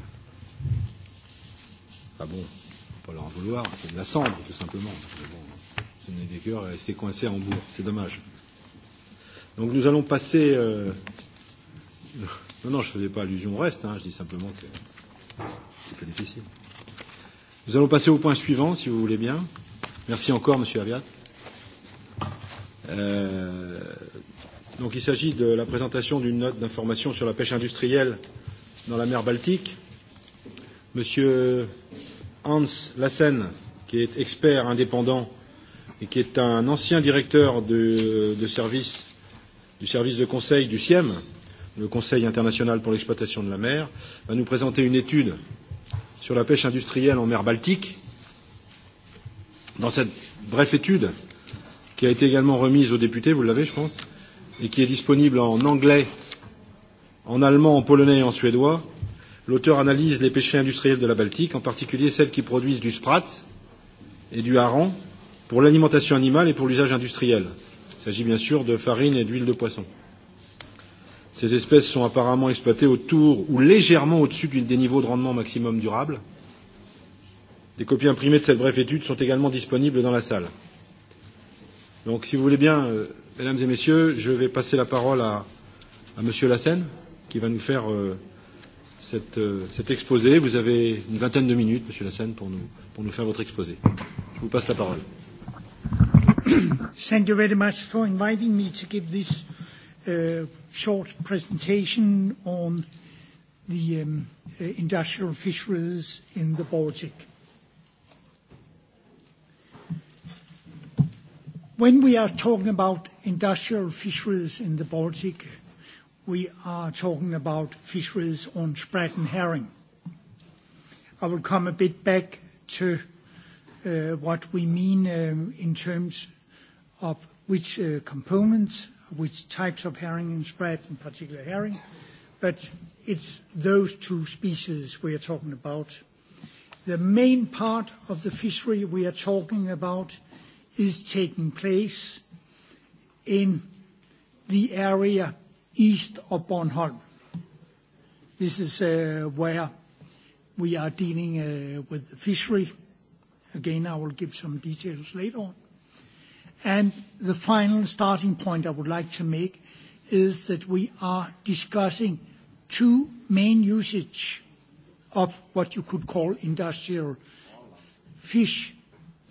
Ah bon, faut pas leur en vouloir, c'est de la cendre, tout simplement. bon, ce n'est des cœurs rester coincé à Hambourg, c'est dommage. Donc nous allons passer. Euh... Non, non, je ne faisais pas allusion au reste, hein, je dis simplement que c'est plus difficile. Nous allons passer au point suivant, si vous voulez bien. Merci encore, Monsieur Aviat. Euh, Donc il s'agit de la présentation d'une note d'information sur la pêche industrielle dans la mer Baltique. Monsieur Hans Lassen, qui est expert indépendant et qui est un ancien directeur de, de service, du service de conseil du CIEM, le Conseil international pour l'exploitation de la mer, va nous présenter une étude sur la pêche industrielle en mer Baltique. Dans cette brève étude, qui a été également remise aux députés, vous l'avez, je pense, et qui est disponible en anglais, en allemand, en polonais et en suédois, l'auteur analyse les péchés industriels de la Baltique, en particulier celles qui produisent du sprat et du hareng pour l'alimentation animale et pour l'usage industriel. Il s'agit bien sûr de farine et d'huile de poisson. Ces espèces sont apparemment exploitées autour ou légèrement au-dessus des niveaux de rendement maximum durable. Des copies imprimées de cette brève étude sont également disponibles dans la salle. Donc, si vous voulez bien, Mesdames et messieurs, je vais passer la parole à, à Monsieur Lassen, qui va nous faire euh, cette, euh, cet exposé. Vous avez une vingtaine de minutes, Monsieur Lassen, pour nous, pour nous faire votre exposé. Je vous passe la parole. Thank you very much for inviting me to give this uh, short presentation on the um, industrial fisheries in the Baltic. When we are talking about industrial fisheries in the Baltic, we are talking about fisheries on sprat and herring. I will come a bit back to what we mean in terms of which components, which types of herring and sprat, in particular herring, but it's those two species we are talking about. The main part of the fishery we are talking about is taking place in the area east of Bornholm. This is where we are dealing with the fishery. Again, I will give some details later on. And The final starting point I would like to make is that we are discussing two main usage of what you could call industrial fish.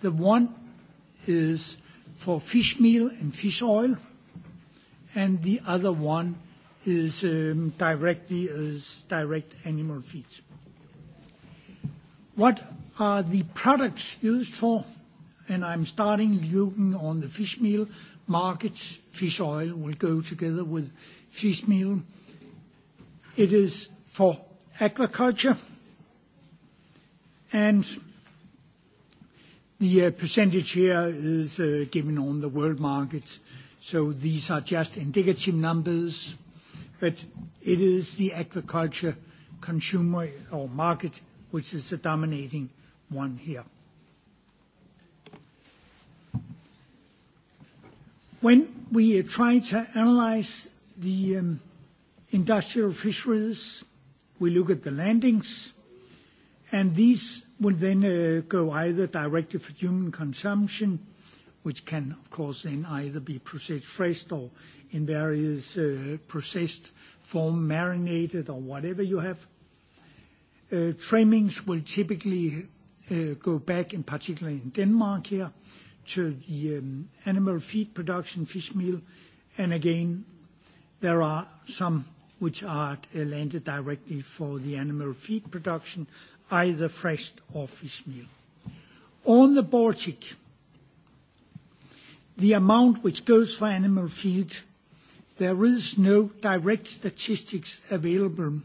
The one is for fish meal and fish oil, and the other one is directly as direct animal feeds. What are the products used for? And I'm starting looking on the fish meal markets. Fish oil will go together with fish meal. It is for aquaculture, and The percentage here is given on the world market, so these are just indicative numbers, but it is the agriculture consumer or market which is the dominating one here. When we try to analyze the industrial fisheries, we look at the landings, and these will then go either directly for human consumption, which can, of course, then either be processed fresh or in various processed form, marinated or whatever you have. Trimmings will typically go back, in particular in Denmark here, to the animal feed production, fish meal, and again, there are some which are landed directly for the animal feed production, either fresh or fish meal. On the Baltic, the amount which goes for animal feed, there is no direct statistics available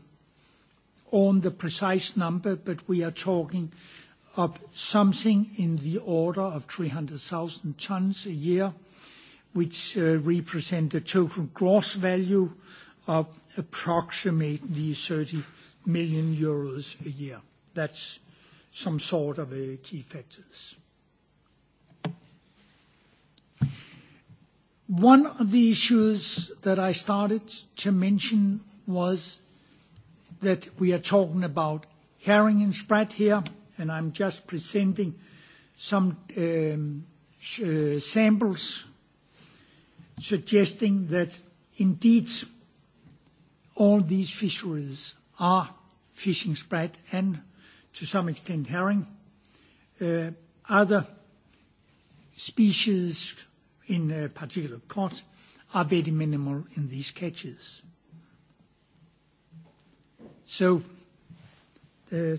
on the precise number, but we are talking of something in the order of 300,000 tons a year, which represent a total gross value of approximately 30 million euros a year that's some sort of a key factors. One of the issues that I started to mention was that we are talking about herring and spread here, and I'm just presenting some samples suggesting that indeed all these fisheries are fishing spread and to some extent herring. Uh, other species, in a particular cod, are very minimal in these catches. So uh,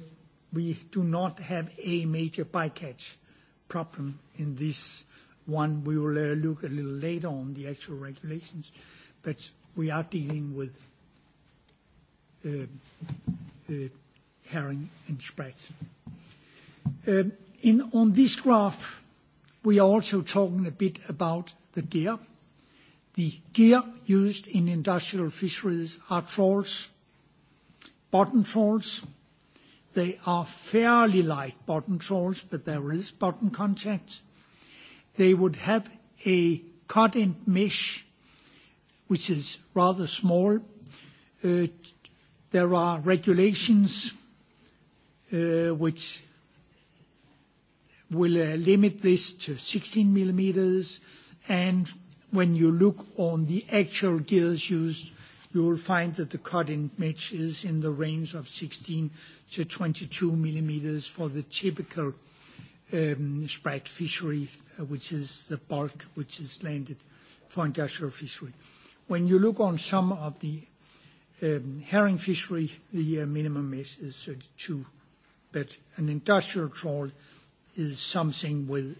we do not have a major bycatch problem in this one. We will uh, look a little later on the actual regulations, but we are dealing with uh, uh, herring and spread. On this graph, we are also talking a bit about the gear. The gear used in industrial fisheries are trawls, bottom trawls. They are fairly light bottom trawls, but there is bottom contact. They would have a cut end mesh, which is rather small. There are regulations which will limit this to 16 millimeters. And when you look on the actual gears used, you will find that the cutting match is in the range of 16 to 22 millimeters for the typical sprat fishery, which is the bulk which is landed for industrial fishery. When you look on some of the herring fishery, the minimum mesh is 32 but an industrial trawl is something with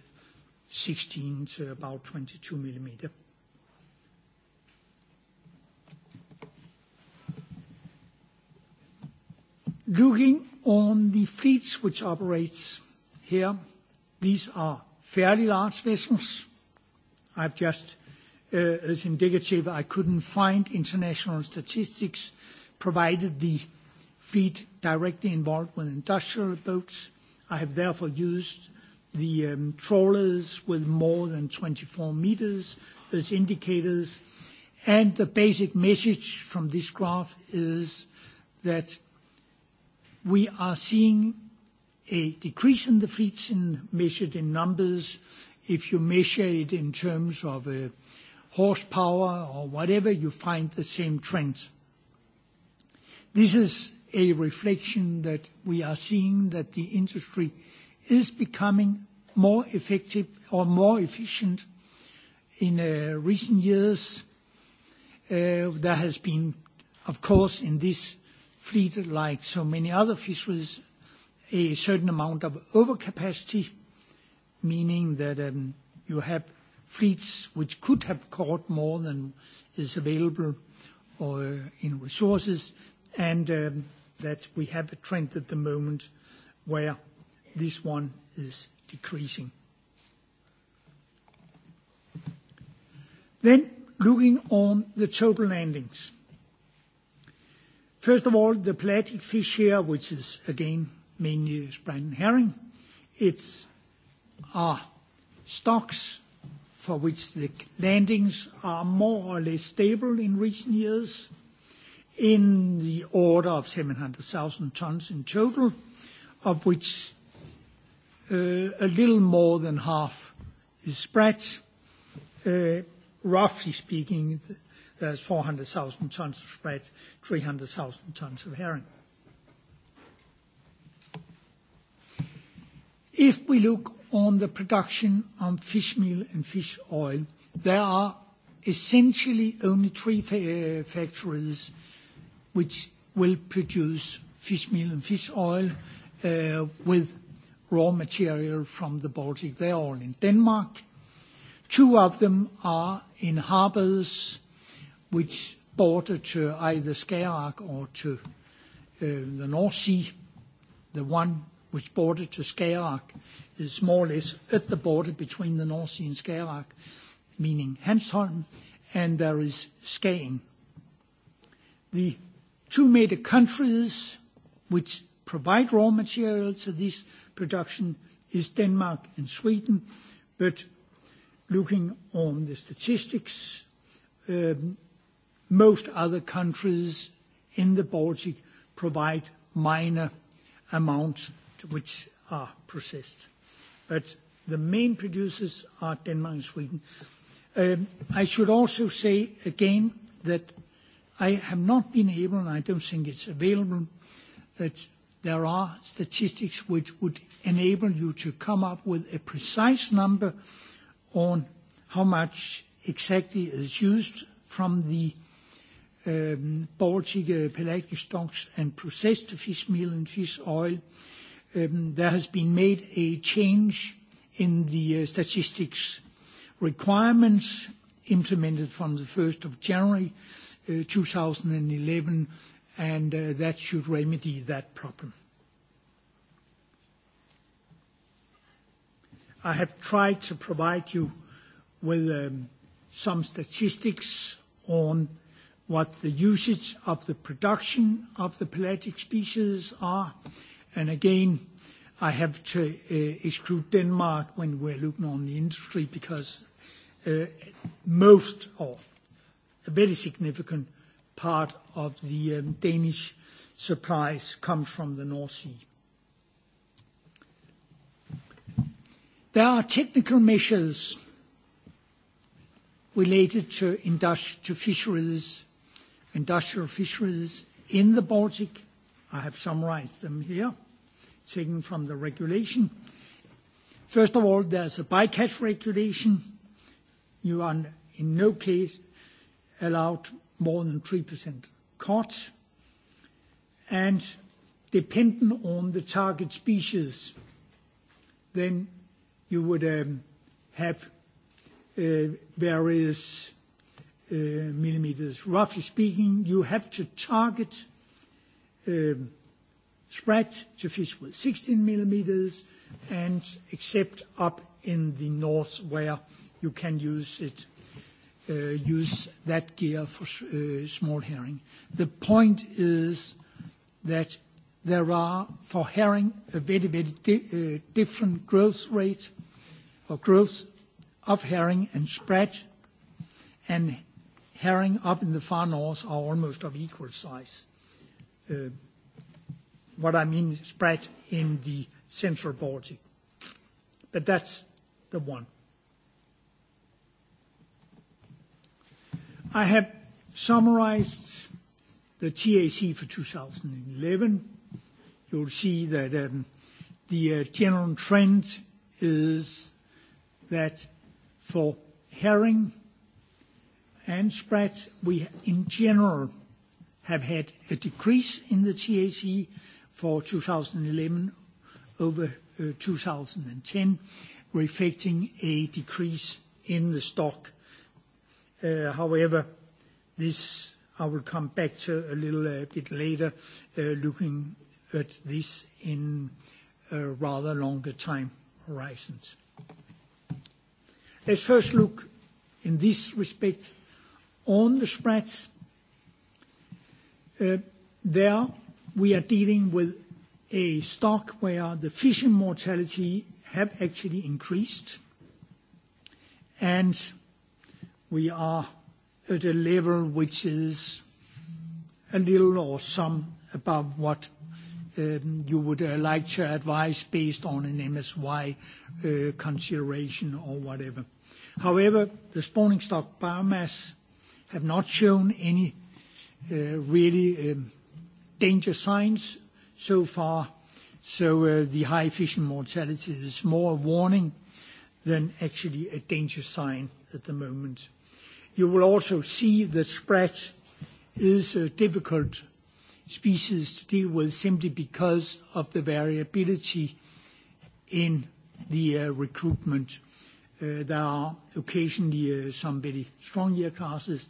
16 to about 22 millimeter. Looking on the fleets which operates here, these are fairly large vessels. I've just, uh as indicative, I couldn't find international statistics, provided the feet directly involved with industrial boats. I have therefore used the um, trawlers with more than 24 meters as indicators. And the basic message from this graph is that we are seeing a decrease in the fleets in, measured in numbers. If you measure it in terms of uh, horsepower or whatever, you find the same trend. This is a reflection that we are seeing that the industry is becoming more effective or more efficient. In recent years, there has been, of course, in this fleet, like so many other fisheries, a certain amount of overcapacity, meaning that you have fleets which could have caught more than is available or in resources, and that we have a trend at the moment where this one is decreasing. Then looking on the total landings. First of all, the pelagic fish here, which is again mainly Spratly herring. It's are stocks for which the landings are more or less stable in recent years, in the order of 700,000 tons in total, of which a little more than half is spread. Roughly speaking, there's 400,000 tons of spread, 300,000 tons of herring. If we look on the production on fish meal and fish oil, there are essentially only three factories which will produce fish meal and fish oil with raw material from the Baltic. They are all in Denmark. Two of them are in harbors which border to either Skagerrak or to the North Sea. The one which border to Skagerrak is more or less at the border between the North Sea and Skagerrak, meaning Hanstholm, and there is Skagen. The two major countries which provide raw material to this production is Denmark and Sweden. But looking on the statistics, most other countries in the Baltic provide minor amounts which are processed. But the main producers are Denmark and Sweden. I should also say again that I have not been able, and I don't think it's available, that there are statistics which would enable you to come up with a precise number on how much exactly is used from the Baltic pelagic stocks and processed fish meal and fish oil. There has been made a change in the statistics requirements implemented from the 1st of January 2011, and that should remedy that problem. I have tried to provide you with some statistics on what the usage of the production of the pelagic species are. And again, I have to exclude Denmark when we're looking on the industry because most or a very significant part of the Danish supplies come from the North Sea. There are technical measures related to fisheries, industrial fisheries in the Baltic. I have summarized them here, taken from the regulation. First of all, there's a bycatch regulation. You are in no case allowed more than 3% cuts. And depending on the target species, then you would um have uh various uh millimeters. Roughly speaking, you have to target um spread to fish with 16 millimeters and except up in the north where you can use it use that gear for small herring. The point is that there are, for herring, a very, very different growth rate or growth of herring and spread, and herring up in the far north are almost of equal size. What I mean, spread in the central Baltic. But that's the one. I have summarized the TAC for 2011. You'll see that the general trend is that for herring and spreads, we in general have had a decrease in the TAC for 2011 over 2010, reflecting a decrease in the stock However, this I will come back to a little bit later, looking at this in rather longer time horizons. Let's first look in this respect on the spreads. There we are dealing with a stock where the fishing mortality have actually increased, and we are at a level which is a little or some above what you would like to advise based on an MSY consideration or whatever. However, the spawning stock biomass have not shown any really danger signs so far, so the high fishing mortality is more a warning than actually a danger sign at the moment you will also see that sprats is a difficult species to deal with simply because of the variability in the recruitment. There are occasionally some very strong year classes,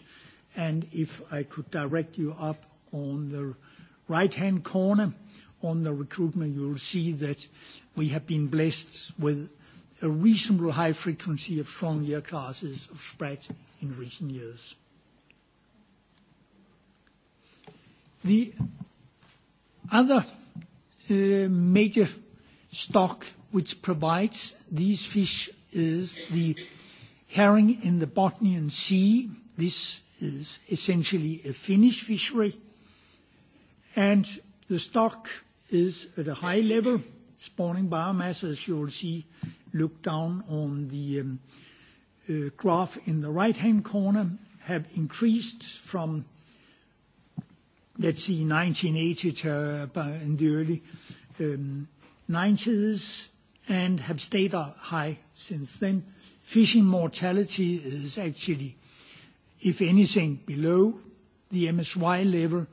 and if I could direct you up on the right-hand corner on the recruitment, you will see that we have been blessed with a reasonable high frequency of strong year classes of spread in recent years. The other major stock which provides these fish is the herring in the Botnian Sea. This is essentially a Finnish fishery, and the stock is at a high level. Spawning biomass, as you will see, look down on the graph in the right-hand corner have increased from, let's see, 1980 to in the early 1990s and have stayed high since then. Fishing mortality is actually, if anything, below the MSY level,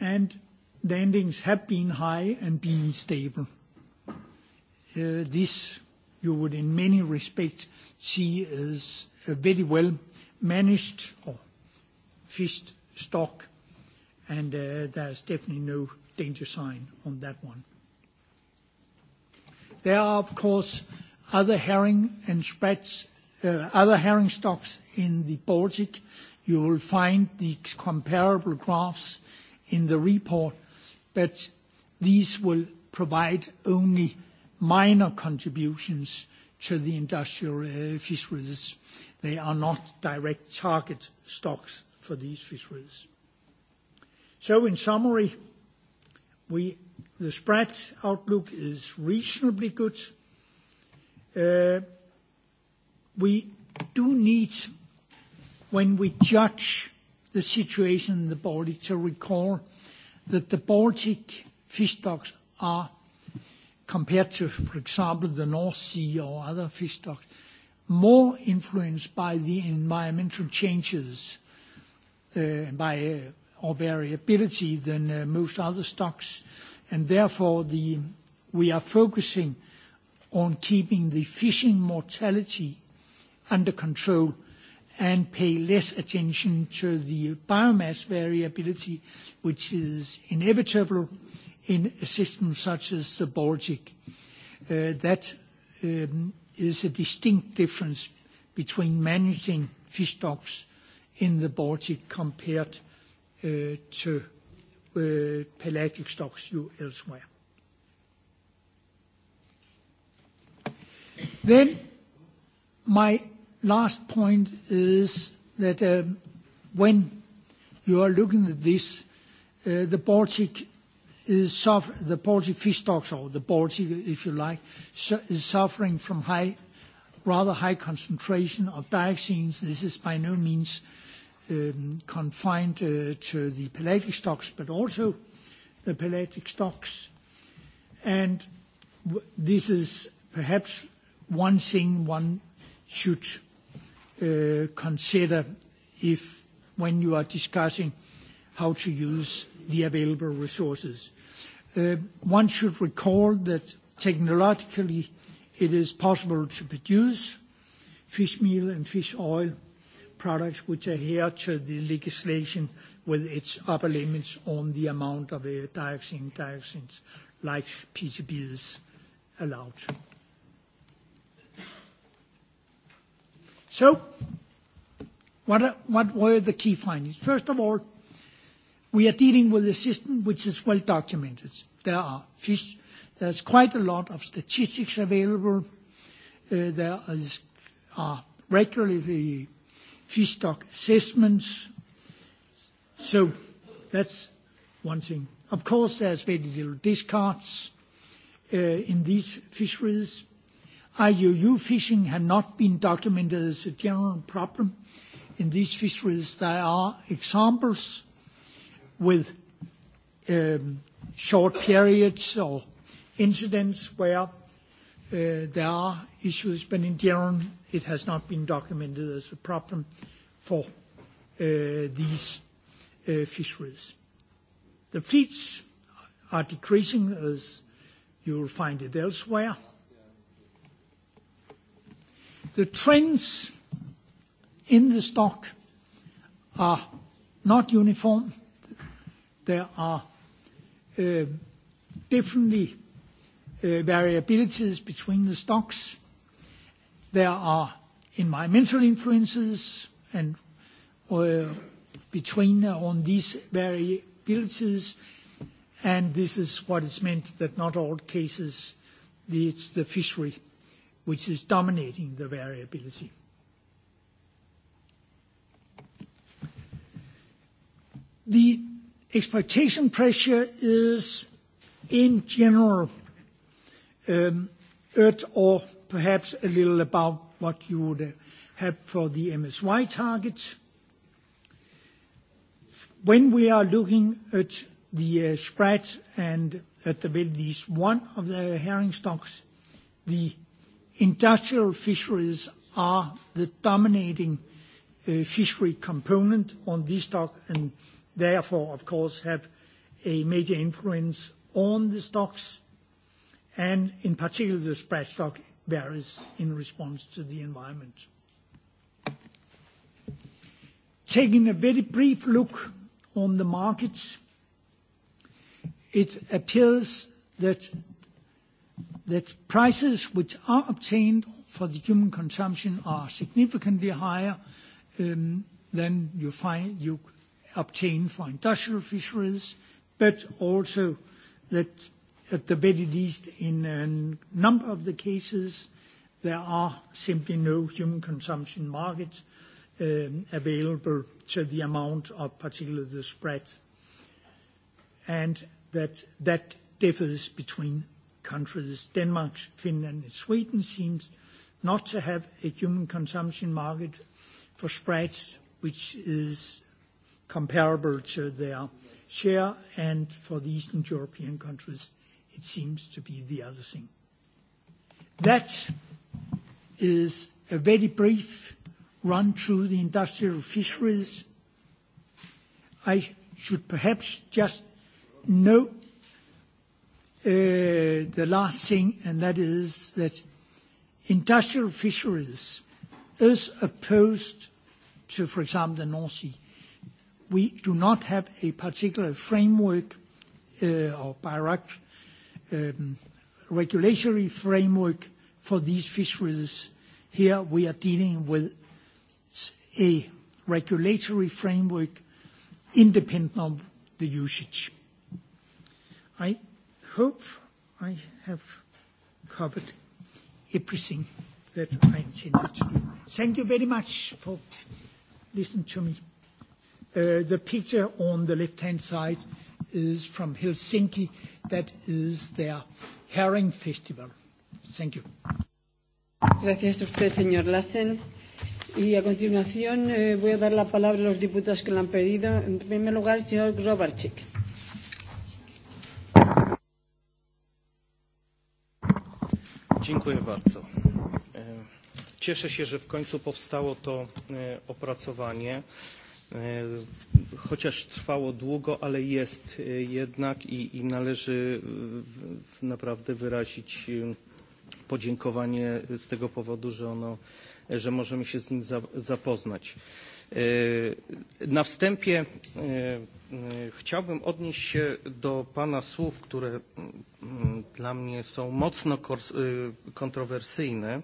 and landings have been high and been stable. This you would in many respects see as a very well managed or fished stock, and there's definitely no danger sign on that one. There are, of course, other herring and spreads, other herring stocks in the Baltic. You will find the comparable graphs in the report, but these will provide only minor contributions to the industrial fisheries. They are not direct target stocks for these fisheries. So in summary, the spread outlook is reasonably good. We do need, when we judge the situation in the Baltic, to recall that the Baltic fish stocks are compared to, for example, the North Sea or other fish stocks, more influenced by the environmental changes, by or variability than most other stocks. and Therefore, we are focusing on keeping the fishing mortality under control and pay less attention to the biomass variability, which is inevitable in a system such as the Baltic. That is a distinct difference between managing fish stocks in the Baltic compared to pelagic stocks elsewhere. Then my last point is that when you are looking at this, the Baltic suffer, the Baltic fish stocks, or the Baltic, if you like, is suffering from high, rather high concentration of dioxins. This is by no means confined to the pelagic stocks, but also the pelagic stocks. And this is perhaps one thing one should consider if when you are discussing how to use the available resources. One should recall that technologically it is possible to produce fish meal and fish oil products which adhere to the legislation with its upper limits on the amount of dioxin, dioxins like PCB is allowed. So what, what were the key findings? First of all, We are dealing with a system which is well documented. There are fish, there's quite a lot of statistics available. There is are regularly fish stock assessments. So that's one thing. Of course, there's very little discards in these fisheries. IUU fishing have not been documented as a general problem in these fisheries. There are examples with um, short periods or incidents where uh, there are issues, but in general it has not been documented as a problem for uh, these uh, fisheries. The fleets are decreasing as you'll find it elsewhere. The trends in the stock are not uniform there are definitely variabilities between the stocks. There are environmental influences and between on these variabilities, and this is what is meant that not all cases, it's the fishery which is dominating the variability. The Exploitation pressure is, in general, at or perhaps a little above what you would have for the MSY target. When we are looking at the spread and at the very least one of the herring stocks, the industrial fisheries are the dominating fishery component on this stock, and therefore, of course, have a major influence on the stocks, and in particular, the spread stock varies in response to the environment. Taking a very brief look on the markets, it appears that that prices which are obtained for the human consumption are significantly higher than you find you obtained for industrial fisheries, but also that at the very least, in a number of the cases, there are simply no human consumption markets available to the amount of particularly the spread, and that that differs between countries. Denmark, Finland, and Sweden seems not to have a human consumption market for spreads, which is comparable to their share, and for the Eastern European countries, it seems to be the other thing. That is a very brief run through the industrial fisheries. I should perhaps just note the last thing, and that is that industrial fisheries is opposed to, for example, the North Sea we do not have a particular framework or BIRAC regulatory framework for these fisheries. Here we are dealing with a regulatory framework independent of the usage. I hope I have covered everything that I intended to do. Thank you very much for listening to me. The picture on the left-hand side is from Helsinki. That is their herring festival. Thank you. Gracias a usted, señor Lassen. Y a continuación voy a dar la palabra a los diputados que lo han pedido. En primer lugar, el señor Grobarczyk. Dziękuję bardzo. Cieszę się, że w końcu powstało to opracowanie chociaż trwało długo, ale jest jednak i, należy naprawdę wyrazić podziękowanie z tego powodu, że, ono, że możemy się z nim zapoznać. Na wstępie chciałbym odnieść się do Pana słów, które dla mnie są mocno kontrowersyjne,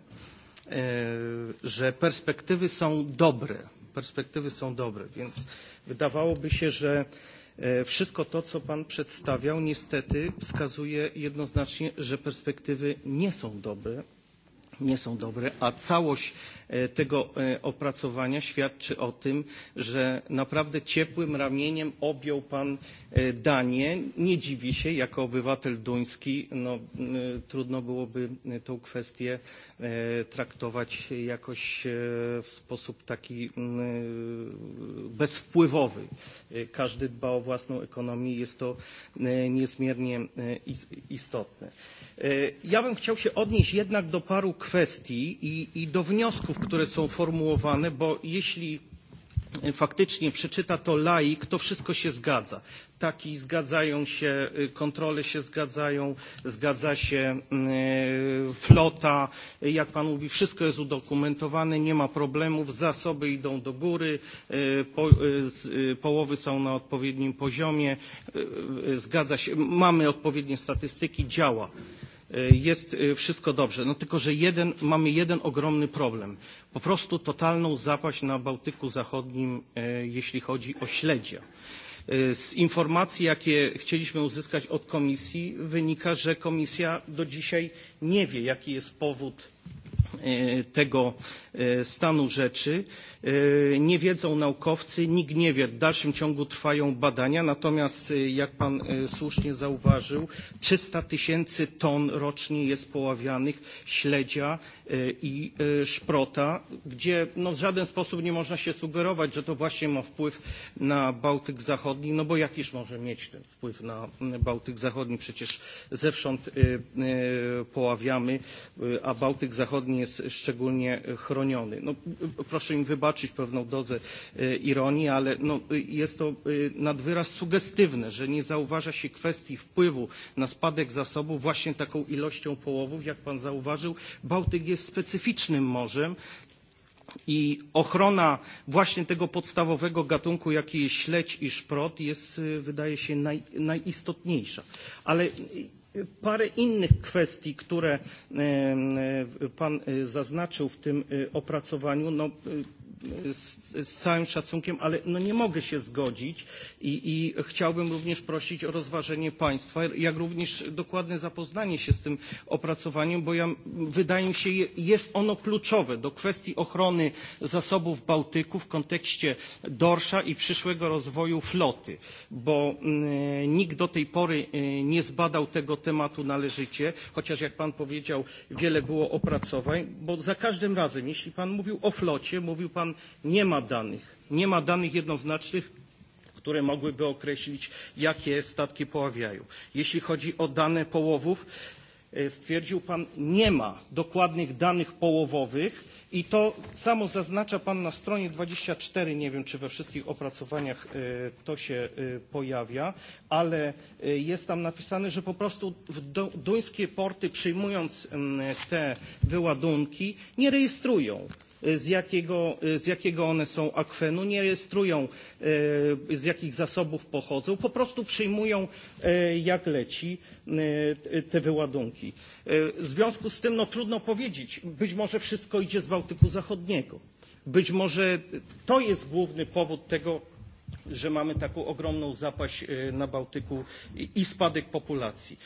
że perspektywy są dobre perspektywy są dobre, więc wydawałoby się, że wszystko to, co Pan przedstawiał, niestety wskazuje jednoznacznie, że perspektywy nie są dobre nie są dobre, a całość tego opracowania świadczy o tym, że naprawdę ciepłym ramieniem objął Pan Danię. Nie dziwię się, jako obywatel duński, no, trudno byłoby tę kwestię traktować jakoś w sposób taki bezwpływowy. Każdy dba o własną ekonomię i jest to niezmiernie istotne. Ja bym chciał się odnieść jednak do paru kwestii i, i do wniosków, które są formułowane, bo jeśli faktycznie przeczyta to laik, to wszystko się zgadza. Taki zgadzają się, kontrole się zgadzają, zgadza się flota, jak pan mówi, wszystko jest udokumentowane, nie ma problemów, zasoby idą do góry, połowy są na odpowiednim poziomie, zgadza się, mamy odpowiednie statystyki, działa jest wszystko dobrze. No tylko, że jeden, mamy jeden ogromny problem. Po prostu totalną zapaść na Bałtyku Zachodnim, jeśli chodzi o śledzia. Z informacji, jakie chcieliśmy uzyskać od komisji, wynika, że komisja do dzisiaj nie wie, jaki jest powód tego stanu rzeczy nie wiedzą naukowcy, nikt nie wie. W dalszym ciągu trwają badania, natomiast jak pan słusznie zauważył, 300 tysięcy ton rocznie jest poławianych śledzia i szprota, gdzie w żaden sposób nie można się sugerować, że to właśnie ma wpływ na Bałtyk Zachodni, no bo jakiż może mieć ten wpływ na Bałtyk Zachodni? Przecież zewsząd poławiamy, a Bałtyk Zachodni jest szczególnie chroniony. No, proszę mi wybaczyć, zobaczyć pewną dozę ironii, ale no, jest to nad wyraz sugestywne, że nie zauważa się kwestii wpływu na spadek zasobów właśnie taką ilością połowów, jak pan zauważył. Bałtyk jest specyficznym morzem i ochrona właśnie tego podstawowego gatunku, jaki jest śledź i szprot, jest, wydaje się, naj, najistotniejsza. Ale parę innych kwestii, które pan zaznaczył w tym opracowaniu, no, z, z całym szacunkiem, ale no nie mogę się zgodzić i, i chciałbym również prosić o rozważenie państwa, jak również dokładne zapoznanie się z tym opracowaniem, bo ja, wydaje mi się, jest ono kluczowe do kwestii ochrony zasobów Bałtyku w kontekście dorsza i przyszłego rozwoju floty, bo nikt do tej pory nie zbadał tego tematu należycie, chociaż jak pan powiedział, wiele było opracowań, bo za każdym razem, jeśli pan mówił o flocie, mówił pan Pan nie ma danych. Nie ma danych jednoznacznych, które mogłyby określić, jakie statki poławiają. Jeśli chodzi o dane połowów, stwierdził Pan, nie ma dokładnych danych połowowych i to samo zaznacza Pan na stronie 24, nie wiem czy we wszystkich opracowaniach to się pojawia, ale jest tam napisane, że po prostu duńskie porty przyjmując te wyładunki nie rejestrują z jakiego, z jakiego one są akwenu, nie rejestrują z jakich zasobów pochodzą, po prostu przyjmują jak leci te wyładunki. W związku z tym no, trudno powiedzieć, być może wszystko idzie z Bałtyku Zachodniego. Być może to jest główny powód tego, że mamy taką ogromną zapaść na Bałtyku i spadek populacji.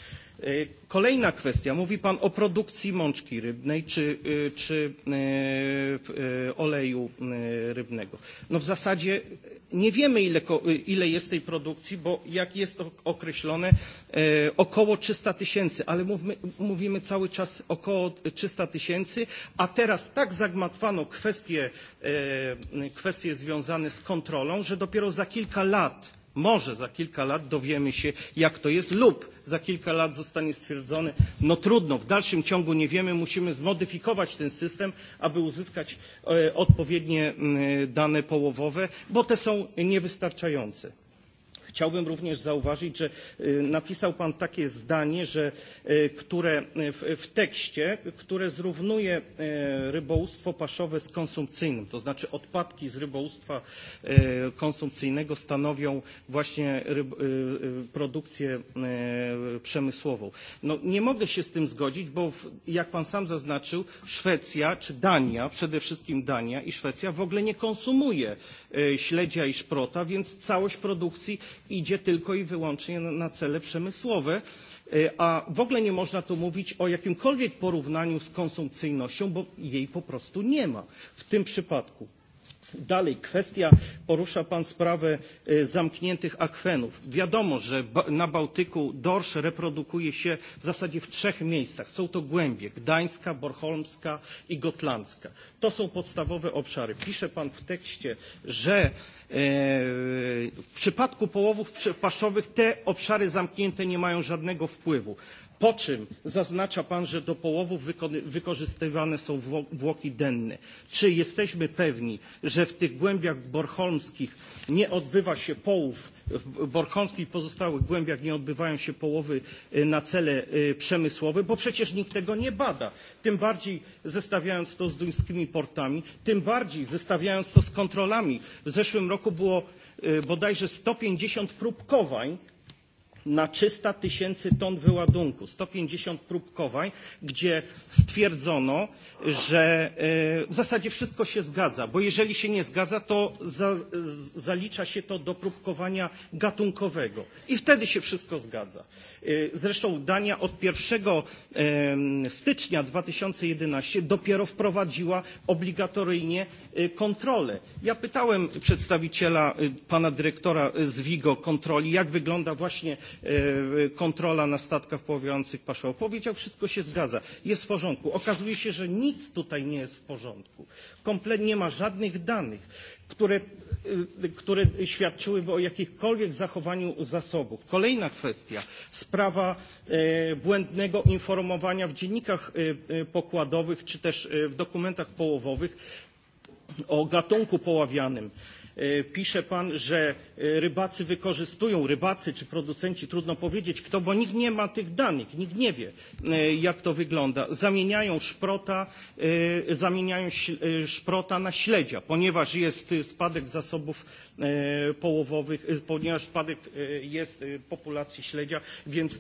Kolejna kwestia. Mówi Pan o produkcji mączki rybnej czy, oleju rybnego. No w zasadzie nie wiemy, ile, jest tej produkcji, bo jak jest określone, około 300 tysięcy, ale mówimy cały czas około 300 tysięcy, a teraz tak zagmatwano kwestie, kwestie związane z kontrolą, że dopiero za kilka lat Może za kilka lat dowiemy się, jak to jest, lub za kilka lat zostanie stwierdzone, no trudno, w dalszym ciągu nie wiemy, musimy zmodyfikować ten system, aby uzyskać odpowiednie dane połowowe, bo te są niewystarczające. Chciałbym również zauważyć, że napisał Pan takie zdanie, że, które w tekście, które zrównuje rybołówstwo paszowe z konsumpcyjnym, to znaczy odpadki z rybołówstwa konsumpcyjnego stanowią właśnie produkcję przemysłową. No, nie mogę się z tym zgodzić, bo jak Pan sam zaznaczył, Szwecja czy Dania, przede wszystkim Dania i Szwecja w ogóle nie konsumuje śledzia i szprota, więc całość produkcji idzie tylko i wyłącznie na cele przemysłowe. A w ogóle nie można tu mówić o jakimkolwiek porównaniu z konsumpcyjnością, bo jej po prostu nie ma w tym przypadku. Dalej, kwestia, porusza Pan sprawę zamkniętych akwenów. Wiadomo, że na Bałtyku dorsz reprodukuje się w zasadzie w trzech miejscach. Są to głębie gdańska, bornholmska i gotlandzka. To są podstawowe obszary. Pisze Pan w tekście, że w przypadku połowów paszowych te obszary zamknięte nie mają żadnego wpływu. Po czym zaznacza Pan, że do połowów wykorzystywane są włoki denne. Czy jesteśmy pewni, że w tych głębiach bornholmskich nie odbywa się połów, w bornholmskich pozostałych głębiach nie odbywają się połowy na cele przemysłowe? Bo przecież nikt tego nie bada. Tym bardziej zestawiając to z duńskimi portami, tym bardziej zestawiając to z kontrolami. W zeszłym roku było bodajże 150 prób kowań na 300 tysięcy ton wyładunku, 150 prób Kowań, gdzie stwierdzono, że w zasadzie wszystko się zgadza, bo jeżeli się nie zgadza, to zalicza się to do próbkowania gatunkowego i wtedy się wszystko zgadza. Zresztą Dania od 1 stycznia 2011 dopiero wprowadziła obligatoryjnie kontrole. Ja pytałem przedstawiciela pana dyrektora z WIGO kontroli, jak wygląda właśnie kontrola na statkach pławiających paszą. Powiedział, wszystko się zgadza, jest w porządku. Okazuje się, że nic tutaj nie jest w porządku. Kompletnie nie ma żadnych danych, które które świadczyłyby o jakichkolwiek zachowaniu zasobów. Kolejna kwestia, sprawa błędnego informowania w dziennikach pokładowych czy też w dokumentach połowowych o gatunku poławianym pisze pan, że rybacy wykorzystują, rybacy czy producenci, trudno powiedzieć kto, bo nikt nie ma tych danych, nikt nie wie jak to wygląda. Zamieniają szprota, zamieniają szprota na śledzia, ponieważ jest spadek zasobów połowowych, ponieważ spadek jest populacji śledzia, więc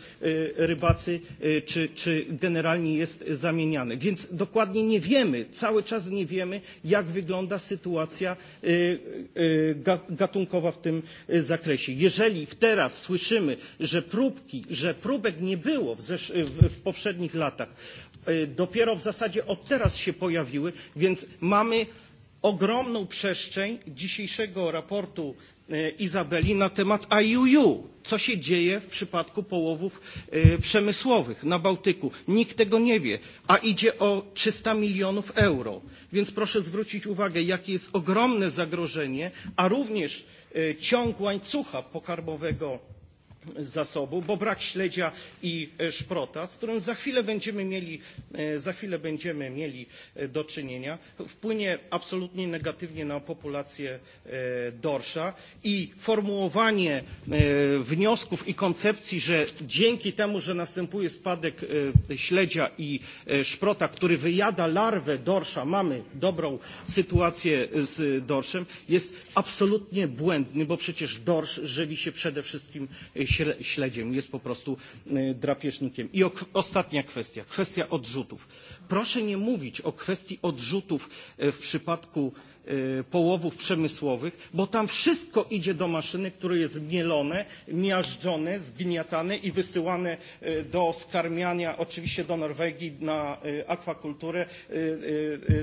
rybacy czy, czy generalnie jest zamieniany. Więc dokładnie nie wiemy, cały czas nie wiemy, jak wygląda sytuacja gatunkowa w tym zakresie. Jeżeli teraz słyszymy, że próbki, że próbek nie było w poprzednich latach, dopiero w zasadzie od teraz się pojawiły, więc mamy ogromną przestrzeń dzisiejszego raportu Izabeli na temat IUU. Co się dzieje w przypadku połowów przemysłowych na Bałtyku? Nikt tego nie wie, a idzie o 300 milionów euro. Więc proszę zwrócić uwagę, jakie jest ogromne zagrożenie, a również ciąg łańcucha pokarmowego zasobu, bo brak śledzia i szprota, z którym za chwilę będziemy mieli, za chwilę będziemy mieli do czynienia, wpłynie absolutnie negatywnie na populację dorsza i formułowanie wniosków i koncepcji, że dzięki temu, że następuje spadek śledzia i szprota, który wyjada larwę dorsza, mamy dobrą sytuację z dorszem, jest absolutnie błędny, bo przecież dorsz żywi się przede wszystkim śledziem, jest po prostu drapieżnikiem. I ostatnia kwestia, kwestia odrzutów. Proszę nie mówić o kwestii odrzutów w przypadku połowów przemysłowych, bo tam wszystko idzie do maszyny, które jest mielone, miażdżone, zgniatane i wysyłane do skarmiania, oczywiście do Norwegii, na akwakulturę,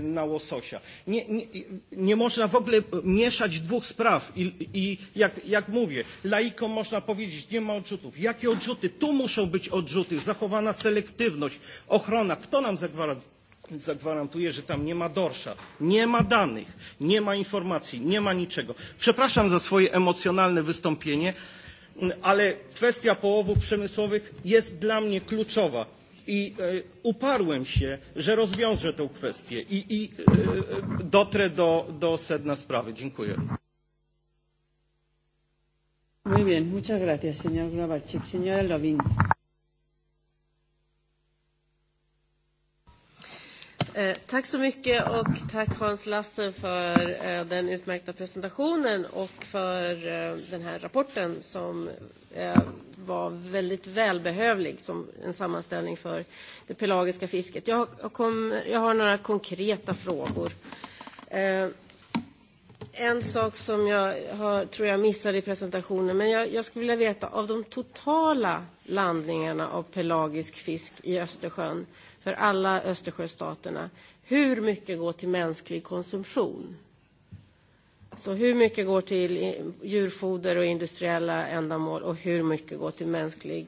na łososia. Nie, nie, nie można w ogóle mieszać dwóch spraw i, i jak, jak mówię, laikom można powiedzieć, nie ma odrzutów. Jakie odrzuty? Tu muszą być odrzuty, zachowana selektywność, ochrona. Kto nam zagwarantuje? zagwarantuję, że tam nie ma dorsza, nie ma danych, nie ma informacji, nie ma niczego. Przepraszam za swoje emocjonalne wystąpienie, ale kwestia połowów przemysłowych jest dla mnie kluczowa i uparłem się, że rozwiążę tę kwestię i, dotrę do, sedna sprawy. Dziękuję. Muy bien, muchas gracias, señor Grabarczyk. Señora Tack så mycket och tack Hans Lasse för den utmärkta presentationen och för den här rapporten som var väldigt välbehövlig som en sammanställning för det pelagiska fisket. Jag har några konkreta frågor. En sak som jag har, tror jag missade i presentationen, men jag, jag skulle vilja veta av de totala landningarna av pelagisk fisk i Östersjön, för alla Östersjöstaterna. Hur mycket går till mänsklig konsumtion? Så hur mycket går till djurfoder och industriella ändamål och hur mycket går till mänsklig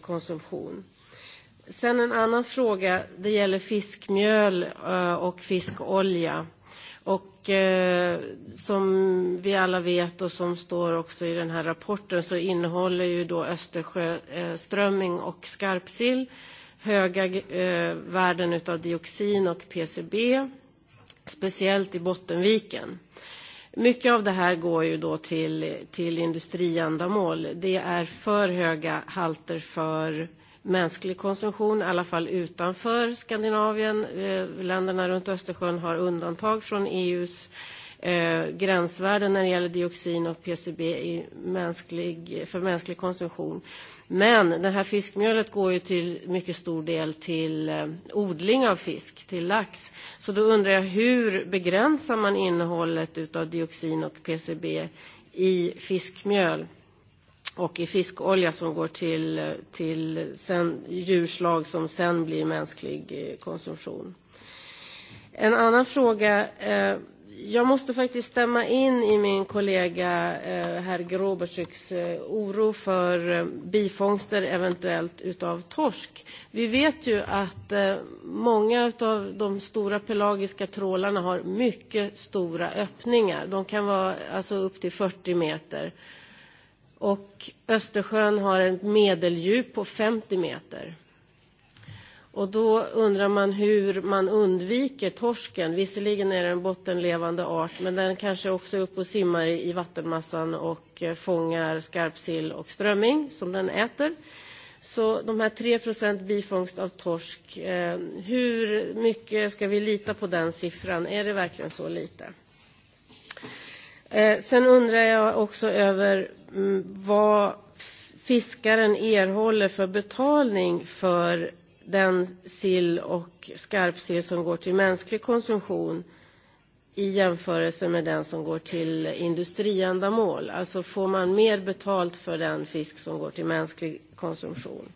konsumtion? Sen en annan fråga. Det gäller fiskmjöl och fiskolja. Och eh, som vi alla vet och som står också i den här rapporten så innehåller ju då Östersjöströmming och skarpsill eh, höga värden av dioxin och PCB, speciellt i Bottenviken. Mycket av det här går ju då till, till industriändamål. Det är för höga halter för mänsklig konsumtion, i alla fall utanför Skandinavien. Länderna runt Östersjön har undantag från EUs gränsvärden när det gäller dioxin och PCB i mänsklig, för mänsklig konsumtion. Men det här fiskmjölet går ju till mycket stor del till odling av fisk, till lax. Så då undrar jag hur begränsar man innehållet av dioxin och PCB i fiskmjöl? och i fiskolja som går till, till sen, djurslag som sen blir mänsklig konsumtion. En annan fråga eh, Jag måste faktiskt stämma in i min kollega herr Grobersyks oro för bifångster eventuellt utav torsk. Vi vet ju att många av de stora pelagiska trålarna har mycket stora öppningar. De kan vara alltså upp till 40 meter. Och Östersjön har ett medeldjup på 50 meter. Och då undrar man hur man undviker torsken. Visserligen är det en bottenlevande art, men den kanske också är uppe och simmar i vattenmassan och fångar skarpsill och strömming som den äter. Så de här 3 bifångst av torsk, hur mycket ska vi lita på den siffran? Är det verkligen så lite? Sen undrar jag också över vad fiskaren erhåller för betalning för den sill och skarpsill som går till mänsklig konsumtion i jämförelse med den som går till industriändamål. Alltså får man mer betalt för den fisk som går till mänsklig konsumtion.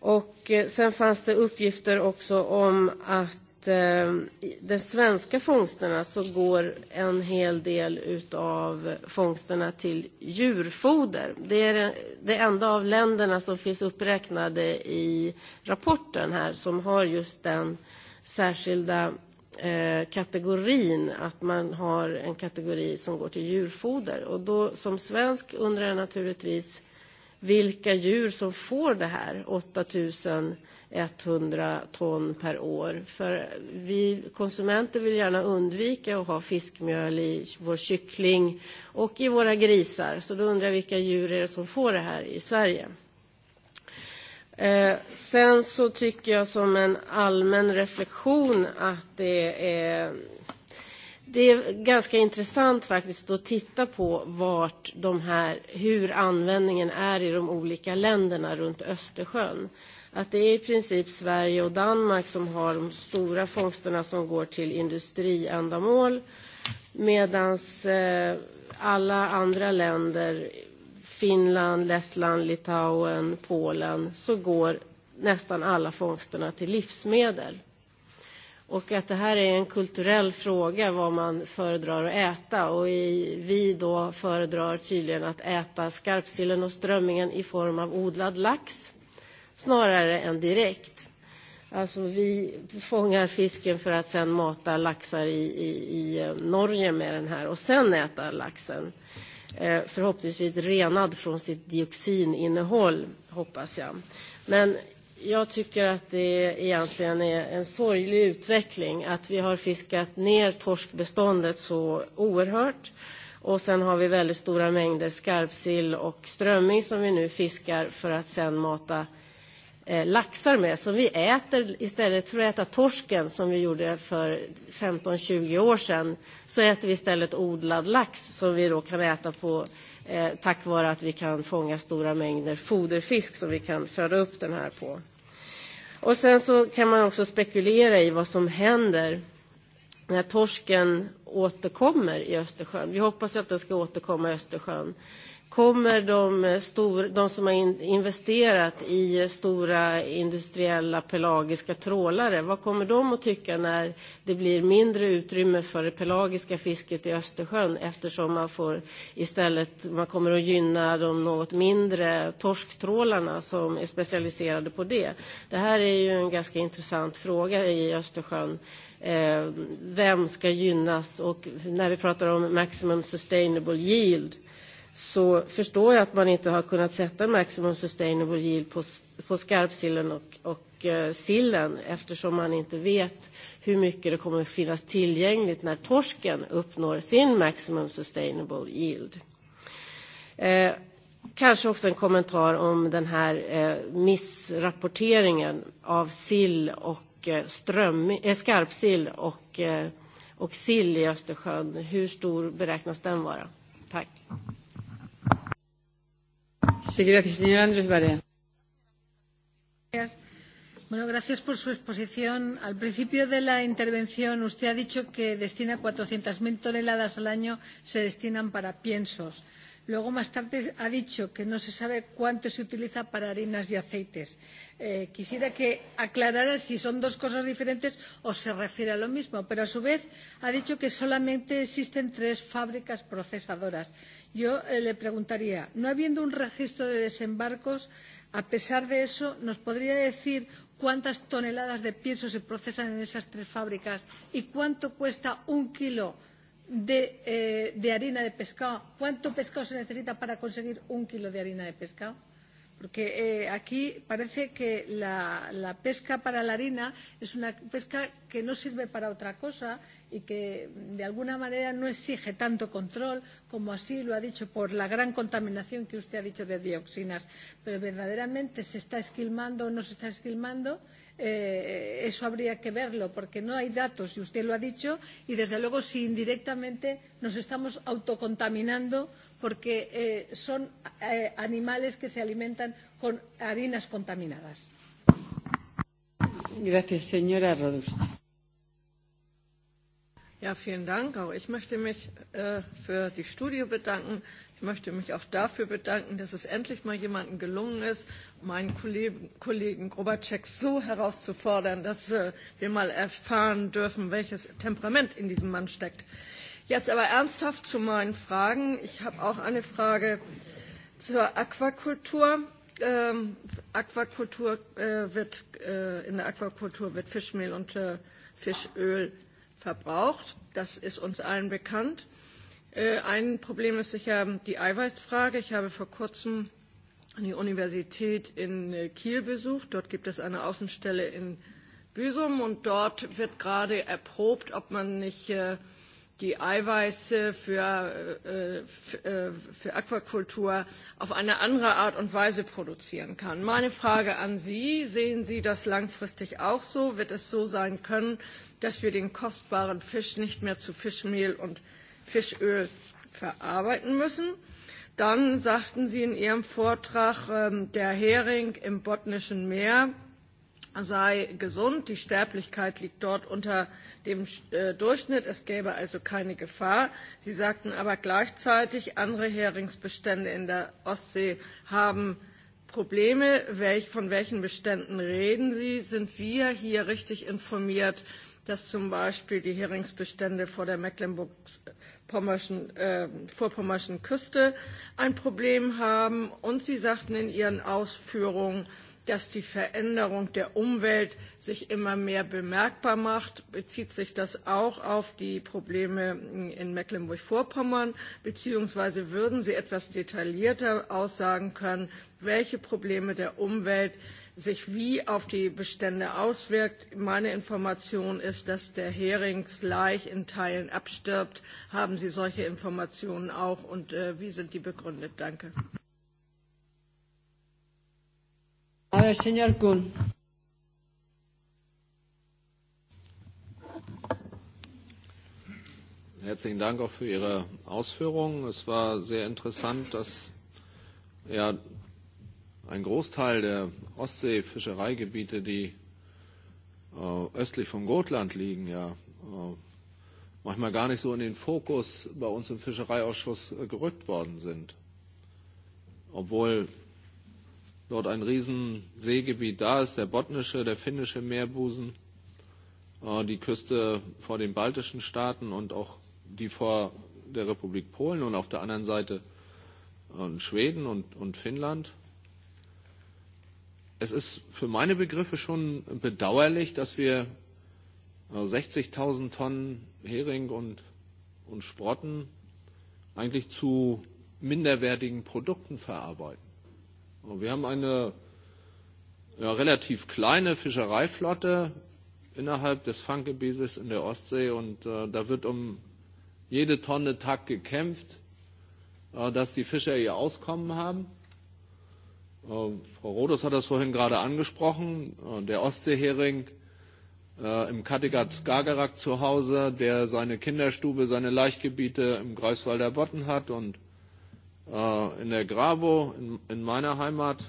Och sen fanns det uppgifter också om att att eh, de svenska fångsterna så går en hel del av fångsterna till djurfoder. Det är det enda av länderna som finns uppräknade i rapporten här som har just den särskilda eh, kategorin att man har en kategori som går till djurfoder. Och då som svensk undrar jag naturligtvis vilka djur som får det här 8000 100 ton per år. För vi konsumenter vill gärna undvika att ha fiskmjöl i vår kyckling och i våra grisar. Så då undrar jag vilka djur är det som får det här i Sverige. Sen så tycker jag som en allmän reflektion att det är det är ganska intressant faktiskt att titta på vart de här, hur användningen är i de olika länderna runt Östersjön att det är i princip Sverige och Danmark som har de stora fångsterna som går till industriändamål medan alla andra länder, Finland, Lettland, Litauen, Polen, så går nästan alla fångsterna till livsmedel. Och att det här är en kulturell fråga, vad man föredrar att äta. Och i, vi då föredrar tydligen att äta skarpsillen och strömmingen i form av odlad lax snarare än direkt. Alltså vi fångar fisken för att sen mata laxar i, i, i Norge med den här och sen äta laxen. Förhoppningsvis renad från sitt dioxininnehåll, hoppas jag. Men jag tycker att det egentligen är en sorglig utveckling att vi har fiskat ner torskbeståndet så oerhört. Och sen har vi väldigt stora mängder skarpsill och strömming som vi nu fiskar för att sen mata laxar med som vi äter istället för att äta torsken som vi gjorde för 15-20 år sedan så äter vi istället odlad lax som vi då kan äta på eh, tack vare att vi kan fånga stora mängder foderfisk som vi kan föda upp den här på. Och sen så kan man också spekulera i vad som händer när torsken återkommer i Östersjön. Vi hoppas att den ska återkomma i Östersjön. Kommer de, stor, de som har in, investerat i stora industriella pelagiska trålare, vad kommer de att tycka när det blir mindre utrymme för det pelagiska fisket i Östersjön eftersom man får istället, man kommer att gynna de något mindre torsktrålarna som är specialiserade på det. Det här är ju en ganska intressant fråga i Östersjön vem ska gynnas och när vi pratar om maximum sustainable yield så förstår jag att man inte har kunnat sätta maximum sustainable yield på, på skarpsillen och, och sillen eftersom man inte vet hur mycket det kommer att finnas tillgängligt när torsken uppnår sin maximum sustainable yield. kanske också en kommentar om den här eh, missrapporteringen av sill och ström eh, skarpsill och, eh, och sill i Östersjön. Hur stor beräknas den vara? Tack. Sí, gracias, señor Andrés Barea. Gracias. Bueno, gracias por su exposición. Al principio de la intervención usted ha dicho que destina 400.000 toneladas al año se destinan para piensos. Luego, más tarde, ha dicho que no se sabe cuánto se utiliza para harinas y aceites. quisiera que aclarara si son dos cosas diferentes o se refiere a lo mismo, pero a su vez ha dicho que solamente existen tres fábricas procesadoras. Yo le preguntaría, no habiendo un registro de desembarcos, a pesar de eso, ¿nos podría decir cuántas toneladas de pienso se procesan en esas tres fábricas y cuánto cuesta un kilo de de, eh, de harina de pescado. ¿Cuánto pescado se necesita para conseguir un kilo de harina de pescado? Porque eh, aquí parece que la, la pesca para la harina es una pesca que no sirve para otra cosa y que de alguna manera no exige tanto control como así lo ha dicho por la gran contaminación que usted ha dicho de dioxinas. Pero verdaderamente se está esquilmando o no se está esquilmando eh, eso habría que verlo, porque no hay datos, y usted lo ha dicho, y desde luego si indirectamente nos estamos autocontaminando porque eh, son eh, animales que se alimentan con harinas contaminadas. Gracias, señora Rodríguez. Ja, vielen Dank. Auch ich möchte mich äh, für die Studie bedanken. Ich möchte mich auch dafür bedanken, dass es endlich mal jemandem gelungen ist, meinen Kollegen Grobacek so herauszufordern, dass wir mal erfahren dürfen, welches Temperament in diesem Mann steckt. Jetzt aber ernsthaft zu meinen Fragen. Ich habe auch eine Frage zur Aquakultur. Aquakultur wird, in der Aquakultur wird Fischmehl und Fischöl verbraucht. Das ist uns allen bekannt. Ein Problem ist sicher die Eiweißfrage. Ich habe vor kurzem die Universität in Kiel besucht. Dort gibt es eine Außenstelle in Büsum und dort wird gerade erprobt, ob man nicht die Eiweiße für, für Aquakultur auf eine andere Art und Weise produzieren kann. Meine Frage an Sie, sehen Sie das langfristig auch so? Wird es so sein können, dass wir den kostbaren Fisch nicht mehr zu Fischmehl und Fischöl verarbeiten müssen. Dann sagten Sie in Ihrem Vortrag, der Hering im Botnischen Meer sei gesund, die Sterblichkeit liegt dort unter dem Durchschnitt, es gäbe also keine Gefahr. Sie sagten aber gleichzeitig, andere Heringsbestände in der Ostsee haben Probleme. von welchen Beständen reden Sie? Sind wir hier richtig informiert? dass zum Beispiel die Heringsbestände vor der mecklenburg-vorpommerschen Küste ein Problem haben. Und Sie sagten in Ihren Ausführungen, dass die Veränderung der Umwelt sich immer mehr bemerkbar macht. Bezieht sich das auch auf die Probleme in Mecklenburg-Vorpommern? Beziehungsweise würden Sie etwas detaillierter aussagen können, welche Probleme der Umwelt sich wie auf die Bestände auswirkt. Meine Information ist, dass der Heringsleich in Teilen abstirbt. Haben Sie solche Informationen auch und wie sind die begründet? Danke. Herzlichen Dank auch für Ihre Ausführungen. Es war sehr interessant, dass ja Ein Großteil der Ostsee-Fischereigebiete, die östlich von Gotland liegen, ja manchmal gar nicht so in den Fokus bei uns im Fischereiausschuss gerückt worden sind. Obwohl dort ein Riesenseegebiet da ist, der botnische, der finnische Meerbusen, die Küste vor den baltischen Staaten und auch die vor der Republik Polen und auf der anderen Seite Schweden und, und Finnland es ist für meine Begriffe schon bedauerlich, dass wir 60.000 Tonnen Hering und, und Sprotten eigentlich zu minderwertigen Produkten verarbeiten. Wir haben eine ja, relativ kleine Fischereiflotte innerhalb des Fanggebietes in der Ostsee und äh, da wird um jede Tonne Tag gekämpft, äh, dass die Fischer ihr Auskommen haben. Frau Rodos hat das vorhin gerade angesprochen. Der Ostseehering im Kattegat-Skagerrak zu Hause, der seine Kinderstube, seine Laichgebiete im Greifswalder Botten hat und in der Gravo, in meiner Heimat,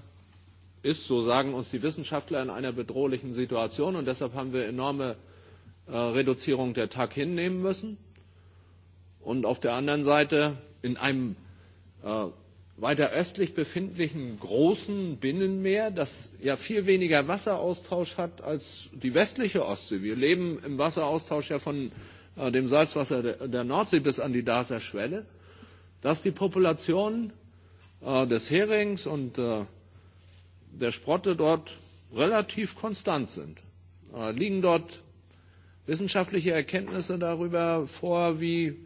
ist, so sagen uns die Wissenschaftler, in einer bedrohlichen Situation und deshalb haben wir enorme Reduzierung der TAG hinnehmen müssen. Und auf der anderen Seite in einem weiter östlich befindlichen großen Binnenmeer, das ja viel weniger Wasseraustausch hat als die westliche Ostsee. Wir leben im Wasseraustausch ja von dem Salzwasser der Nordsee bis an die Darßer Schwelle, dass die Population des Herings und der Sprotte dort relativ konstant sind. Liegen dort wissenschaftliche Erkenntnisse darüber vor, wie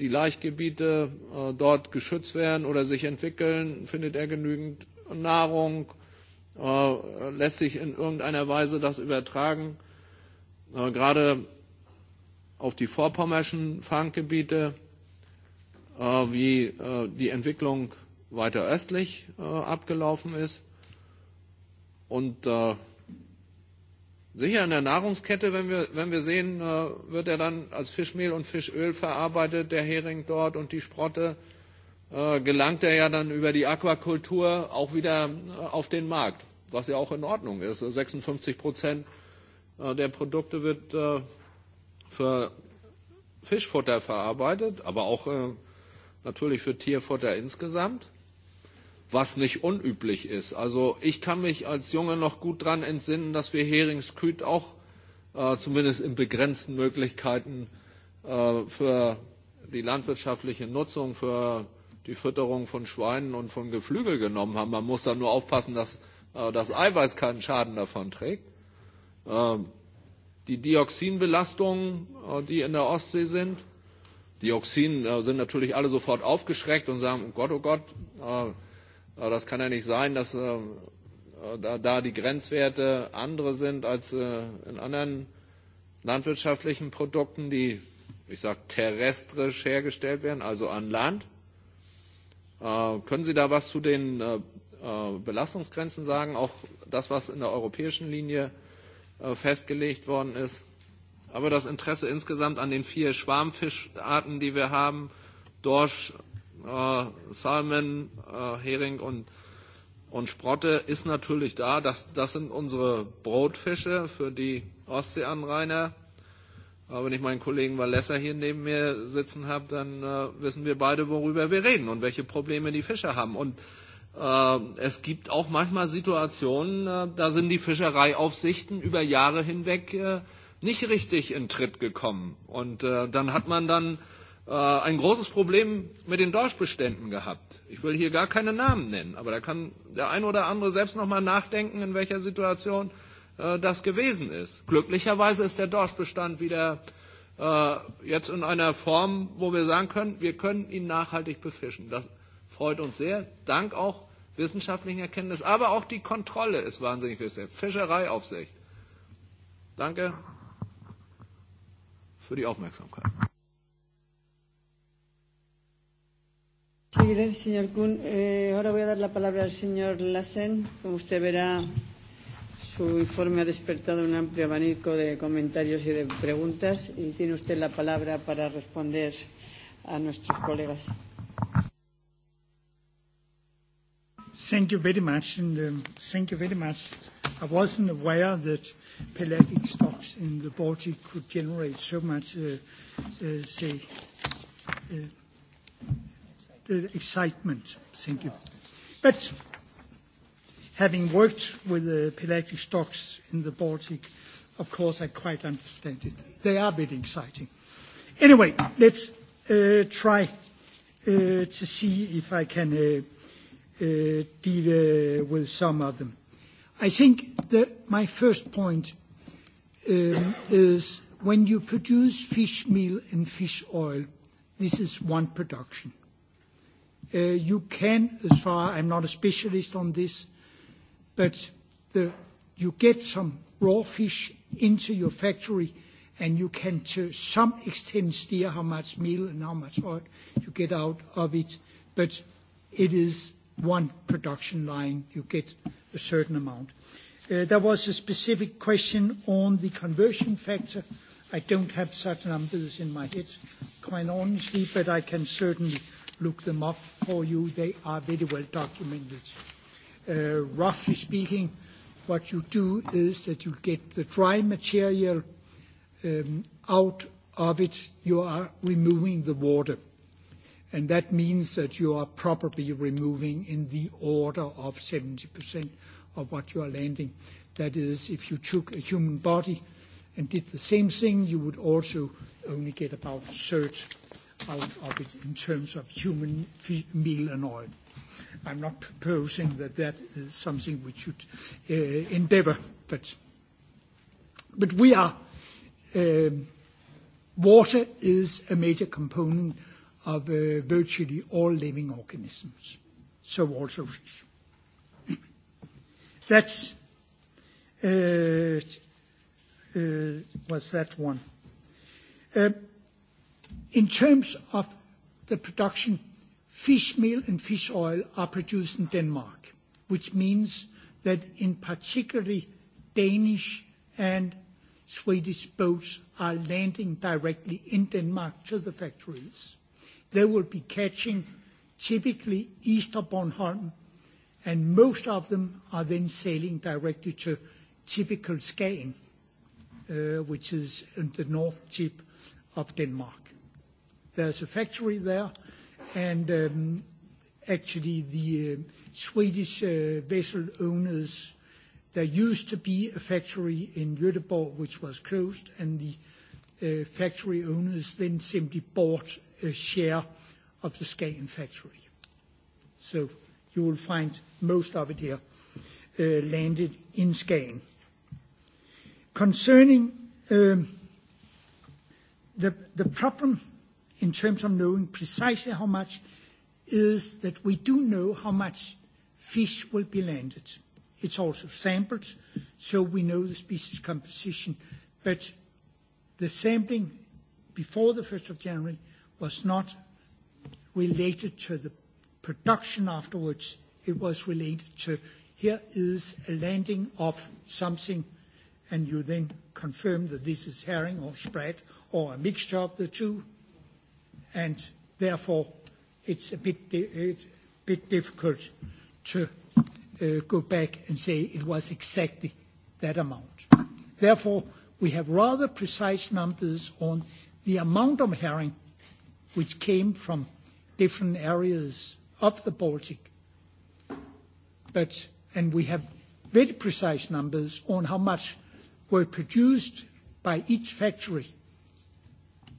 die Laichgebiete dort geschützt werden oder sich entwickeln? Findet er genügend Nahrung? lässt sich in irgendeiner Weise das übertragen? gerade auf die vorpommerschen Fanggebiete, wie die Entwicklung weiter östlich abgelaufen ist. Und Sicher in der Nahrungskette, wenn wir, wenn wir sehen, äh, wird er dann als Fischmehl und Fischöl verarbeitet, der Hering dort und die Sprotte, äh, gelangt er ja dann über die Aquakultur auch wieder auf den Markt, was ja auch in Ordnung ist. 56 Prozent der Produkte wird äh, für Fischfutter verarbeitet, aber auch äh, natürlich für Tierfutter insgesamt was nicht unüblich ist. Also ich kann mich als Junge noch gut daran entsinnen, dass wir Heringsküt auch zumindest in begrenzten Möglichkeiten für die landwirtschaftliche Nutzung, für die Fütterung von Schweinen und von Geflügel genommen haben. Man muss da nur aufpassen, dass das Eiweiß keinen Schaden davon trägt. Die Dioxinbelastungen, die in der Ostsee sind, Dioxin sind natürlich alle sofort aufgeschreckt und sagen, oh Gott, oh Gott, Das kann ja nicht sein, dass da die Grenzwerte andere sind als in anderen landwirtschaftlichen Produkten, die, ich sage, terrestrisch hergestellt werden, also an Land. Können Sie da was zu den Belastungsgrenzen sagen, auch das, was in der europäischen Linie festgelegt worden ist? Aber das Interesse insgesamt an den vier Schwarmfischarten, die wir haben, Dorsch, äh, Hering und, und Sprotte ist natürlich da. Das, das sind unsere Brotfische für die Ostseeanrainer. Aber wenn ich meinen Kollegen Valessa hier neben mir sitzen habe, dann äh, wissen wir beide, worüber wir reden und welche Probleme die Fischer haben. Und äh, es gibt auch manchmal Situationen, äh, da sind die Fischereiaufsichten über Jahre hinweg äh, nicht richtig in Tritt gekommen. Und äh, dann hat man dann äh, ein großes Problem mit den Dorschbeständen gehabt. Ich will hier gar keine Namen nennen, aber da kann der eine oder andere selbst noch mal nachdenken, in welcher Situation das gewesen ist. Glücklicherweise ist der Dorschbestand wieder jetzt in einer Form, wo wir sagen können, wir können ihn nachhaltig befischen. Das freut uns sehr, dank auch wissenschaftlichen Erkenntnis, aber auch die Kontrolle ist wahnsinnig wichtig. Fischereiaufsicht. Danke für die Aufmerksamkeit. Sí, gracias, señor Kuhn. Eh, ahora voy a dar la palabra al señor Lassen. Como usted verá, su informe ha despertado un amplio abanico de comentarios y de preguntas y tiene usted la palabra para responder a nuestros colegas. Thank you very much, and um, thank you very much. I wasn't aware that pelagic stocks in the Baltic could generate so much, uh, uh, say, uh, excitement. Thank you. But having worked with the pelagic stocks in the Baltic, of course, I quite understand it. They are a bit exciting. Anyway, let's uh, try uh, to see if I can uh, uh, deal uh, with some of them. I think that my first point um, is when you produce fish meal and fish oil, this is one production You can, as far, I'm not a specialist on this, but you get some raw fish into your factory, and you can, to some extent, steer how much meal and how much oil you get out of it. But it is one production line. You get a certain amount. There was a specific question on the conversion factor. I don't have such numbers in my head, quite honestly, but I can certainly look them up for you. They are very well documented. roughly speaking, what you do is that you get the dry material out of it. You are removing the water. And that means that you are probably removing in the order of 70% of what you are landing. That is, if you took a human body and did the same thing, you would also only get about a third out of it in terms of human meal and oil. I'm not proposing that that is something we should uh, endeavor, but, but we are. Um, water is a major component of uh, virtually all living organisms, so also fish. That's uh, uh, was that one. Uh, In terms of the production, fish meal and fish oil are produced in Denmark, which means that in particularly Danish and Swedish boats are landing directly in Denmark to the factories. They will be catching typically east of Bornholm, and most of them are then sailing directly to typical Skagen, which is in the north tip of Denmark. There's a factory there, and actually the Swedish uh, vessel owners, there used to be a factory in Göteborg which was closed, and the uh, factory owners then simply bought a share of the Skagen factory. So you will find most of it here uh, landed in Skagen. Concerning um, the, the problem in terms of knowing precisely how much is that we do know how much fish will be landed. It's also sampled, so we know the species composition. But the sampling before the 1st of January was not related to the production afterwards. It was related to here is a landing of something, and you then confirm that this is herring or spread or a mixture of the two and therefore it's a bit difficult to go back and say it was exactly that amount. Therefore, we have rather precise numbers on the amount of herring which came from different areas of the Baltic. But and We have very precise numbers on how much were produced by each factory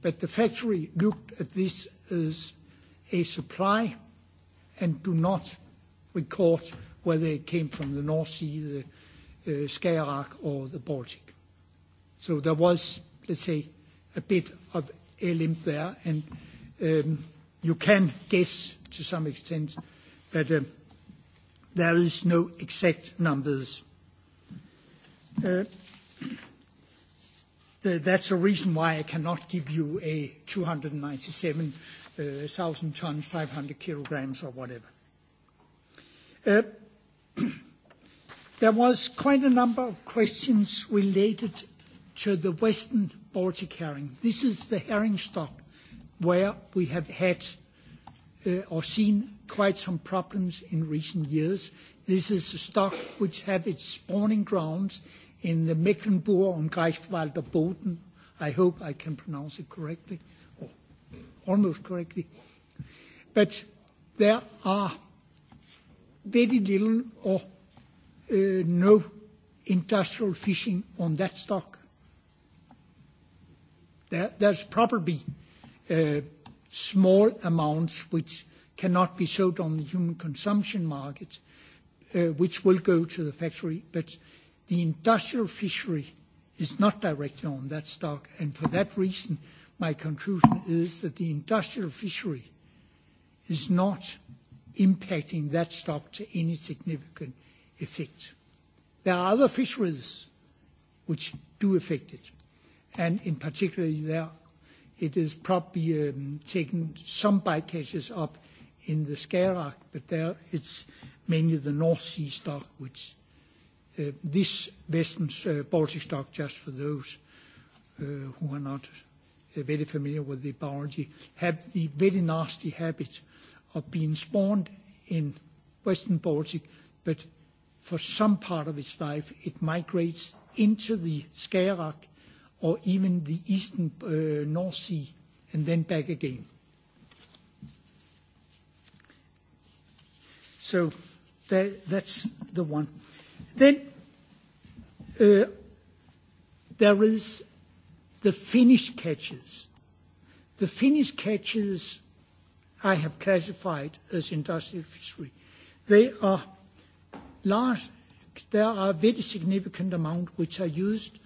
But the factory looked at this as a supply and do not record whether it came from the North Sea, the Skagerrak, or the Baltic. So there was, let's say, a bit of a limp there, and you can guess to some extent, but there is no exact numbers. That's the reason why I cannot give you a 297,000 tons, 500 kilograms or whatever. There was quite a number of questions related to the Western Baltic herring. This is the herring stock where we have had or seen quite some problems in recent years. This is a stock which have its spawning grounds in the Mecklenburg und Greifswalder Boden. I hope I can pronounce it correctly, or almost correctly. But there are very little or no industrial fishing on that stock. There There's probably small amounts which cannot be sold on the human consumption market, which will go to the factory, but The industrial fishery is not directly on that stock, and for that reason, my conclusion is that the industrial fishery is not impacting that stock to any significant effect. There are other fisheries which do affect it, and in particular, there it is probably taking some bycatches up in the Skagerrak, but there it's mainly the North Sea stock which this Western's Baltic stock, just for those who are not very familiar with the biology, have the very nasty habit of being spawned in Western Baltic, but for some part of its life, it migrates into the Skagerrak or even the eastern North Sea and then back again. So that, that's the one. Then there is the Finnish catches. The Finnish catches I have classified as industrial fishery. They are large. There are a very significant amount which are used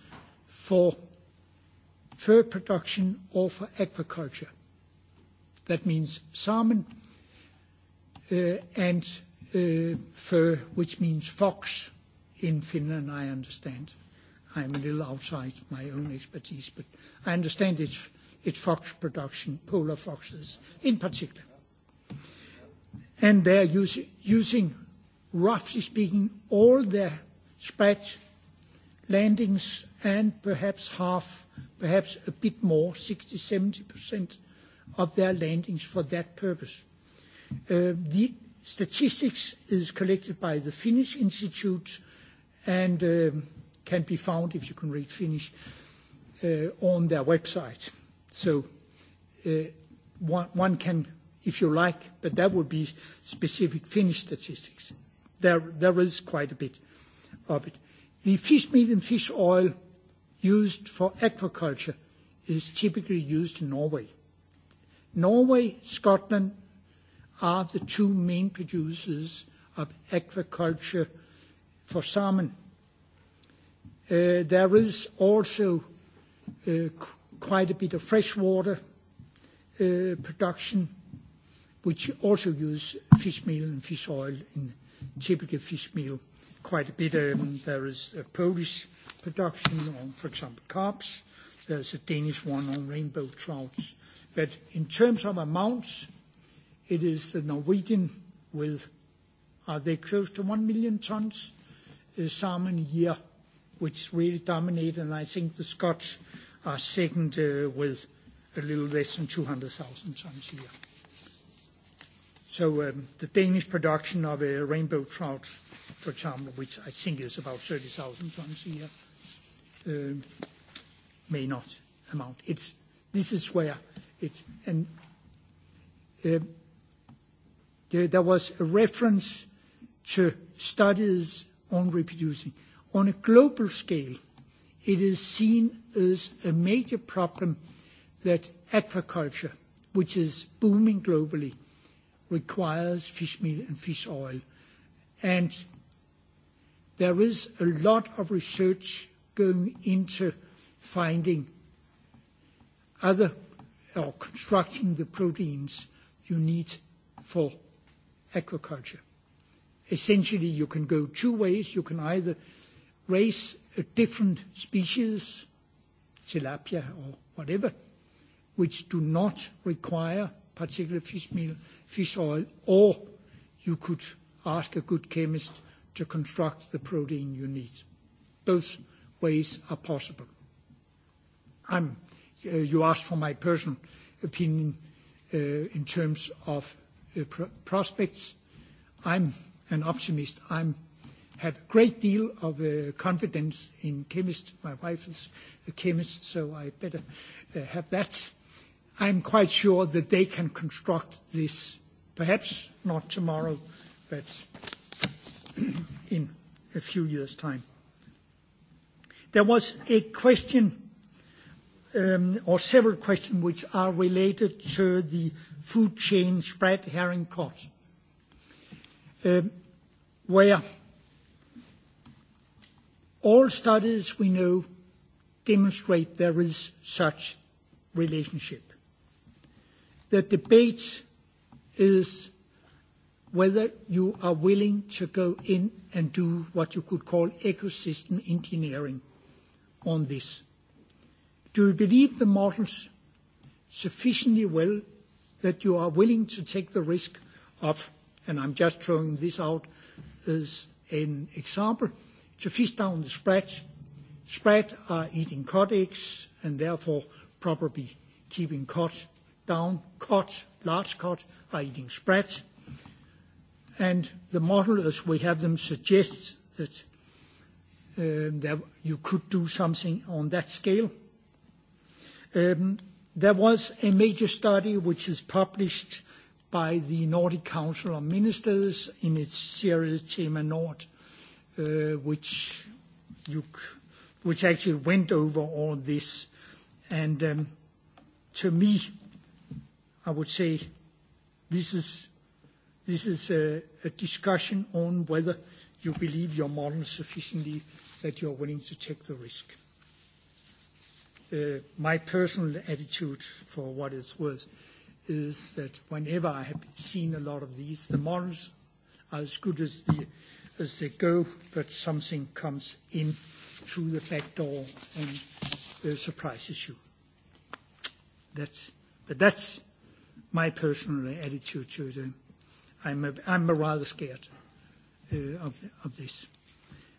for fur production or for aquaculture. That means salmon and fur, which means fox, in Finland, I understand. I'm a little outside my own expertise, but I understand it's it's fox production, polar foxes in particular. And they're using, roughly speaking, all their spread landings and perhaps half, perhaps a bit more, 60%-70% of their landings for that purpose. The statistics is collected by the Finnish Institute and can be found, if you can read Finnish, on their website. So one can, if you like, but that would be specific Finnish statistics. There is quite a bit of it. The fish meat and fish oil used for aquaculture is typically used in Norway. Norway, Scotland are the two main producers of aquaculture for salmon. There is also quite a bit of freshwater production, which also use fish meal and fish oil in typical fish meal. Quite a bit, there is a Polish production on, for example, carps. There's a Danish one on rainbow trouts. But in terms of amounts, it is the Norwegian with, are they close to 1 million tons? salmon year, which really dominated, and I think the Scotch are second with a little less than 200,000 tons a year. So The Danish production of rainbow trout, for example, which I think is about 30,000 tons a year, may not amount. It's This is where it's. and There was a reference to studies on reproducing. On a global scale, it is seen as a major problem that aquaculture, which is booming globally, requires fish meal and fish oil. And there is a lot of research going into finding other or constructing the proteins you need for aquaculture essentially you can go two ways. You can either raise a different species, tilapia or whatever, which do not require particular fish meal, fish oil, or you could ask a good chemist to construct the protein you need. Both ways are possible. I'm, uh, you asked for my personal opinion uh, in terms of uh, pro- prospects. I'm an optimist. I have a great deal of uh, confidence in chemists. My wife is a chemist, so I better uh, have that. I'm quite sure that they can construct this, perhaps not tomorrow, but in a few years' time. There was a question, or several questions, which are related to the food chain spread herring cost where all studies we know demonstrate there is such relationship. The debate is whether you are willing to go in and do what you could call ecosystem engineering on this. Do you believe the models sufficiently well that you are willing to take the risk of and I'm just throwing this out as an example, to fish down the spread. Spread are eating cod eggs and therefore probably keeping cod down. Cod, large cod, are eating spread. And the model as we have them suggests that that you could do something on that scale. There was a major study which is published by the Nordic Council of Ministers in its series Tema Nord, which actually went over all this. And to me, I would say this is this is a discussion on whether you believe your model sufficiently that you're willing to take the risk. My personal attitude, for what it's worth, is that whenever I have seen a lot of these, the models are as good as the as they go, but something comes in through the back door and uh, surprises you. That's but that's my personal attitude to the. I'm a, I'm a rather scared uh, of of this,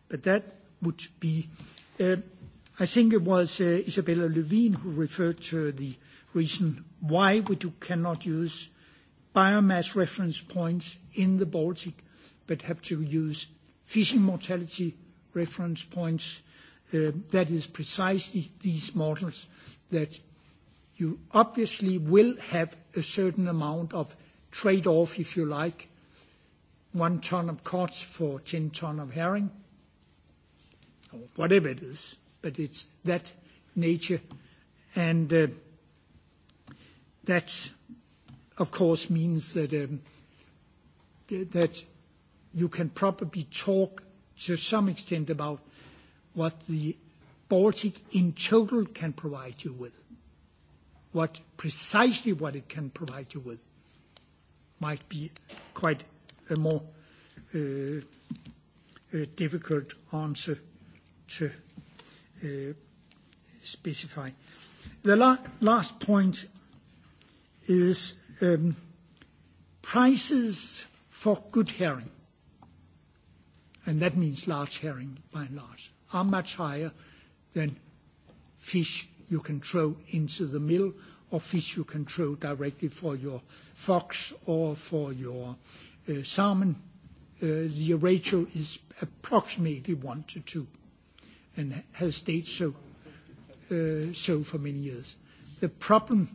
but that would be. Uh, I think it was uh, Isabella Levine who referred to the reason why we cannot use biomass reference points in the Baltic, but have to use fishing mortality reference points. That is precisely these models that you obviously will have a certain amount of trade-off, if you like, one ton of cod for 10 ton of herring, or whatever it is, but it's that nature. And That, of course, means that you can probably talk to some extent about what the Baltic in total can provide you with. What precisely what it can provide you with might be quite a more difficult answer to specify. The last point is um, prices for good herring, and that means large herring by and large, are much higher than fish you can throw into the mill or fish you can throw directly for your fox or for your uh, salmon. Uh, the ratio is approximately one to two and has stayed so, uh, so for many years. The problem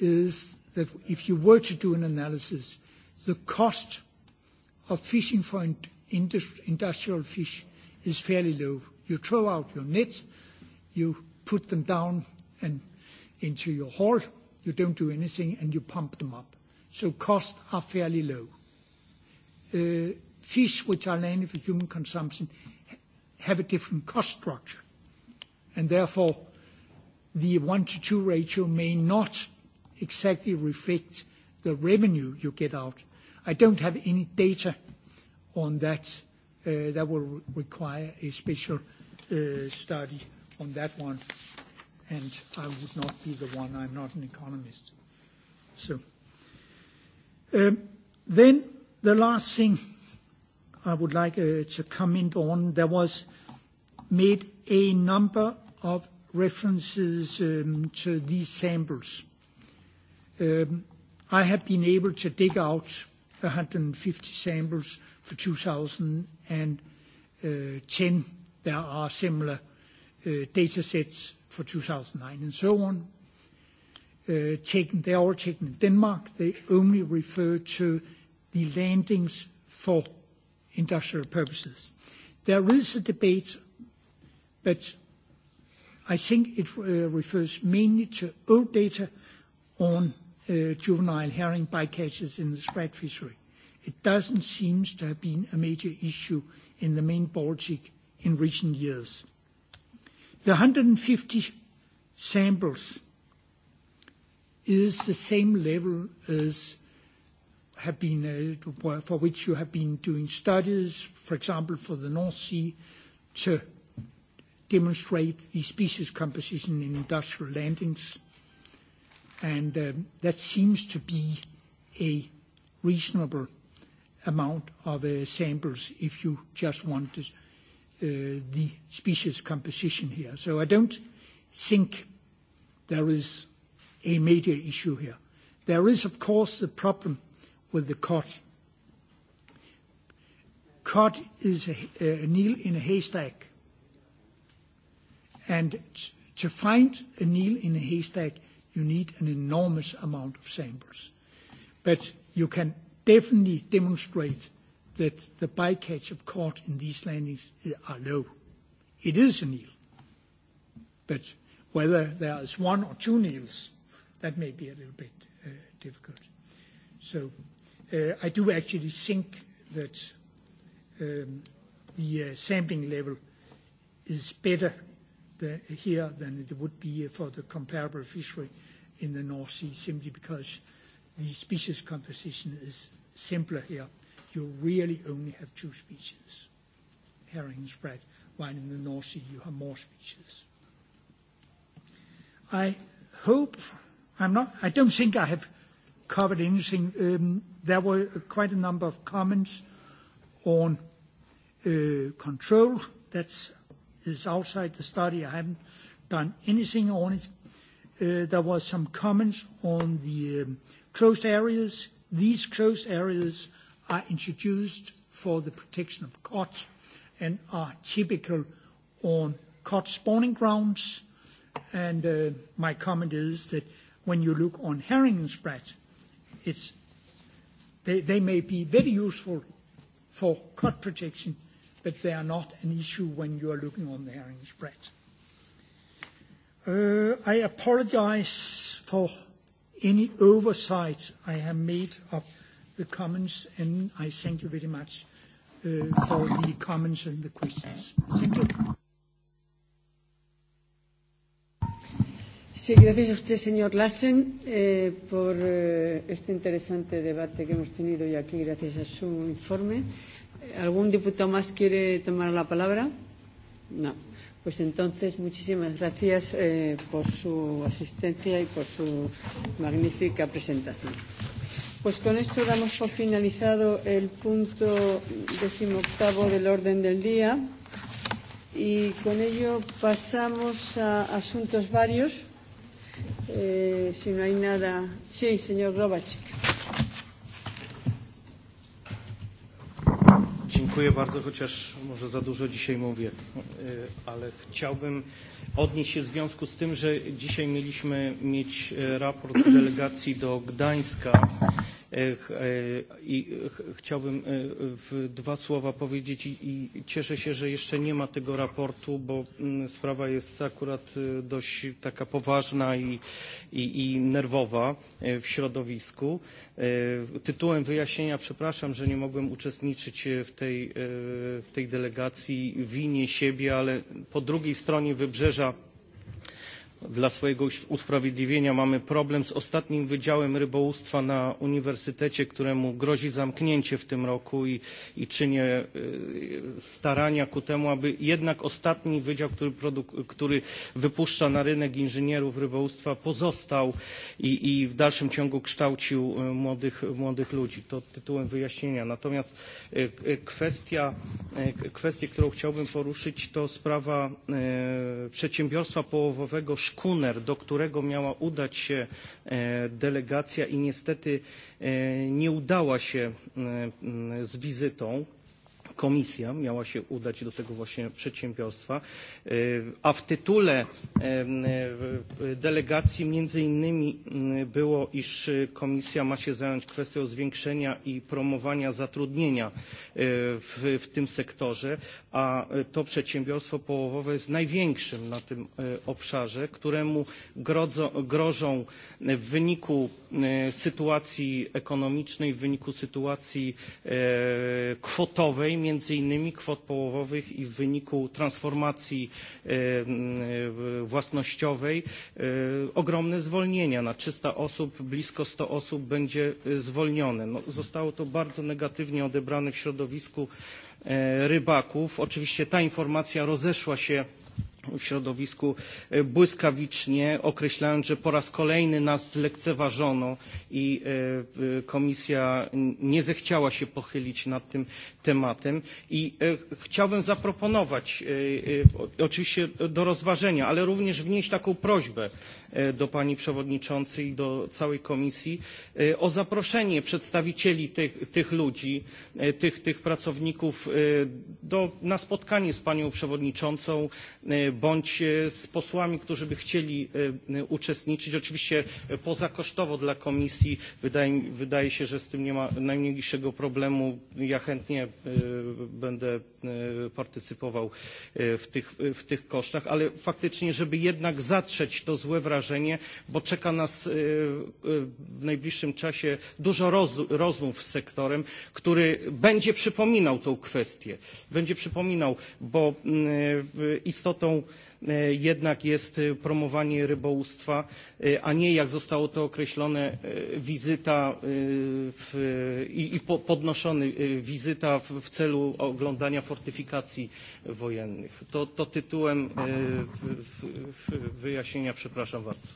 is that if you were to do an analysis, the cost of fishing for industrial fish is fairly low. You throw out your nets, you put them down and into your haul, you don't do anything, and you pump them up. So costs are fairly low. Fish which are landed for human consumption have a different cost structure, and therefore, the one to two ratio may not exactly reflect the revenue you get out. I don't have any data on that. That will require a special study on that one, and I would not be the one. I'm not an economist. then the last thing I would like to comment on, there was made a number of references to these samples. I have been able to dig out 150 samples for 2010. There are similar data sets for 2009 and so on. They're all taken in Denmark. They only refer to the landings for industrial purposes. There is a debate, but I think it refers mainly to old data on juvenile herring bycatches in the sprat fishery. It doesn't seem to have been a major issue in the main Baltic in recent years. The 150 samples is the same level as have been for which you have been doing studies, for example, for the North Sea, to demonstrate the species composition in industrial landings and that seems to be a reasonable amount of samples if you just want the species composition here. So I don't think there is a major issue here. There is, of course, the problem with the cod. Cod is a a needle in a haystack, and to find a needle in a haystack you need an enormous amount of samples. But you can definitely demonstrate that the bycatch of caught in these landings are low. It is a nil. But whether there is one or two nils, that may be a little bit uh, difficult. So uh, I do actually think that um, the uh, sampling level is better here than it would be for the comparable fishery in the North Sea, simply because the species composition is simpler here. You really only have two species, herring and spread, while in the North Sea you have more species. I hope I'm not. I don't think I have covered anything. Um, there were quite a number of comments on uh, control. That's is outside the study. I haven't done anything on it. There was some comments on the closed areas. These closed areas are introduced for the protection of cod and are typical on cod spawning grounds. And my comment is that when you look on herring and sprat, it's they may be very useful for cod protection but they are not an issue when you are looking on the herring spread. I apologize for any oversight I have made of the comments, and I thank you very much for the comments and the questions. Thank you. Sí, gracias a usted, señor Lassen, eh, por eh, este interesante debate que hemos tenido hoy aquí, gracias a su informe. ¿Algún diputado más quiere tomar la palabra? No. Pues entonces, muchísimas gracias eh, por su asistencia y por su magnífica presentación. Pues con esto damos por finalizado el punto decimoctavo del orden del día y con ello pasamos a asuntos varios. Eh, si no hay nada. Sí, señor Robachik. Dziękuję bardzo, chociaż może za dużo dzisiaj mówię, ale chciałbym odnieść się w związku z tym, że dzisiaj mieliśmy mieć raport delegacji do Gdańska I chciałbym dwa słowa powiedzieć i cieszę się, że jeszcze nie ma tego raportu, bo sprawa jest akurat dość taka poważna i nerwowa w środowisku. Tytułem wyjaśnienia przepraszam, że nie mogłem uczestniczyć w tej delegacji w siebie, ale po drugiej stronie wybrzeża dla swojego usprawiedliwienia mamy problem z ostatnim wydziałem rybołówstwa na uniwersytecie, któremu grozi zamknięcie w tym roku i, czynię starania ku temu, aby jednak ostatni wydział, który, wypuszcza na rynek inżynierów rybołówstwa pozostał i, w dalszym ciągu kształcił młodych, ludzi. To tytułem wyjaśnienia. Natomiast kwestia, kwestię, którą chciałbym poruszyć to sprawa przedsiębiorstwa połowowego Szkuner, do którego miała udać się delegacja i niestety nie udała się z wizytą komisja miała się udać do tego właśnie przedsiębiorstwa, a w tytule delegacji między innymi było, iż komisja ma się zająć kwestią zwiększenia i promowania zatrudnienia w tym sektorze, a to przedsiębiorstwo połowowe jest największym na tym obszarze, któremu grożą w wyniku sytuacji ekonomicznej, w wyniku sytuacji kwotowej, między innymi kwot połowowych i w wyniku transformacji własnościowej ogromne zwolnienia. Na 300 osób blisko 100 osób będzie zwolnione. Zostało to bardzo negatywnie odebrane w środowisku rybaków. Oczywiście ta informacja rozeszła się w środowisku błyskawicznie, określając, że po raz kolejny nas zlekceważono i komisja nie zechciała się pochylić nad tym tematem. I chciałbym zaproponować, oczywiście do rozważenia, ale również wnieść taką prośbę do pani przewodniczącej i do całej komisji o zaproszenie przedstawicieli tych ludzi, tych pracowników na spotkanie z panią przewodniczącą bądź z posłami, którzy by chcieli uczestniczyć. Oczywiście pozakosztowo dla komisji wydaje się, że z tym nie ma najmniejszego problemu. Ja chętnie będę partycypował w tych kosztach, ale faktycznie, żeby jednak zatrzeć to złe wrażenie, bo czeka nas w najbliższym czasie dużo rozmów z sektorem, który będzie przypominał tę kwestię. Będzie przypominał, bo istotą jednak jest promowanie rybołówstwa, a nie jak zostało to określone wizyta i podnoszony wizyta w celu oglądania fortyfikacji wojennych. To tytułem wyjaśnienia, przepraszam bardzo.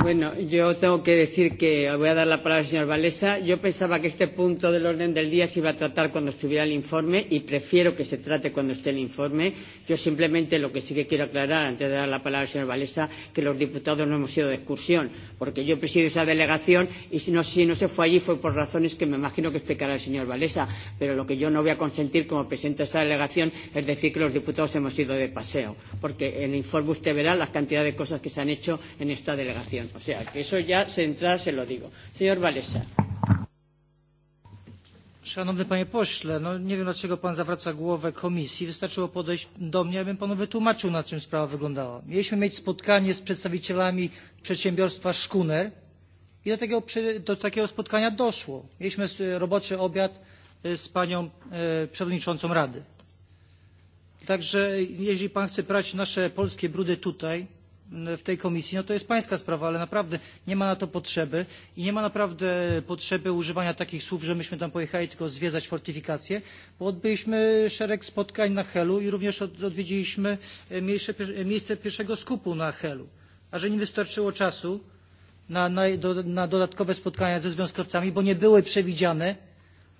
Bueno, yo tengo que decir que voy a dar la palabra al señor Valesa. Yo pensaba que este punto del orden del día se iba a tratar cuando estuviera el informe y prefiero que se trate cuando esté el informe. Yo simplemente lo que sí que quiero aclarar antes de dar la palabra al señor Valesa que los diputados no hemos ido de excursión, porque yo presido esa delegación y si no, si no se fue allí fue por razones que me imagino que explicará el señor Valesa. Pero lo que yo no voy a consentir como presidente de esa delegación es decir que los diputados hemos ido de paseo, porque en el informe usted verá la cantidad de cosas que se han hecho en esta delegación. O sea, que eso ya central se lo digo. Señor Valesa. Szanowny panie pośle, no nie wiem dlaczego pan zawraca głowę komisji. Wystarczyło podejść do mnie, abym panu wytłumaczył, na czym sprawa wyglądała. Mieliśmy mieć spotkanie z przedstawicielami przedsiębiorstwa Szkuner i do takiego, do takiego spotkania doszło. Mieliśmy roboczy obiad z panią przewodniczącą Rady. Także jeżeli pan chce brać nasze polskie brudy tutaj, w tej komisji, no to jest pańska sprawa, ale naprawdę nie ma na to potrzeby i nie ma naprawdę potrzeby używania takich słów, że myśmy tam pojechali tylko zwiedzać fortyfikacje, bo odbyliśmy szereg spotkań na Helu i również odwiedziliśmy miejsce pierwszego skupu na Helu. A że nie wystarczyło czasu na dodatkowe spotkania ze związkowcami, bo nie były przewidziane,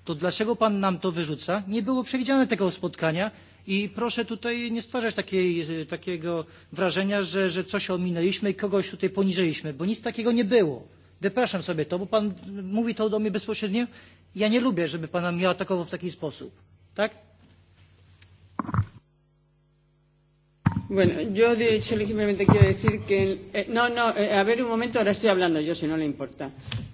to dlaczego pan nam to wyrzuca? Nie było przewidziane tego spotkania, I proszę tutaj nie stwarzać takiej, takiego wrażenia, że, że coś ominęliśmy i kogoś tutaj poniżyliśmy, bo nic takiego nie było. Wypraszam sobie to, bo pan mówi to do mnie bezpośrednio. Ja nie lubię, żeby pana mnie atakował w taki sposób. Tak? Bueno, yo de, hecho simplemente quiero decir que. Eh, no, no, eh, a ver un momento, ahora estoy hablando yo, si no le importa.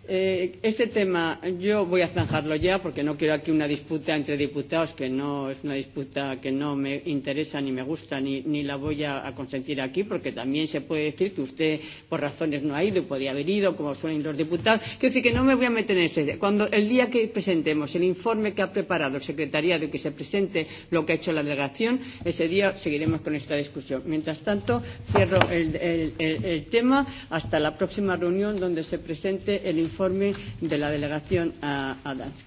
Eh, este tema yo voy a zanjarlo ya porque no quiero aquí una disputa entre diputados que no es una disputa que no me interesa ni me gusta ni, ni la voy a, a consentir aquí porque también se puede decir que usted por razones no ha ido y podía haber ido como suelen los diputados. Quiero decir que no me voy a meter en este. Cuando el día que presentemos el informe que ha preparado el secretariado y que se presente lo que ha hecho la delegación, ese día seguiremos con esta discusión discusión. Mientras tanto, cierro el, el, el, el tema hasta la próxima reunión donde se presente el informe de la delegación a, a Dansk.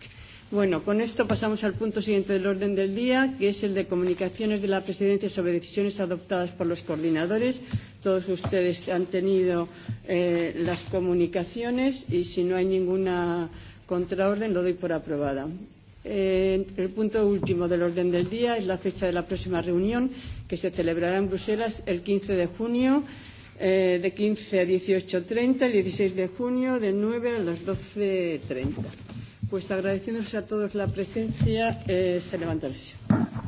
Bueno, con esto pasamos al punto siguiente del orden del día, que es el de comunicaciones de la Presidencia sobre decisiones adoptadas por los coordinadores. Todos ustedes han tenido eh, las comunicaciones y si no hay ninguna contraorden, lo doy por aprobada. Eh, el punto último del orden del día es la fecha de la próxima reunión, que se celebrará en Bruselas el 15 de junio, eh, de 15 a 18.30, el 16 de junio, de 9 a las 12.30. Pues agradeciéndose a todos la presencia, eh, se levanta la sesión.